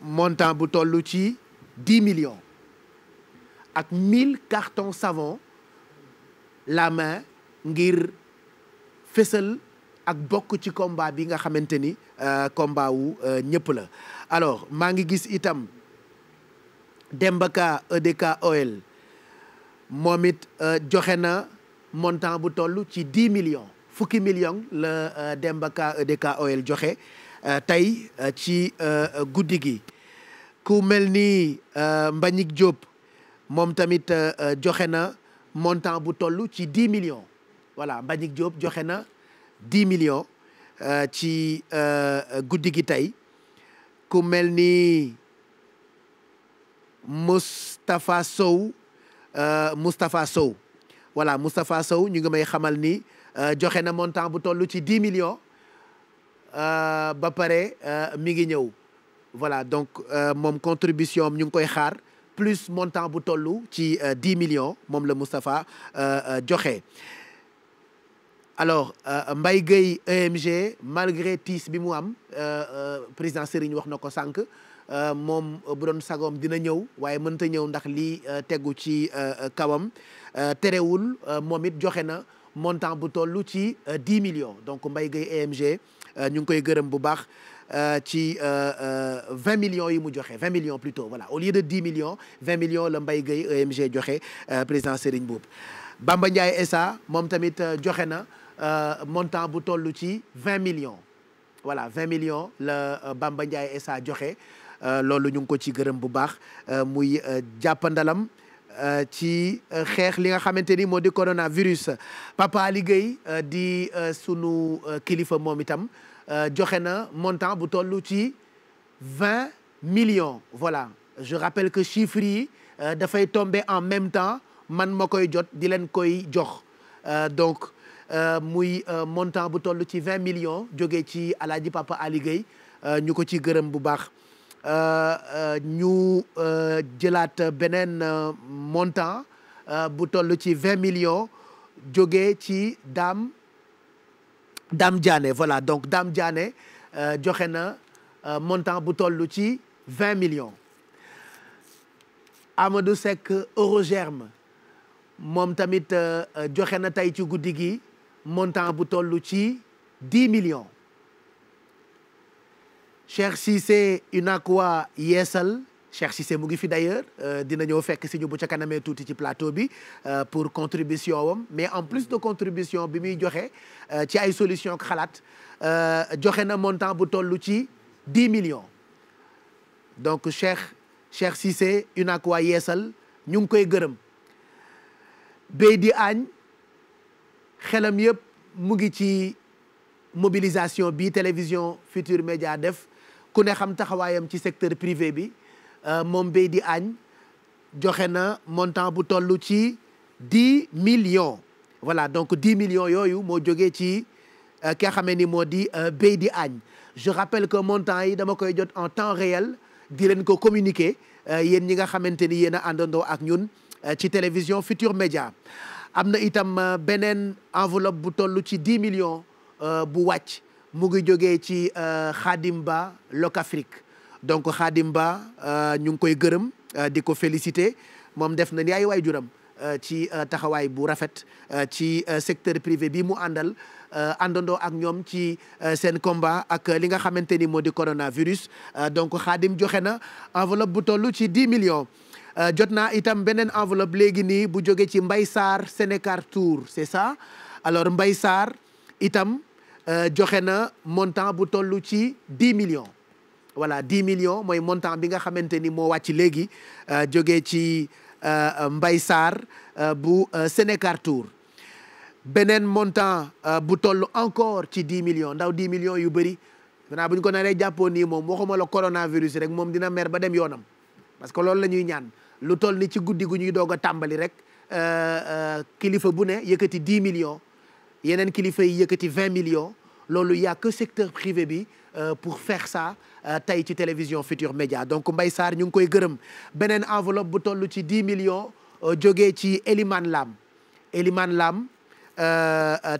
montant bu toll ci dix millions ak mille cartons savon la main ngir fësal ak bokk ci combat bi nga xamante ni euh, combat wu ñëpp la alors maa ngi gis itam. Demba Ka EDK OL moom it euh, joxe na montant bu toll ci dix millions fukki millions la euh, Demba Ka EDK OL joxe euh, tey ci guddi gi ku mel ni Mbagnick Diop moom tamit joxe na montant bu toll ci dix millions voilà Mbagnick Diop joxe na dix millions ci guddi gi tey ku mel ni Moustapha Sow euh, Moustapha Sow voilà Moustapha Sow ñu ngi may xamal ni euh, joxe na montant bu toll ci dix millions euh, ba pare mi ngi ñëw voilà donc moom contribution am ñu ngi koy xaar plus montant bu tollu ci dix millions moom la Moustapha joxe. alors Mbaye Gueye EMG malgré tiis bi mu am président Serigne wax na ko sànq. Euh, moom euh, bu doon sagoom dina ñëw waaye mënta ñëw ndax lii euh, tegu ci kawam terewul moom it joxe na montant bu toll ci dix millions donc Mbaye Gueye EMG ñu ngi koy gërëm bu baax ci vingt millions yi mu joxe vingt millions plutôt voilà au lieu de dix millions vingt millions la mbay gay EMG joxe président Serigne Boub Bamba Ndiaye SA moom tamit joxe na montant bu toll ci vingt millions voilà vingt millions la Bamba Ndiaye SA joxe Euh, loolu ñu ngi ko ci gërëm bu baax euh, muy euh, jàppandalam ci xeex li nga xamante ni moo di coronavirus Papa Ali liggéey di sunu kilifa moom itam joxe na montant bu toll ci vingt millions voilà je rappelle que chiffres yi dafay tomber en même temps man ma koy jot di leen koy jox donc muy montant bu toll ci vingt millions jóge ci Alaaji Papa Ali Gueye ñu ko ci gërëm bu baax Euh, euh, ñu euh, jëlaat beneen montant bu toll ci vingt millions jógee ci daam Dame Diané voilà donc Dame Diané joxe na montant bu tollu ci vingt millions Amadou Seck Eurogerme moom tamit joxe na tey ci guddi gi montant bu tollu ci dix millions Cheikh Cissé UNACOIS Yeesal Cheikh Cissé mu ngi fi d'ailleurs euh, dina ñëw fekk si ñu bu ca kanamee tuuti ci plateau bi euh, pour contribution wam mais en plus de contribution bi muy joxe euh, ci ay solution ak xalaat joxe na montant bu toll ci dix millions donc Cheikh Cheikh Cissé UNACOIS Yeesal ñu ngi koy gërëm béy di añ xelam yëpp mu ngi ci mobilisation bi télévision Futur Média def ku ne xam taxawaayam ci secteur privé bi euh, moom bay di añ joxe na montant bu toll ci dix millions voilà donc dix millions yooyu moo joge ci euh, ki nga xamee ni moo di euh, bay di añ je rappelle que montant yi dama koy jot en temps réel di leen ko communiquer yéen ñi nga xamante ni yéen a àndandoo ak ñun ci télévision Futur Média am na itam beneen enveloppe bu toll ci dix millions bu wàcc mu ngi jóge ci euh, Khadim Ba Locafrique donc Khadim Ba euh, ñu ngi koy gërëm euh, di ko féliciter moom def na ni ay waajuram ci taxawaay bu rafet ci secteur privé bi mu àndal àndandoo ak ñoom ci seen combat ak li nga xamante ni moo di coronavirus donc Khadim joxe na enveloppe bu toll ci dix millions jot naa itam beneen enveloppe léegi nii bu jóge ci mbay saar Sénécar Tour c'est ça alors mbay saar itam Euh, joxe na montant bu toll ci dix million voilà dix million mooy montant bi nga xamante ni moo wàcc léegi euh, joge ci euh, Mbaye Sarr bu Sénécartour beneen montant bu toll encore ci dix million ndaw dix millions yu bëri maintenant bu ñu ko naree jàppoon nii moom waxuma la coronavirus rek moom dina mer ba dem yoonam parce que loolu la ñuy ñaan lu toll ni ci guddi gu ñuy doog a tàmbali rek kilifa bu ne yëkkati dix million yeneen kilifa yi yëkkati vingt millions loolu y secteur privé bi euh, pour faire ça euh, tey ci télévision Futur Média donc Mbaye Sarr ñu ngi koy gërëm beneen enveloppe bu tollu ci dix millions euh, jógee ci Eliman Lam Eliman Lam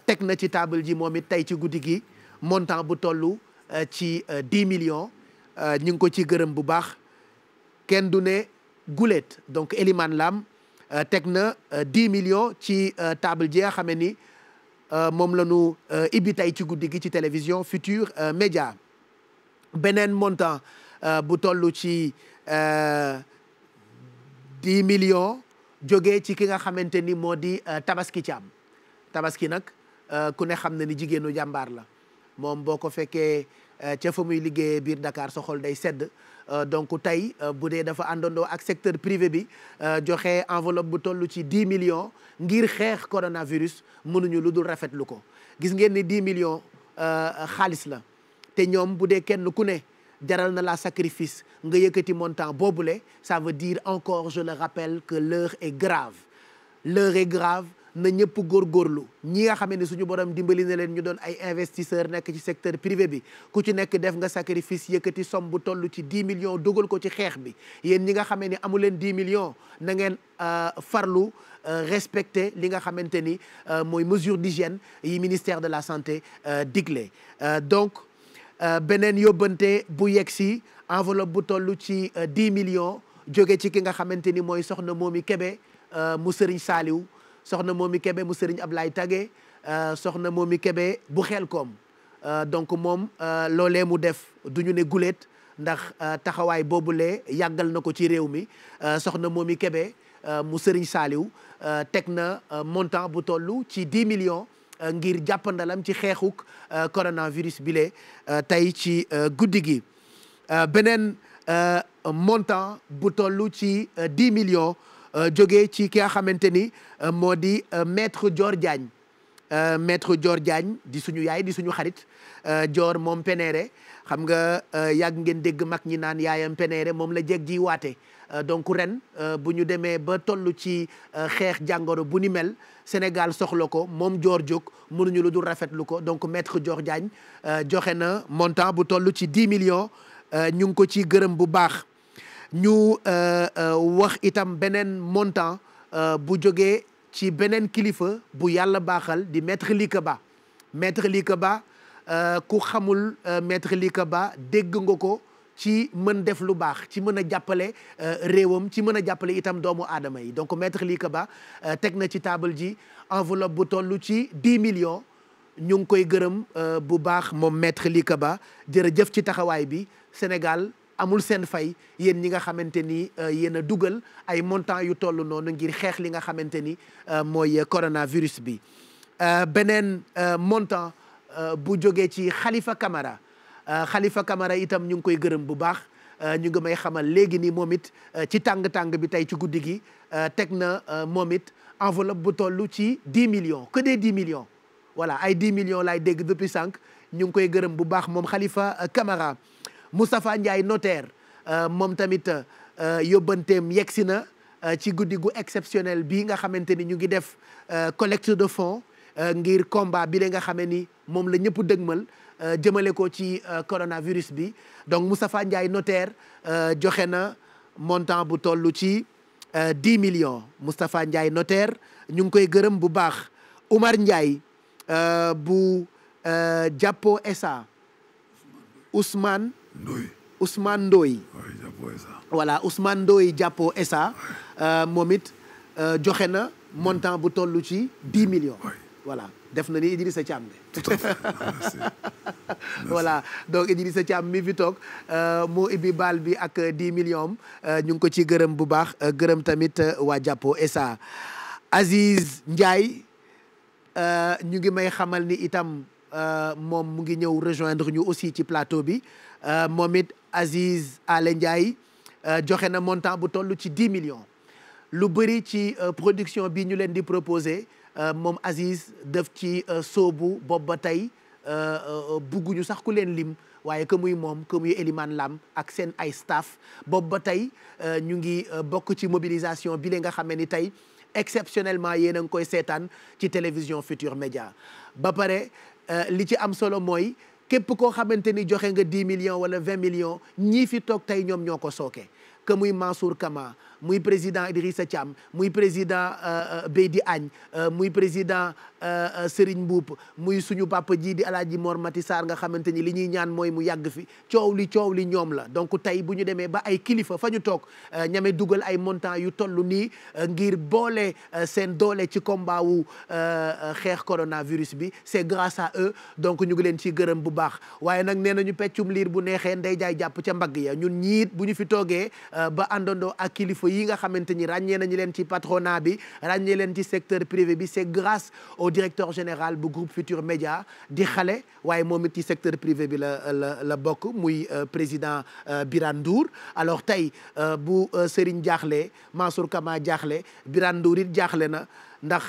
teg na ci table ji moom it tey ci guddi gi montant bu toll ci dix millions ñu ngi ko ci gërëm bu baax kenn du ne gulet donc Eliman Lam teg na dix millions ci table ji nga xam ne ni Euh, moom la ñu euh, ibbi tey ci guddi gi ci télévision Futur euh, Média beneen montant bu toll ci dix million jógee ci ki nga xamante ni moo di Tabaski Thiam Tabaski nag ku ne xam na ni jigéenu jàmbaar la moom boo ko fekkee ca fa muy liggéeyee biir Dakar soxol day sedd Euh, donc tey euh, bu dee dafa àndandoo ak secteur privé bi euh, joxe enveloppe bu tollu ci dix millions ngir xeex coronavirus mënuñu lu dul rafetlu ko gis ngeen ni dix millions xaalis la te ñoom bu dee kenn ku ne jaral na la sacrifice nga yëkkati montant boobule ça veut dire encore je le rappelle que l'heure est grave l'heure est grave na ñëpp góorlu ñi nga xamee ne suñu borom dimbali na leen ñu doon ay investisseur nekk ci secteur privé bi ku ci nekk def nga sacrifice yëkkati somme bu tollu ci dix millions dugal ko ci xeex bi yéen ñi nga xamee ni amu leen dix millions na ngeen euh, farlu euh, respecter li nga xamante ni euh, mooy mesure d'hygiène yi ministère de la santé digle donc beneen yóbbante bu yegg si enveloppe bu toll ci dix millions jóge ci ki nga xamante ni mooy soxna Momi Kébé mu Sëriñ Saaliw soxna Momi Kebe mu Serigne Ablaye Tage euh, soxna Momi Kebe bu xel koom euh, donc moom euh, loole mu def du ñu ne guléet ndax taxawaay boobule yàggal na ko ci réew mi soxna Momi Kebe mu Serigne Saliou teg na montant bu tollu ci 10 million ngir jàppandalam ci xeexuk coronavirus bile tey ci guddi gi beneen montant bu toll ci 10 million Euh, jóge ci ki nga xamante ni euh, moo di euh, maître Dior Diagne maître joor Diagne di suñu yaay di suñu xarit joor moom Pénéré xam nga yàgg ngeen dégg mag ñi naan yaayam Pénéré moom la jeg ji waate donc ren bu ñu demee ba toll ci xeex jàngoro bu ni mel Sénégal soxla ko moom joor jóg mënuñu lu dul rafetlu ko donc maître Dior Diagne joxe na montant bu toll ci dix million ñu ngi ko ci gërëm bu baax. ñu euh, euh, wax itam beneen montant euh, bu jógee ci beneen kilifa bu yàlla baaxal di maître Lika Ba maître Lika Ba ku xamul maître Lika Ba dégg nga ko ci mën def lu baax ci mën a jàppale réewam ci mën a jàppale itam doomu aadama yi donc maître Lika Ba teg na ci table ji enveloppe bu toll ci dix million ñu ngi koy gërëm bu baax moom maître Lika Ba jërëjëf ci taxawaay bi Sénégal amul seen fay yéen ñi nga xamante ni euh, yéen a dugal ay montant yu toll noonu ngir xeex li nga xamante ni euh, mooy coronavirus bi euh, beneen montant bu jógee ci Khalifa Camara xalifa Camara itam ñu ngi koy gërëm bu baax ñu ngi may xamal léegi ni moom it ci tàng-tàng bi tey ci guddi gi teg na moom it enveloppe bu toll ci dix million que des dix millions voilà ay dix millions lay dégg depuis sànq ñu ngi koy gërëm bu baax moom Khalifa Camara Moustapha Ndiaye notaire euh, moom tamit euh, yóbbanteem yegg si na euh, ci guddi gu exceptionnel bii nga xamante ni ñu ngi def collecte de fonds ngir combat bi la nga xame ni moom la ñëpp dëgmal jëmale ko ci coronavirus bi donc Moustapha Ndiaye notaire joxe na montant bu toll ci dix millions Moustapha Ndiaye notaire ñu ngi koy gërëm bu baax Oumar Ndiaye bu Jàppo SA Ousmane Ndoye Ousmane Ndoye voilà Ousmane Ndoye jàppo SA euh, moom it euh, joxe na montant bu toll ci dix millions voilà def na ni Idrissa Thiam de voilà donc Idrissa Thiam mi fi toog euh, moo ibbi baal bi ak dix millions ñu ngi ko ci gërëm bu baax gërëm tamit waa jàppo SA Aziz Ndiaye ñu ngi may xamal ni itam Euh, moom mu ngi ñëw rejoindre ñu aussi ci plateau bi euh, moom it Aziz Ale Ndiaye euh, joxe na montant bu toll ci dix millions lu bëri ci production bi ñu leen di proposer moom Aziz def ci soobu bopp ba tey bugguñu sax ku leen lim waaye que muy moom que muy Eliman Lam ak seen ay staff bopp ba tey ñu ngi bokk ci mobilisation bi lee nga xamee ni tey exceptionnellement yéen a ngi koy seetaan ci télévision Futur Média ba pare Euh, li ci am solo mooy képp koo xamante ni joxe nga dix millions wala vingt millions ñii fi toog tey ñoom ñoo ko sooke que muy Mansour Kama muy président Idrissa Thiam muy président euh, euh, di Agne euh, muy président Serigne Mboup muy suñu papa jii di Alaaji Mor Mati Sarr nga xamante ni li ñuy ñaan mooy mu yàgg fi coow li coow li ñoom la donc tey bu ñu demee ba ay kilifa fa ñu toog ñeme dugal ay montant yu toll nii ngir boole seen doole ci combat wu xeex coronavirus bi c'est grâce à eux donc ñu ngi leen ci gërëm bu baax waaye nag nee nañu peccum liir bu neexee ndey jaay jàpp ca mbagg ya ñun ñiit bu ñu fi toogee ba yi nga xamante ni ràññee nañu leen ci patronat bi ràññee leen ci secteur privé bi c'est grâce au directeur général bu groupe Futur Média di xale waaye moom it ci secteur privé bi la la la bokk muy euh, président euh, Birane Ndour alors tey euh, bu Serigne jaaxle Mansour Kama jaaxle Birane Ndour it jaaxle na ndax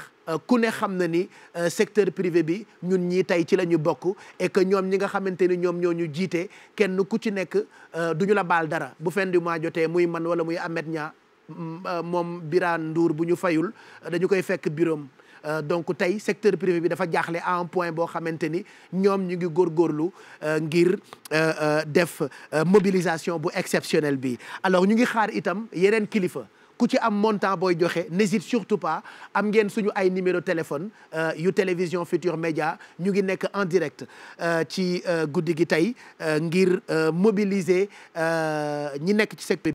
ku ne xam na ni secteur privé bi ñun ñii tey ci la ñu bokk et que ñoom ñi nga xamante ni ñoom ñoo ñu jiite kenn ku ci nekk du ñu la baal dara bu fin du jotee muy man wala muy Ahmed Euh, moom Birane Ndour bu ñu fayul dañu koy fekk biroom euh, donc tey secteur privé bi dafa jaaxle à un point boo xamante ni ñoom ñu ngi góorgóorlu euh, ngir def mobilisation bu exceptionnel bi alors ñu ngi xaar itam yeneen kilifa ku ci am montant booy joxe n'hésite surtout pas am ngeen suñu ay numéro téléphone yu télévision Futur Média ñu ngi nekk en direct ci guddi gi tey ngir mobiliser ñi nekk ci secteur